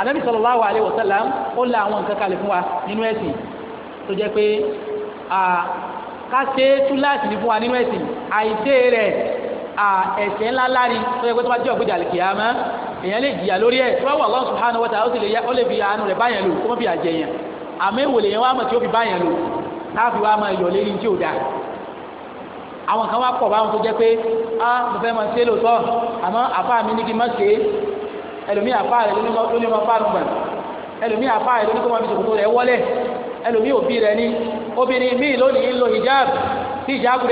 anabi sallallahu alaihi wasallam ó la àwọn nǹkan kalẹ̀ fún wa nínú ẹ̀sìn tó jẹ́ pé ká ṣe túláàsì ní fún wa nínú ẹ̀sìn àìṣe rẹ̀ ẹ̀ṣẹ̀ ńlá lárí tó yẹ pé tó bá jẹ́ ọ̀gbẹ́jà lè kìá mọ́ èèyàn lè jìyà lórí ẹ̀ tó wà Allah subhanahu wa ta'ala ó sì lè yá ó lè fi àánú rẹ̀ báyẹn lò kó fi àjẹ yẹn àmọ́ èwò lèyẹn mọ̀ tí ó fi báyẹn lò láàfin wá mọ̀ ẹ̀yọ̀ lérí tí ò dáa àwọn kan wá pọ̀ báwọn tó jẹ́ pé á mo fẹ́ lóòótọ́ àmọ́ àfa mi ní kí má ṣe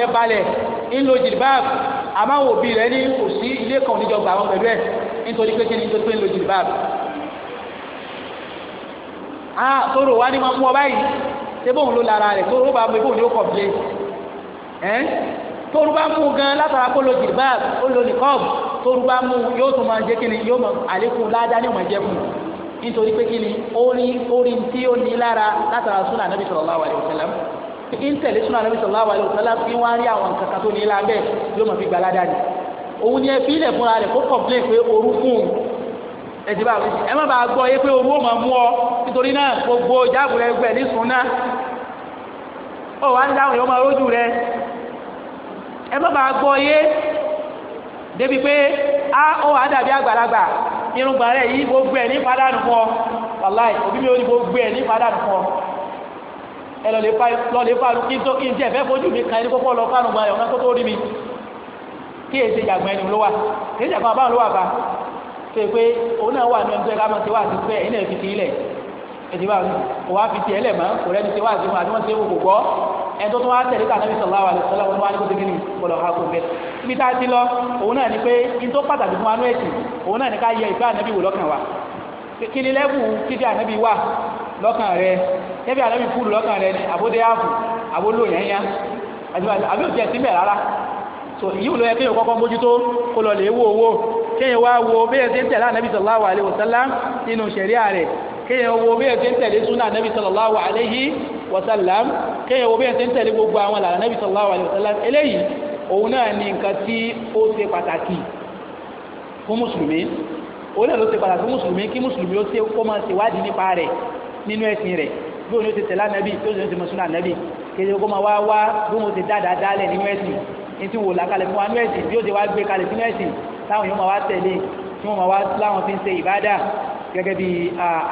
àfa rẹ̀ àbáwọn òbí rẹ ní kò sí ilé kan níjọ gbà wọn pẹ̀lú ẹ̀ nítorí pé kí ni tó pé ń lo jìlbáàbù. a tóró wa ni wọn mú ọ báyìí ṣé bóun ló lára rẹ tóró bá mú ibóun ni ó kọ̀ bílé ẹ́ tóru bá mú gan látara kó lo jìlbáàbù ó lo nìkọ́ọ̀bù tóru bá mú yóò tún máa jẹ́ kí ni yóò àlékún ládá ní ọ̀mọ̀jẹ́ fún nítorí pé kí ni orin tí ó ní lára látara súnà nàbì ń tẹ̀lé súnà nàbí sallallahu alaihi wasallam kí wọ́n á rí àwọn tó ní fi gbàládà ni òun ni ẹ ilẹ̀ fúnra rẹ̀ kó kọ̀m̀plé pé orú fún un ẹ ti ẹ má bàa gbọ́ yé pé orú ọ nítorí gbogbo ìjáàbù rẹ gbẹ ní sunna ó wà ń dáhùn yóò rójú rẹ ẹ má bàa gbọ́ a ó wà dàbí àgbàlagbà irun gbàrẹ́ yìí ẹ lọ lè fa lọ lè fa kí n tó kí n tiẹ̀ fẹ́ fojú mi kan ẹni kókó lọ fánu gba ẹ̀yọ̀ kó tó rí mi kí èsì ìjàgbọ́n ẹni ló wà kí èsì ìjàgbọ́n abáwọn ló wà bá ṣe pé òun náà wà ní ọdún tó yẹ ká máa ṣe wá àti pé ẹ̀yin náà fi ti ilẹ̀ ẹ̀dí bá wà fi ti ẹlẹ̀ mọ́ kò rẹ́ni ṣe wá àti fún àti wọ́n ṣe wò wà lọ́kàn rẹ ṣebí ànábì fúlù lọ́kàn rẹ ni àbódé ààbò àbólò yẹnyá àbí òjì ẹ̀sìn bẹ̀ rárá so yíò lọ yẹ kéèyàn kọ́kọ́ mójútó kó lọ lè wo owó kéèyàn wá wo bẹ́ẹ̀ ṣe ń tẹ̀lé ànábì sallallahu alaihi wasallam nínú ṣẹ̀ríà rẹ̀ kéèyàn wo bẹ́ẹ̀ ṣe ń tẹ̀lé súnà ànábì sallallahu alaihi wasallam kéèyàn wo bẹ́ẹ̀ ṣe ń tẹ̀lé gbogbo àwọn ìlànà ànábì sallallahu alaihi wasallam eléyìí òun náà ni nǹkan tí ó ṣe pàtàkì fún mùsùlùmí òun ló ṣe pàtàkì fún mùsùlùmí kí mùsùlùmí ó ṣe kó máa ṣèwádìí nípa rẹ̀ nínú ẹ̀sìn rẹ̀ bí òun ó ti tẹ̀lé ànábì tó sì ń ti mọ̀súnà ànábì kéde kó máa wá wá bí òun ti dáadáa dálẹ̀ nínú ẹ̀sìn ní ti wò lákalẹ̀ fún wa nínú ẹ̀sìn bí ó ti wá gbé kalẹ̀ sínú ẹ̀sìn táwọn yóò máa wá tẹ̀lé tí wọ́n máa wá láwọn fi ń ṣe ìbádà gẹ́gẹ́ bí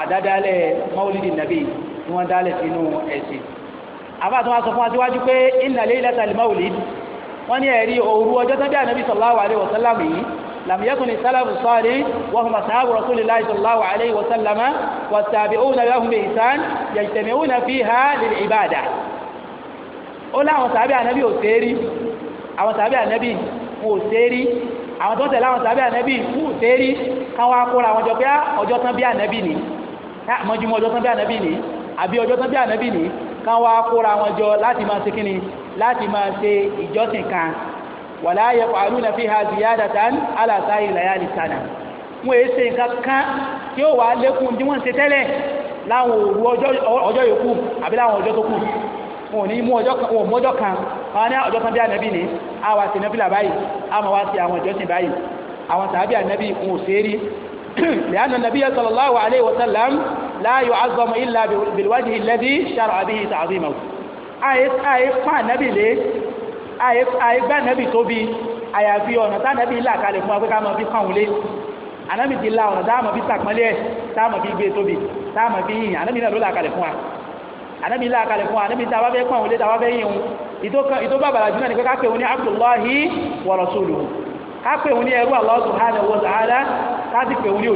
àdádálẹ̀ mọ́wúlídì nàbì tí wọ́n dálẹ̀ sínú ẹ̀sìn. alaihi wasallam yìí لم يكن السلف الصالح وهم أصحاب رسول الله صلى الله عليه وسلم والتابعون لهم بإحسان يجتمعون فيها للعبادة ó láwọn sàbẹ̀ ànábì ò sẹ́ẹ̀rí àwọn sàbẹ̀ ànábì ń ò sẹ́ẹ̀rí àwọn tó tẹ̀lé àwọn sàbẹ̀ ànábì ń ò sẹ́ẹ̀rí káwọn akóra àwọn jọ pé ah, ọjọ́ tán bí ànábì ni ah, mọ́júmọ́ ọjọ́ tán bí ànábì ni àbí ọjọ́ tán bí ànábì ni káwọn akóra àwọn jọ láti máa ṣe kíni láti máa ṣe ìjọsìn kan wàlá yaf'aluna fiha ziyadatan ala sa'i layali sana wọ́n èé ṣe nǹkan kan tí ó wà lékún tí wọ́n ṣe tẹ́lẹ̀ láwọn òru ọjọ́ yòókù àbí láwọn ọjọ́ tó kù wọn ò ní mú ọjọ́ kan wọn ní ọjọ́ kan bí ànábì ní àwa sí nẹ́bílà báyìí àmọ́ wá sí àwọn ìjọsìn báyìí àwọn tàbí ànábì wọn ò ṣe rí lẹ́yìn ànábì sallallahu alaihi wa sallam la yu'azzamu illa bilwajhi alladhi shar'a bihi ta'zimahu àyè fún ànábì àìgbà nẹ́bì tó bí àyàfi ọ̀nà tá nẹ́bì ilà fún agbẹ́ká mọ̀ fi kàwọn lé ànábì ti la ọ̀nà táàmọ̀ fi sàpọ́nlé gbé e tóbi táàmọ̀ fi yìn ànábì náà ló là fún wa ànábì là kalẹ̀ fún wa ànábì tá a na fẹ́ kàwọn lé a bá fẹ́ yìn òun ìtó bàbàrà jù náà ni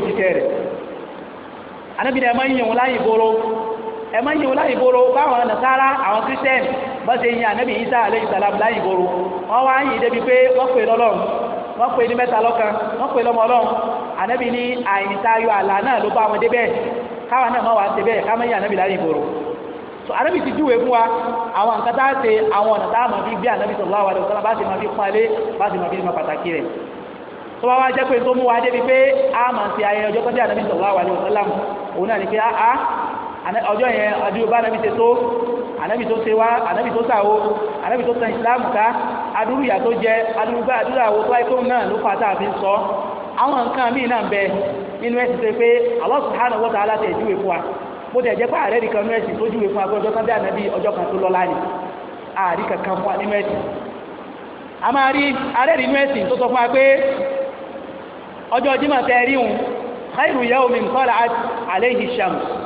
pé ká ẹ má yíwò láyìn ìgboro báwọn nàṣàrà àwọn christian bá ṣe yin ànábì isa aleyhi salam láyìn ìgboro wọn wá yin débi pé wọn pè lọ́lọ́run wọn pè ní mẹ́ta lọ́kan wọn pè lọ́mọ ọlọ́run ànábì ní àyìntayọ àlà náà ló bá wọn débẹ̀ káwa náà má wàá ṣe bẹ́ẹ̀ ká má yin ànábì so ànábì ti júwe fún wa àwọn nǹkan tá a ṣe àwọn ọ̀nà tá a máa fi gbé ànábì sallallahu alaihi wasallam bá ṣe máa fi pálé bá ṣe máa fi máa pàtàkì rẹ̀ tó bá wá jẹ́ pé tó mú wa débi pé a máa ṣe ayẹyẹ ọjọ́ tó dé ànábì sallallahu alaihi wasallam òun náà ní pé a ọjọ́ yẹn adúlọ bá anabi ṣe tó anabi tó ṣe wá anabi tó ṣàwo anabi tó tan islam ká adúlù ìyà tó jẹ adúlù gbá adúlù àwo tó àìkó náà ló fà tá a fi sọ àwọn nǹkan míì náà bẹ nínú ẹsìn ṣe pé Allah subhanahu wa ta'ala tẹ̀ júwe fún wa bó tẹ̀ jẹ́ pé ààrẹ nìkan nínú ẹsìn tó júwe fún wa pé ọjọ́ kan ọjọ́ kan tó lọ́lá ni ààrí kankan fún wa nínú ẹsìn a máa rí ààrẹ nínú ẹsìn tó sọ fún wa pé ọjọ́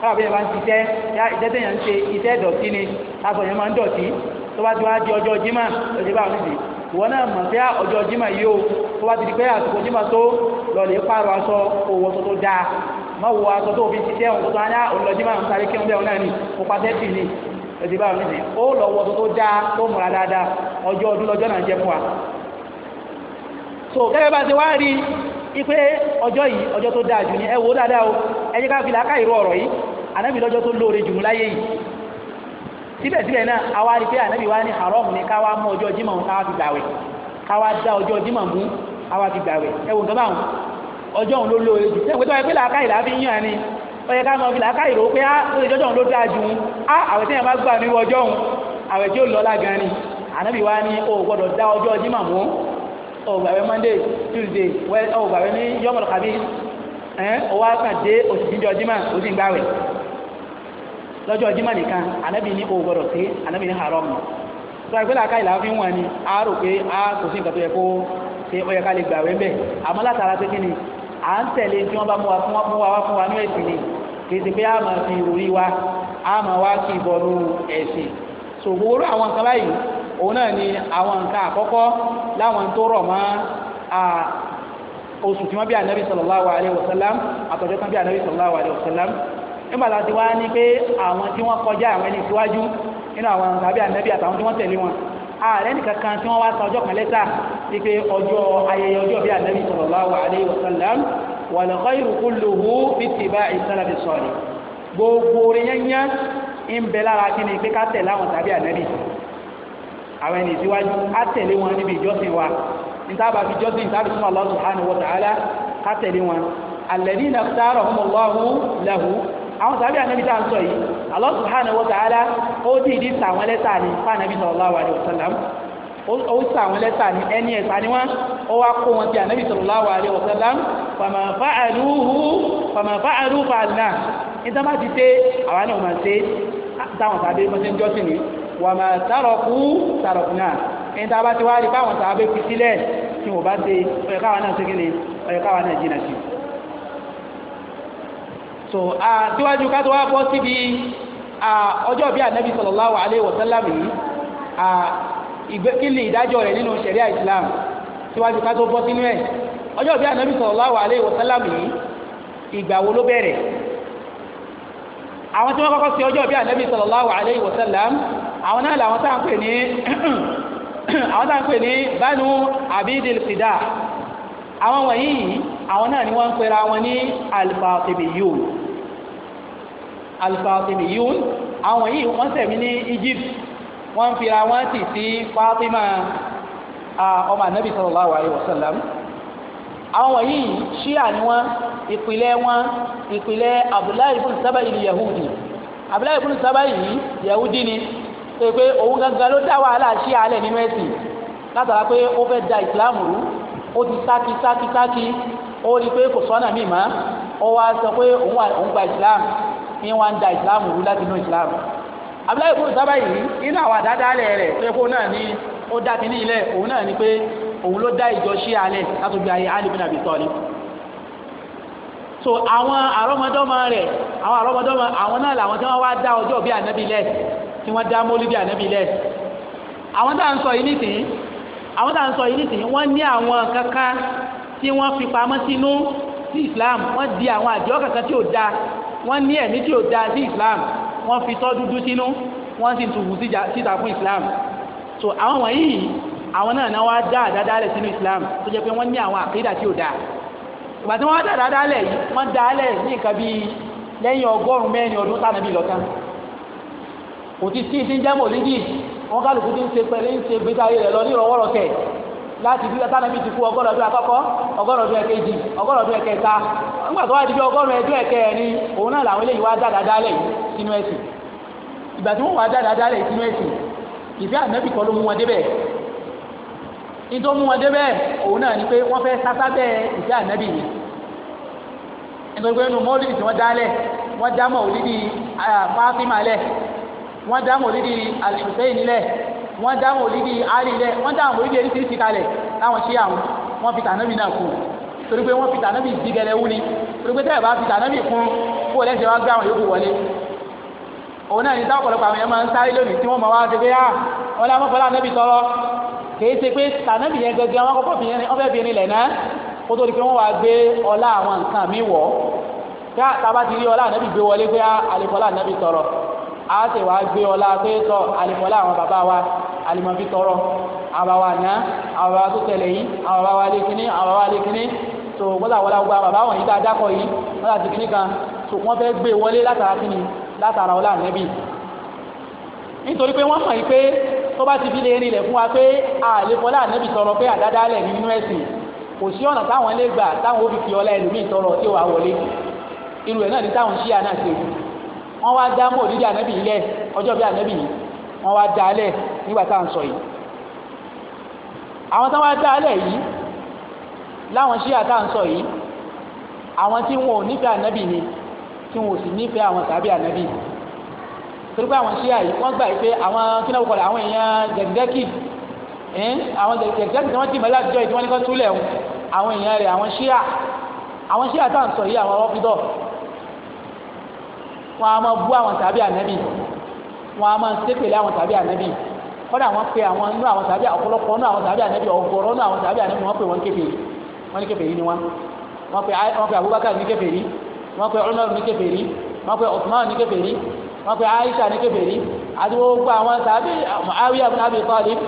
kọ́ra bí ẹ bá ń ṣiṣẹ́ yá iṣẹ́ tẹ̀yàn ń ṣe iṣẹ́ ìdọ̀tí ni aṣọ yẹn máa ń dọ̀tí tó bá ti wá di ọjọ́ jimá lọ́jọ́ bá wọn nìyí ìwọ náà mọ̀ sí ah, ọjọ́ jimá yìí o tó bá ti di pé àsìkò jimá tó lọ́ọ̀lẹ́ pààrọ̀ aṣọ owó tó tó dáa má wo aṣọ tó fi ṣiṣẹ́ òun tó tó ayá òun lọ jimá ń sáré kéwọn bẹ́ẹ̀ náà ni kó pàṣẹ tì ní lọ́jọ́ bá wọn nìyí ó ipe ọjọ́ yìí ọjọ́ tó dáa jù ní ẹ wò dáadáa o ẹ jẹ́ ká fi làákà ìró ọ̀rọ̀ yìí ànábì lọ́jọ́ tó lóore jù láyé yìí síbẹ̀síbẹ̀ náà àwa rí pé ànábì wa ní haram ní káwa mú ọjọ́ jímọ̀ mú káwa fi gbàwẹ̀ káwa dá ọjọ́ jímọ̀ mú káwa fi gbàwẹ̀ ẹ wò nǹkan báwọn ọjọ́ òun ló lóore jù ṣé ìpẹ́tọ́ ẹgbẹ́ làákà ìlà fi yàn ni ó yẹ ká mọ o gbọ́dọ̀ dá ọjọ́ jímọ̀ mú ọ̀gbàwẹ̀ monday tuesday eh, ọ̀gbàwẹ̀ ní yọmọlọ kàbí ọwọ́ àkàndé òsìsíjọ jimá òsì gbàwẹ̀ lọ́jọ́ jimá nìkan anábì ní ògbọ̀dọ̀ sí anábì ní haram tó a gbẹ́lá káyìlá fi wọ́n ni a rò pé a kò sí nǹkan tó yẹ kó ṣe ó yẹ ká lè gbàwẹ̀ bẹ́ẹ̀ àmọ́ látara pé kí ni à ń tẹ̀lé tí wọ́n bá mú wa fún wa wá fún wa ní ẹ̀sìn ni kì í ṣe pé a máa fi ìròrí wa a máa wá kí ìbọnú ẹ̀sìn ṣògbóró àwọn nǹkan báyìí òun náà ni àwọn nǹkan àkọ́kọ́ láwọn tó rọ̀ mọ́ oṣù tí wọ́n bí ànábì sallallahu alaihi wasallam àtọ̀jọ́ tán bí ànábì sallallahu alaihi wasallam nígbàtà ti wá ní pé àwọn tí wọ́n kọjá àwọn ẹni síwájú nínú àwọn tàbí ànábì àtàwọn tí wọ́n tẹ̀lé wọn ààrẹ nìkankan tí wọ́n wá san ọjọ́ kan lẹ́tà sí pé ọjọ́ ayẹyẹ ọjọ́ bí ànábì sallallahu alaihi wasallam wal àwọn ẹni ìsíwájú á tẹ̀lé wọn níbi ìjọsìn wa nítàbà fi jọ́sìn ìtàbí fún Allah subhanahu wa ta'ala á tẹ̀lé wọn alladhina ikhtarahumullahu lahu àwọn sàbí ànábì tá à ń sọ yìí Allah subhanahu wa ta'ala ó dìídì sàwọn lẹ́tà ní fáànàbí sallallahu alaihi wasallam ó sàwọn lẹ́tà ní ẹni ẹ̀sà ni wọ́n ó wá kó wọn ti ànábì sallallahu alaihi wasallam fama fa'aluhu wà máa tàrọ̀kú tàrọ̀kú náà ẹni tá a bá ti wá rí báwọn tá a bẹ́ fi sílẹ̀ tí wọ́n bá ṣe ọ̀yẹ̀káwà náà ṣégin ni ọ̀yẹ̀káwà náà jìnà sí so àtíwájú ká tó wá bọ́ síbi ọjọ́ bí ànábì sallallahu alaihi wa sallam yìí kí ni ìdájọ́ rẹ̀ nínú ṣẹ̀ríà Islam tíwájú ká tó bọ́ sínú ẹ̀ ọjọ́ bí ànábì sallallahu alaihi wa sallam yìí ìgbà wo ló bẹ̀rẹ̀ àwọn tí wọ́n kọ́kọ́ sí ọjọ́ bí ànábì sallallahu alaihi wa sallam àwọn náà làwọn tá à ń pè ní àwọn tá à ń pè ní banu abidil fida àwọn wọ̀nyí àwọn náà ni wọ́n ń pera wọn ní alifatimiyun alifatimiyun àwọn wọ̀nyí wọ́n ṣẹ̀mí ní Egypt wọ́n ń pera wọn sì sí Fatima ọmọ anabi sallallahu alayhi wa sallam àwọn wọ̀nyí ṣíà ni wọ́n ìpìlẹ̀ wọn ìpìlẹ̀ Abdullahi ibn Sabai Yahudi Abdullahi ibn Sabai Yahudi ni tó pé òun gangan ló dá wàhálà sí alẹ́ nínú ẹ̀sìn látara pé ó fẹ́ da ìsìláàmù rú ó ti sáki sáki sáki ó rí i pé kò sọ́nà míì mọ́ ó wá sọ pé òun wà òun gba ìsìláàmù ní wọ́n ń da ìsìláàmù rú láti inú ìsìláàmù abúláyé fún ìsábà yìí inú àwọn àdádálẹ̀ rẹ̀ pé fóun náà ní ó dá kínní ilẹ̀ òun náà ní pé òun ló dá ìjọ sí alẹ́ látògbé ayé alìbínà bí tọ́ ni so àwọn àrọ́mọdọ́mọ rẹ̀ àwọn àrọ́mọdọ́mọ àwọn náà làwọn tí wọ́n wá dá ọjọ́ bí ànábì lẹ̀ tí wọ́n dá mólídì ànábì lẹ̀ àwọn tá à ń sọ yìí nìsín àwọn tá à ń sọ yìí nìsín wọ́n ní àwọn kankan tí wọ́n fi pamọ́ sínú sí Islam wọ́n di àwọn àdìọ́ kankan tí ò da wọ́n ní ẹ̀mí tí ò da sí Islam wọ́n fi tọ́ dúdú sínú wọ́n sì tùwù síta fún Islam so àwọn wọ̀nyí àwọn náà náà wá dá àdádálẹ̀ sínú Islam tó jẹ́ pé wọ́n ní àwọn àkídà tí ò da ìgbà tí wọ́n dá àdádálẹ̀ yìí wọ́n dá lẹ̀ ní nǹkan bíi lẹ́yìn ọgọ́rùn-ún mẹ́rin ọdún tánàbí lọ́tàn kò ti sí ti ń jẹ́ mòlídì wọn kálukú ti ń ṣe pẹ̀lú ń ṣe gbèsè ayé rẹ̀ lọ ní ìrọ̀wọ́rọ̀ kẹ̀ láti bí sálábì ti kú ọgọ́rùn ọdún àkọ́kọ́ ọgọ́rùn ọdún ẹ̀kejì ọgọ́rùn ọdún ẹ̀kẹta nígbà tó wá di bí ọgọ́rùn ọdún ẹ̀kẹrin òun náà làwọn eléyìí wá dáadáa dálẹ̀ sínú ẹ̀sìn ìgbà tí wọ́n wá dáadáa dálẹ̀ sínú ẹ̀sìn ìfẹ́ ànábì kọ́ ló mú wọn débẹ̀ nítorí mú wọn débẹ̀ òun náà ni pé wọ́n fẹ́ sásá bẹ́ẹ̀ ìfẹ́ ànábì yìí nítorí pé inú mọ́lìdì tí wọ́n dálẹ̀ wọ́n dá mọ́ òlídì lẹ̀ wọ́n dá mọ̀lídì Al-Husaini lẹ̀ wọ́n dá mọ̀lídì Ali lẹ̀ wọ́n dá mọ̀lídì eréṣiríṣi kalẹ̀ láwọn ṣí àwọn wọ́n fi tànàbì náà kú torí pé wọ́n fi tànàbì di gẹlẹ́wú ni torí pé tẹ́lẹ̀ bá fi tànàbì kún kó lẹ́sẹ̀ wá gbé àwọn yòókù wọlé òun náà ní sáà ọ̀pọ̀lọpọ̀ àwọn yẹn máa ń sáré lónìí tí wọ́n máa wá ṣe pé ah wọn lé amọ́fọ́lá ànábì tọrọ kìí ṣe pé tànábì yẹn gẹ́gẹ́ wọn kọ́kọ́ fìyẹn ọbẹ̀ bìnrin lẹ̀ náà kó tó di pé wọ́n wá gbé ọlá àwọn nǹkan mi wọ̀ tá a bá ti rí ọlá ànábì gbé wọlé pé ah àlefọ́lá tọrọ a sì wá gbé ọlá pé tọ àlìmọ́lá àwọn bàbá wa àlìmọ́ fi tọrọ àwọn bàbá wa ná àwọn bàbá tó tẹ̀lé yìí àwọn bàbá wa lé kínní àwọn bàbá wa lé kínní tó wọ́n làwọn làwọn gba bàbá wọ̀nyí tá a dákọ̀ yìí wọ́n làti kínní kan tó wọ́n fẹ́ gbé wọlé látara kínní látara ọlá nẹ́bí nítorí pé wọ́n mọ̀ yìí pé tó bá ti fi lè rinlẹ̀ fún wa pé àlefọlá nẹ́bí tọrọ pé àdádálẹ̀ nínú ẹ̀sìn kò sí ọ̀nà táwọn lè gbà táwọn ó ọlá ẹlòmíì tọrọ tí ó wọlé irú ẹ̀ náà ni táwọn ṣíà náà ṣe wọ́n wá dá mọ́ òdídé ànábì yìí lẹ̀ ọjọ́ bí ànábì yìí wọ́n wá dá lẹ̀ nígbà tá à ń sọ yìí àwọn tó wá dá lẹ̀ yìí láwọn ṣíà tá à ń sọ yìí àwọn tí wọn ò nífẹ̀ẹ́ ànábì ni tí wọn ò sì nífẹ̀ẹ́ àwọn tàbí ànábì torí pé àwọn ṣíà yìí wọ́n gbà yìí pé àwọn kí náà kọlẹ̀ àwọn èèyàn jẹ̀dẹ́kì àwọn jẹ̀dẹ́kì tí wọ́n ti mọ́lá àtijọ́ yìí tí wọ́n ní kọ́ túlẹ̀ àwọn èèyàn rẹ̀ àwọn ṣíà àwọn ṣíà tá à ń sọ yìí àwọn rọ́fídọ̀ wọn a máa bú àwọn tàbí ànábì wọn a máa ṣépèlé àwọn tàbí ànábì kọ́dà wọn pe àwọn inú àwọn tàbí ọ̀pọ̀lọpọ̀ inú àwọn tàbí ànábì ọ̀gọ̀rọ̀ inú àwọn tàbí ànábì wọn pe wọn kèfèrí wọn ní kèfèrí ni wọn wọn pe Abubakar ní kèfèrí wọn pe Umar ní kèfèrí wọn pe Usman ní kèfèrí wọn pe Aisha ní kèfèrí àti gbogbo àwọn tàbí Muawiya ibn Abi Talib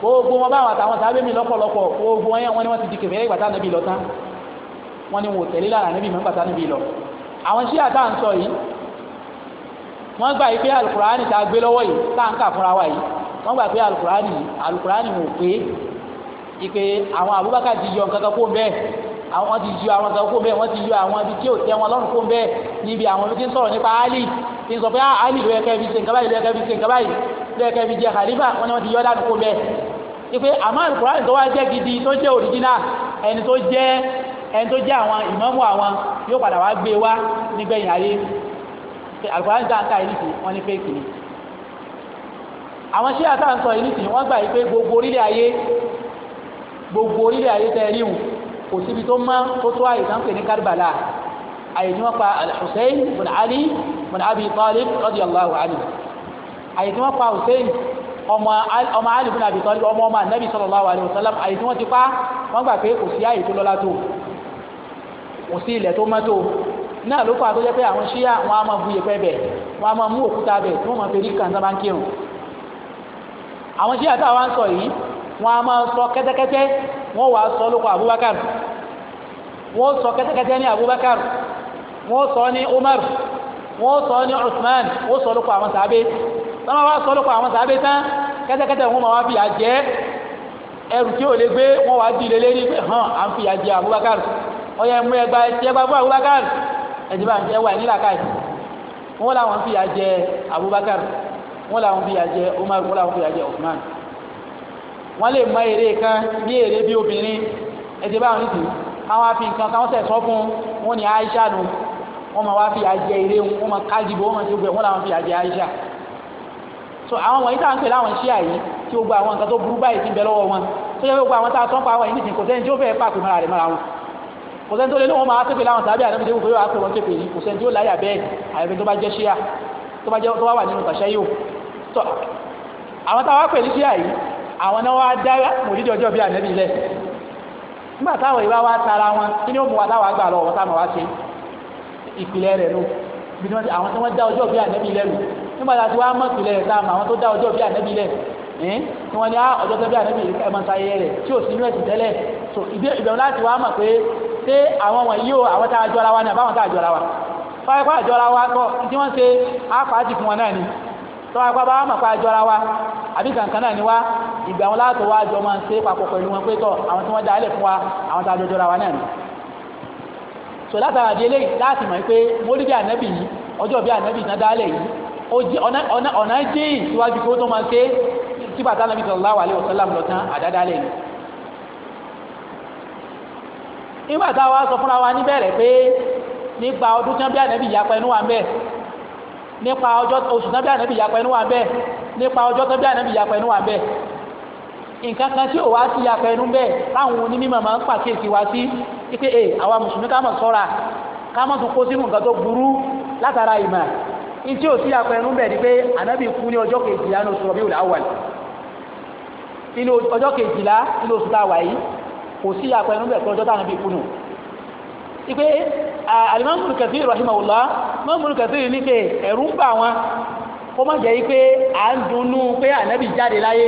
gbogbo wọn báwọn àtàwọn tàbí mi lọ́pọ̀lọpọ̀ gbogbo wọn yẹn wọn ni wọn ti di kèfèrí ìgbà tá ànábì lọ tán wọn ni wọn ò tẹ̀lé lára ànábì mọ́ ìgbà tá ànábì lọ àwọn ṣíà tá à ń sọ yìí wọ́n gbà pé alukurani tá a gbé lọ́wọ́ yìí tá a ń kà fúnra wa yìí wọ́n gbà pé alukurani alukurani wò pé ìpè àwọn Abubakar ti yọ nǹkan kan kó bẹ́ẹ̀ àwọn ti yọ àwọn nǹkan kó bẹ́ẹ̀ wọ́n ti yọ àwọn ibi tí ò tẹ́ wọn lọ́rùn kó bẹ́ẹ̀ níbi àwọn ibi tí ń sọ̀rọ̀ nípa Ali tí sọ pé ah, Ali ló yẹ kẹ́ fi ṣe nǹkan báyìí ló yẹ kẹ́ fi ṣe nǹkan báyìí ló yẹ kẹ́ fi jẹ khalifa wọ́n ni wọ́n ti yọ dànù kó bẹ́ẹ̀ ìpè àmọ́ alukurani tó wá jẹ́ gidi tó jẹ́ òrìjínà ẹni tó jẹ́ ẹni tó jẹ́ àwọn ìmáàmù àwọn yóò padà wá gbé wá nígbẹ̀yìn ayé àlùkòrán dáńkà yìí nìsín wọ́n ní fẹ́ẹ̀kì ni àwọn ṣé àtàǹsọ yìí nìsín wọ́n gbà yìí pé gbogbo orílẹ̀ ayé gbogbo orílẹ̀ ayé tẹ́ ríhùn kò síbi tó má tó tó àyè tán pè ní Karbala àyè tí wọ́n pa Hussein bin Ali bin Abi Talib radiyallahu anhu àyè tí wọ́n pa Hussein ọmọ Ali bin Abi Talib ọmọ ọmọ anabi sallallahu alayhi wa sallam àyè tí wọ́n ti pa wọ́n gbà pé kò sí àyè tó lọ́lá tó kò sí ilẹ̀ tó mọ́tò náà ló kọ́ àtọ́jẹ́ pé àwọn ṣíyà wọn a máa bu yẹ̀pẹ̀ bẹ̀ wọn a máa mú òkúta bẹ̀ tí wọ́n máa fẹ́rí kàn sábà ń kírun àwọn ṣíyà tá a wá ń sọ yìí wọn a máa sọ kẹ́tẹ́kẹ́tẹ́ wọ́n wàá sọ lóko Abubakar wọ́n sọ kẹ́tẹ́kẹ́tẹ́ ní Abubakar wọ́n sọ ní Umar wọ́n sọ ní Usman wọ́n sọ lóko àwọn sàbẹ̀ sọ́mọ́ wá sọ lóko àwọn sàbẹ̀ tán kẹ́tẹ́kẹ́tẹ́ wọn máa wá fìyà jẹ ẹrù tí ò lè gbé wọn wàá di lé lérí hàn à ń fìyà jẹ Abubakar ọ̀yẹ̀ mú ẹgbàá ẹgbàá fún Abubakar ẹ̀jẹ̀ bá ń jẹ́ wà nílà káyì wọ́n làwọn fi yà jẹ Abubakar wọ́n làwọn fi yà jẹ Umar wọ́n làwọn fi yà jẹ Usman wọ́n lè mọ èrè kan ní èrè bí obìnrin ẹ̀jẹ̀ bá ń tì àwọn afi nǹkan kan sẹ̀ sọ fún wọn ni Aisha nù wọ́n máa wá fi yà jẹ èrè wọn máa kájìbò wọ́n máa ti gbẹ wọ́n làwọn fi yà jẹ Aisha so àwọn wọ̀nyí táwọn ń pè láwọn ṣíà yìí tí gbogbo àwọn nǹkan tó burú báyìí ti bẹ lọ́wọ́ wọn tó yẹ gbogbo àwọn tá a sọ́n pa àwọn yìí nìsín kò sẹ́ni tí ó fẹ́ pàkó mọ́ra rẹ̀ mọ́ra wọn kò sẹ́ni tó lé ní wọn máa tẹ́pẹ̀ láwọn sábẹ́ ànábì déwù pé wàá pè wọ́n tẹ́pẹ̀ yìí kò sẹ́ni tí ó láyà bẹ́ẹ̀ àyàfi tó bá jẹ́ ṣíà tó bá jẹ́ tó bá wà nínú tàṣẹ́ yìí tó àwọn táwa pè ní ṣíà yìí àwọn náà wá dá mòdìdí ọjọ́ bíi ànábì lẹ̀ nígbà táwọn ìwà wa tara wọn kí ni ó mú wa táwa gbà lọ wọn táwọn wá ṣe ìpìlẹ̀ rẹ̀ nù bí wọ́n ti àwọn tí wọ́n dá ọjọ́ bíi ànábì lẹ̀ nù nígbà ẹ́ eh? tí wọ́n ní á ah, ọjọ́ tẹ́bí ànábì ẹ̀ máa ń sáyé rẹ̀ tí ò sí inú ẹ̀sìn tẹ́lẹ̀ so ìbẹ̀rù láti wá mọ̀ pé ṣé àwọn wọ̀nyí o àwọn tá a jọra wa ni àbáwọn tá a jọra wa fáwọn ẹ̀kọ́ àjọra wa kọ́ tí wọ́n ṣe á pàtì fún wọn náà ni tọ́wọ́ ẹ̀kọ́ bá wà mọ̀ pé àjọra wa àbí kankan náà ni wá ìgbà wọn láti wá jọ máa ń ṣe papọ̀ pẹ̀lú wọn pé tọ́ àwọn tí wọ́n dá ilẹ̀ fún wa àwọn tá a jọjọra wa náà ni so látara di eléyìí láti mọ̀ pé mólídé ànábì yìí ọjọ́ bí ànábì náà dálẹ̀ yìí ọ̀nà jẹ́yìn síwájú kí ó tó máa ṣe tí bàtà nàbí sallallahu alaihi wasallam lọ tán àdáda lẹ́nu. nígbà tá a wá sọ fúnra wa níbẹ̀rẹ̀ pé nípa ọdún tí wọ́n bí ànábì yapa ẹnu wa ń bẹ̀ nípa ọjọ́ oṣù tí wọ́n bí ànábì yapa ẹnu wa ń bẹ̀ nípa ọjọ́ tí wọ́n bí ànábì yapa ẹnu wa ń bẹ̀ nǹkan kan tí ò wá sí yapa ẹnu bẹ́ẹ̀ táwọn onímọ̀ máa ń pàkíyèsí wa sí pé ẹ àwa mùsùlùmí ká mọ̀ sọ́ra ká mọ̀ tún kó sínú nǹkan tó burú látara ìmọ̀ ní tí ò sí yapa ẹnu bẹ́ẹ̀ ni pé ànábì kú ní ọjọ́ kejì lánàá oṣù Rabiul Awwal inú ọjọ́ kejìlá inú oṣù tá a wà yìí kò sí àpẹ ẹnu bẹ̀rẹ̀ ọjọ́ táwọn bí kú nù. ìpè alimami Kathir rahimahullah mọ́mùlù Kathir ní pé ẹ̀rù ń bà wọn kó má jẹ́ pé à ń dunnú pé ànábì jáde láyé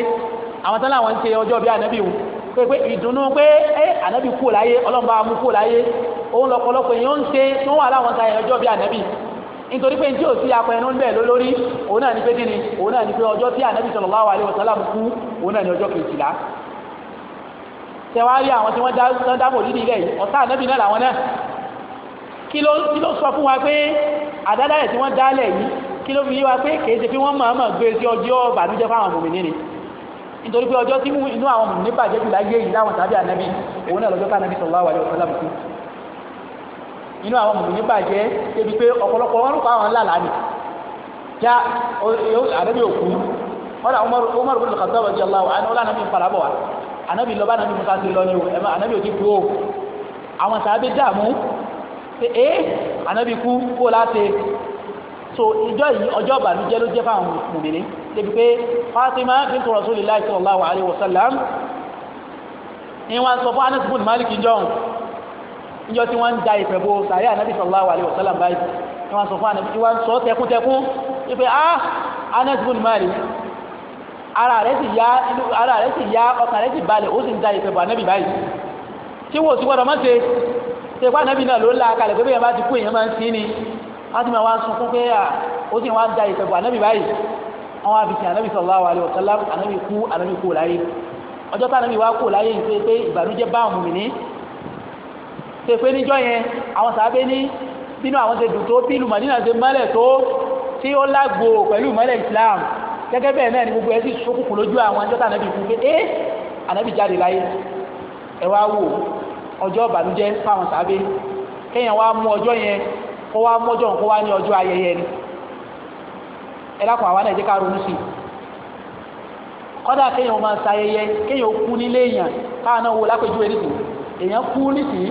àwọn tán láwọn ń ṣe ọjọ́ bí ànábì wù pé pé ìdùnnú pé ẹ ànábì kú láyé ọlọ́mọba mú kú láyé òun lọ́pọ̀lọpọ̀ èèyàn ń ṣe tó wà láwọn ta ẹ̀rọ bí ànábì nítorí pé tí ò sí apẹ ẹnu bẹ́ẹ̀ lólórí òun náà ní pé kí ni òun náà ní pé ọjọ́ tí ànábì sallallahu alaihi wasallam kú òun náà ní ọjọ́ kejìlá tẹwàá rí àwọn tí wọ́n dábò lílì ilẹ̀ yìí ọ̀tá ànábì náà làwọn náà kí ló sọ fún wa pé àdádálẹ̀ tí wọ́n dálẹ̀ yìí kí ló fi yé wa pé kèé ṣe fi wọ́n mọ̀ mọ̀ gbé sí ọjọ́ bàdújẹ́ fáwọn mùmìnì ni nítorí pé ọjọ́ tí inú àwọn mùmìnì bàjẹ́ jù láyé yìí láwọn tàbí ànábì òun náà lọ́jọ́ ká ànábì sallallahu alaihi wasallam kú inú àwọn mùsùlùmí bàjẹ́ débi pé ọ̀pọ̀lọpọ̀ wọn kọ́ àwọn ńlá lánìí já àdébí òkú wọn àwọn Umar bin Khattab radiyallahu anhu wọn lànà bí nfàlà bọ̀ wá ànábì lọ́ba ànábì Musa ti lọ ni o ẹ̀ma ànábì òkú kú o àwọn sàábé dààmú pé é ànábì kú kó láti so ìjọ yìí ọjọ́ ìbànújẹ́ ló jẹ́ fáwọn mùmìnì débi pé Fatima bintu Rasulillahi sallallahu alaihi wasallam ni wọ́n sọ fún Anas Malik jọ̀hún níjọ́ tí wọ́n ń da ìfẹ́ bo sàárẹ̀ ànábì sallallahu alaihi wasallam báyìí ni wọ́n sọ fún ànábì wọ́n sọ tẹkúntẹkún ipe ah Anas bin Malik ara rẹ̀ sì yá ara rẹ̀ sì yá ọkàn rẹ̀ sì balẹ̀ ó sì ń da ìfẹ́ bo ànábì báyìí tí wò sí gbọ́dọ̀ mọ́tẹ́ ṣe fún ànábì náà ló la kalẹ̀ pé bẹ́ẹ̀ bá ti kú èèyàn máa ń sí ni wọ́n ti máa wá sọ fún pé à ah, ó sì wá ń da ìfẹ́ bo ànábì báyìí ṣe pé níjọ́ yẹn àwọn sàábé ní bínú àwọn ṣe dùn tó bí ìlú Madina ṣe mọ́lẹ̀ tó tí ó lágbo pẹ̀lú mọ́lẹ̀ Islam gẹ́gẹ́ bẹ́ẹ̀ náà ni gbogbo ẹ sì ṣókùnkùn lójú àwọn ẹjọ́ tànàbì fún pé ẹ́ ànábì jáde láyé ẹ wá wò ọjọ́ ìbànújẹ́ fáwọn sàábé kéèyàn wá mú ọjọ́ yẹn kó wá mọ́jọ́ kó wá ní ọjọ́ ayẹyẹ ni ẹ lákùn àwọn náà jẹ́ ká ronú sí i kọ́dà kéèyàn máa ṣayẹyẹ kéèyàn kú nílé èèyàn káà náà wo lápèjúwe nìsín èèyàn kú nìsín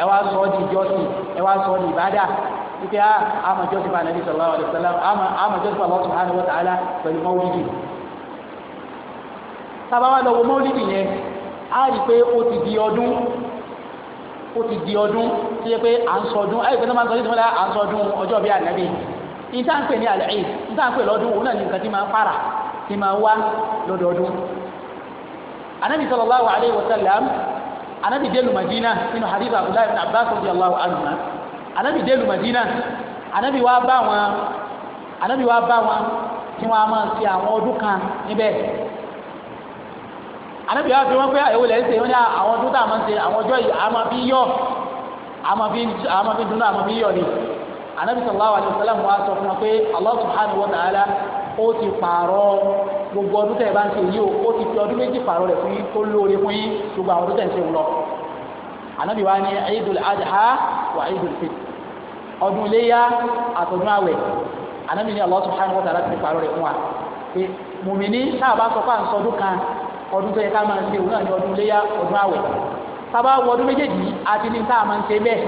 ẹ wá sọ ọ́ di ìjọsìn ẹ wá sọ ọ́ di ìbádà wípé ah, a àmọ̀ jọ́sìn fún anabi sallallahu alayhi wa sallam àmọ̀ jọ́sìn fún Allah subhanahu wa ta'ala pẹ̀lú mọ́wúlìdì. sábà wà lọ́wọ́ mọ́wúlìdì yẹn a rí i pé ó ti di ọdún ó ti di ọdún tó yẹ pé à ń sọdún ẹ̀ ìpínlẹ̀ máa ń sọ ní ìtumọ̀lá à ń sọdún ọjọ́ bíi ànábì ìta ń pè ní àlẹ́ ìd ìta ń pè lọ́dún òun náà ní nǹkan tí máa fara tí máa wá lọ́dọọdún. ànábì sallallahu alayhi wa sallam anabi delu madina nínú hadith abdullahi ibn abbas radiyallahu anhu anabi delu madina anabi wa bá wọn anabi wa bá wọn tí wọn a máa ṣe àwọn ọdún kan níbẹ̀ anabi wa fi wọn pé èwo lẹ́yìn ṣe wọn ní ah, àwọn ọdún tá a máa ń ṣe àwọn ọjọ́ yìí a máa fi yọ a máa fi a máa fi dunu a máa fi yọ ni anabi sallallahu alayhi wa sallam wa sọ fún wa pé allah subhanahu wa ta'ala ó ti pààrọ̀ gbogbo ọdún tẹ̀ bá ń ṣe yìí o ó ti fi ọdún méjì pààrọ̀ rẹ̀ fún yín tó lóore fún yín gbogbo àwọn ọdún tẹ̀ ń ṣe lọ. ànábì wa ní Eidul Adha wà Eidul Fitr ọdún iléyà àtọ̀dún àwẹ̀ ànábì ní Allah subhanahu wa ta'ala ti pààrọ̀ rẹ̀ fún wa pé mùmíní náà bá sọ fáà ń sọdún kan ọdún tó yẹ ká máa ń ṣe òun náà ní ọdún iléyà ọdún àwẹ̀ sábà wọ ọdún méjèèjì àti ní tá máa ń ṣe bẹ́ẹ̀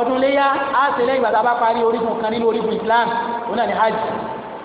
ọdún iléyà á ṣe ìgbà tá a bá parí orígun kan nínú orígun Islam òun náà ní hajj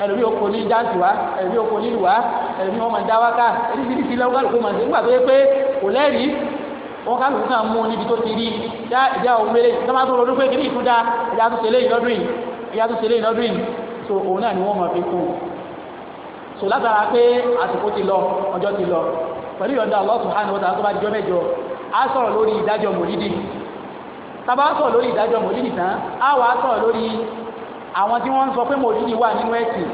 ẹlòmí oko ní dáǹtì wá ẹlòmí oko nílùú wá ẹlòmí wọn máa dá wákà eríṣiríṣi lọ́wọ́ kálukú máa ń ṣe nígbà tó yẹ pé kò lẹ́rìí wọn kálukú náà mú níbi tó ti rí dá ìjà òun mélé tọ́mà tó lọ́dún pé kìíní ìtúndà ìyá tó ṣẹlẹ̀ ìlọ́dún yìí ìyá tó ṣẹlẹ̀ ìlọ́dún yìí so òun náà ni wọ́n máa fi kún un so látara pé àsìkò ti lọ ọjọ́ ti lọ pẹ̀lú ìyọ̀ǹda Allah subhanahu wa ta'ala tó bá dijọ́ mẹ́jọ á sọ̀rọ̀ lórí ìdájọ́ mòlídì tá a bá sọ̀rọ̀ lórí ìdájọ́ mòlídì tán á wàá sọ̀rọ̀ lórí àwọn tí wọ́n ń sọ pé mòlúdì wà nínú ẹ̀sìn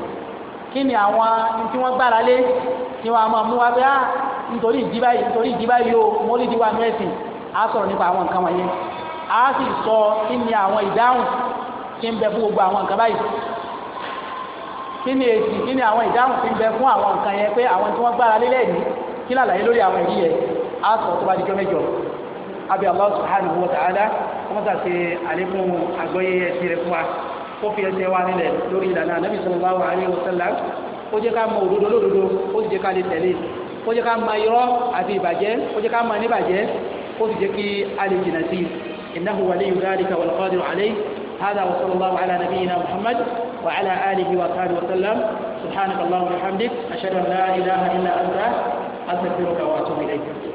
kí ni àwọn tí wọ́n gbára lé tí wọ́n máa mú wa pé á ah, nítorí ìdí báyìí nítorí ìdí báyìí o mòlúdì wà nínú ẹ̀sìn á sọ̀rọ̀ nípa àwọn nǹkan wọ̀nyẹn á sì sọ kí ni àwọn ìdáhùn tí ń bẹ fún gbogbo àwọn nǹkan báyìí kí ni èsì kí ni àwọn ìdáhùn tí ń bẹ fún àwọn nǹkan yẹn pé àwọn tí wọ́n gbára lé lẹ́ẹ̀ni kí lálàyé lórí àwọn ìdí yẹn á sọ tó bá di abi Allah subhanahu wa ta'ala kọ́mọ́sà ṣe àlékún àgbọ́yé ẹ̀sìn rẹ̀ fún wa kó fi ẹsẹ̀ wa nílẹ̀ lórí ìlànà ànábì sallallahu alaihi wasallam ó jẹ́ ká mọ òdodo lódodo ó sì jẹ́ ká lè tẹ̀lé ó jẹ́ ká mọ irọ́ àti ìbàjẹ́ ó jẹ́ ká mọ níbàjẹ́ ó sì jẹ́ kí a lè jìnà sí innahu waliyyu dhalika wal qadiru alayhi هذا وصلى الله على نبينا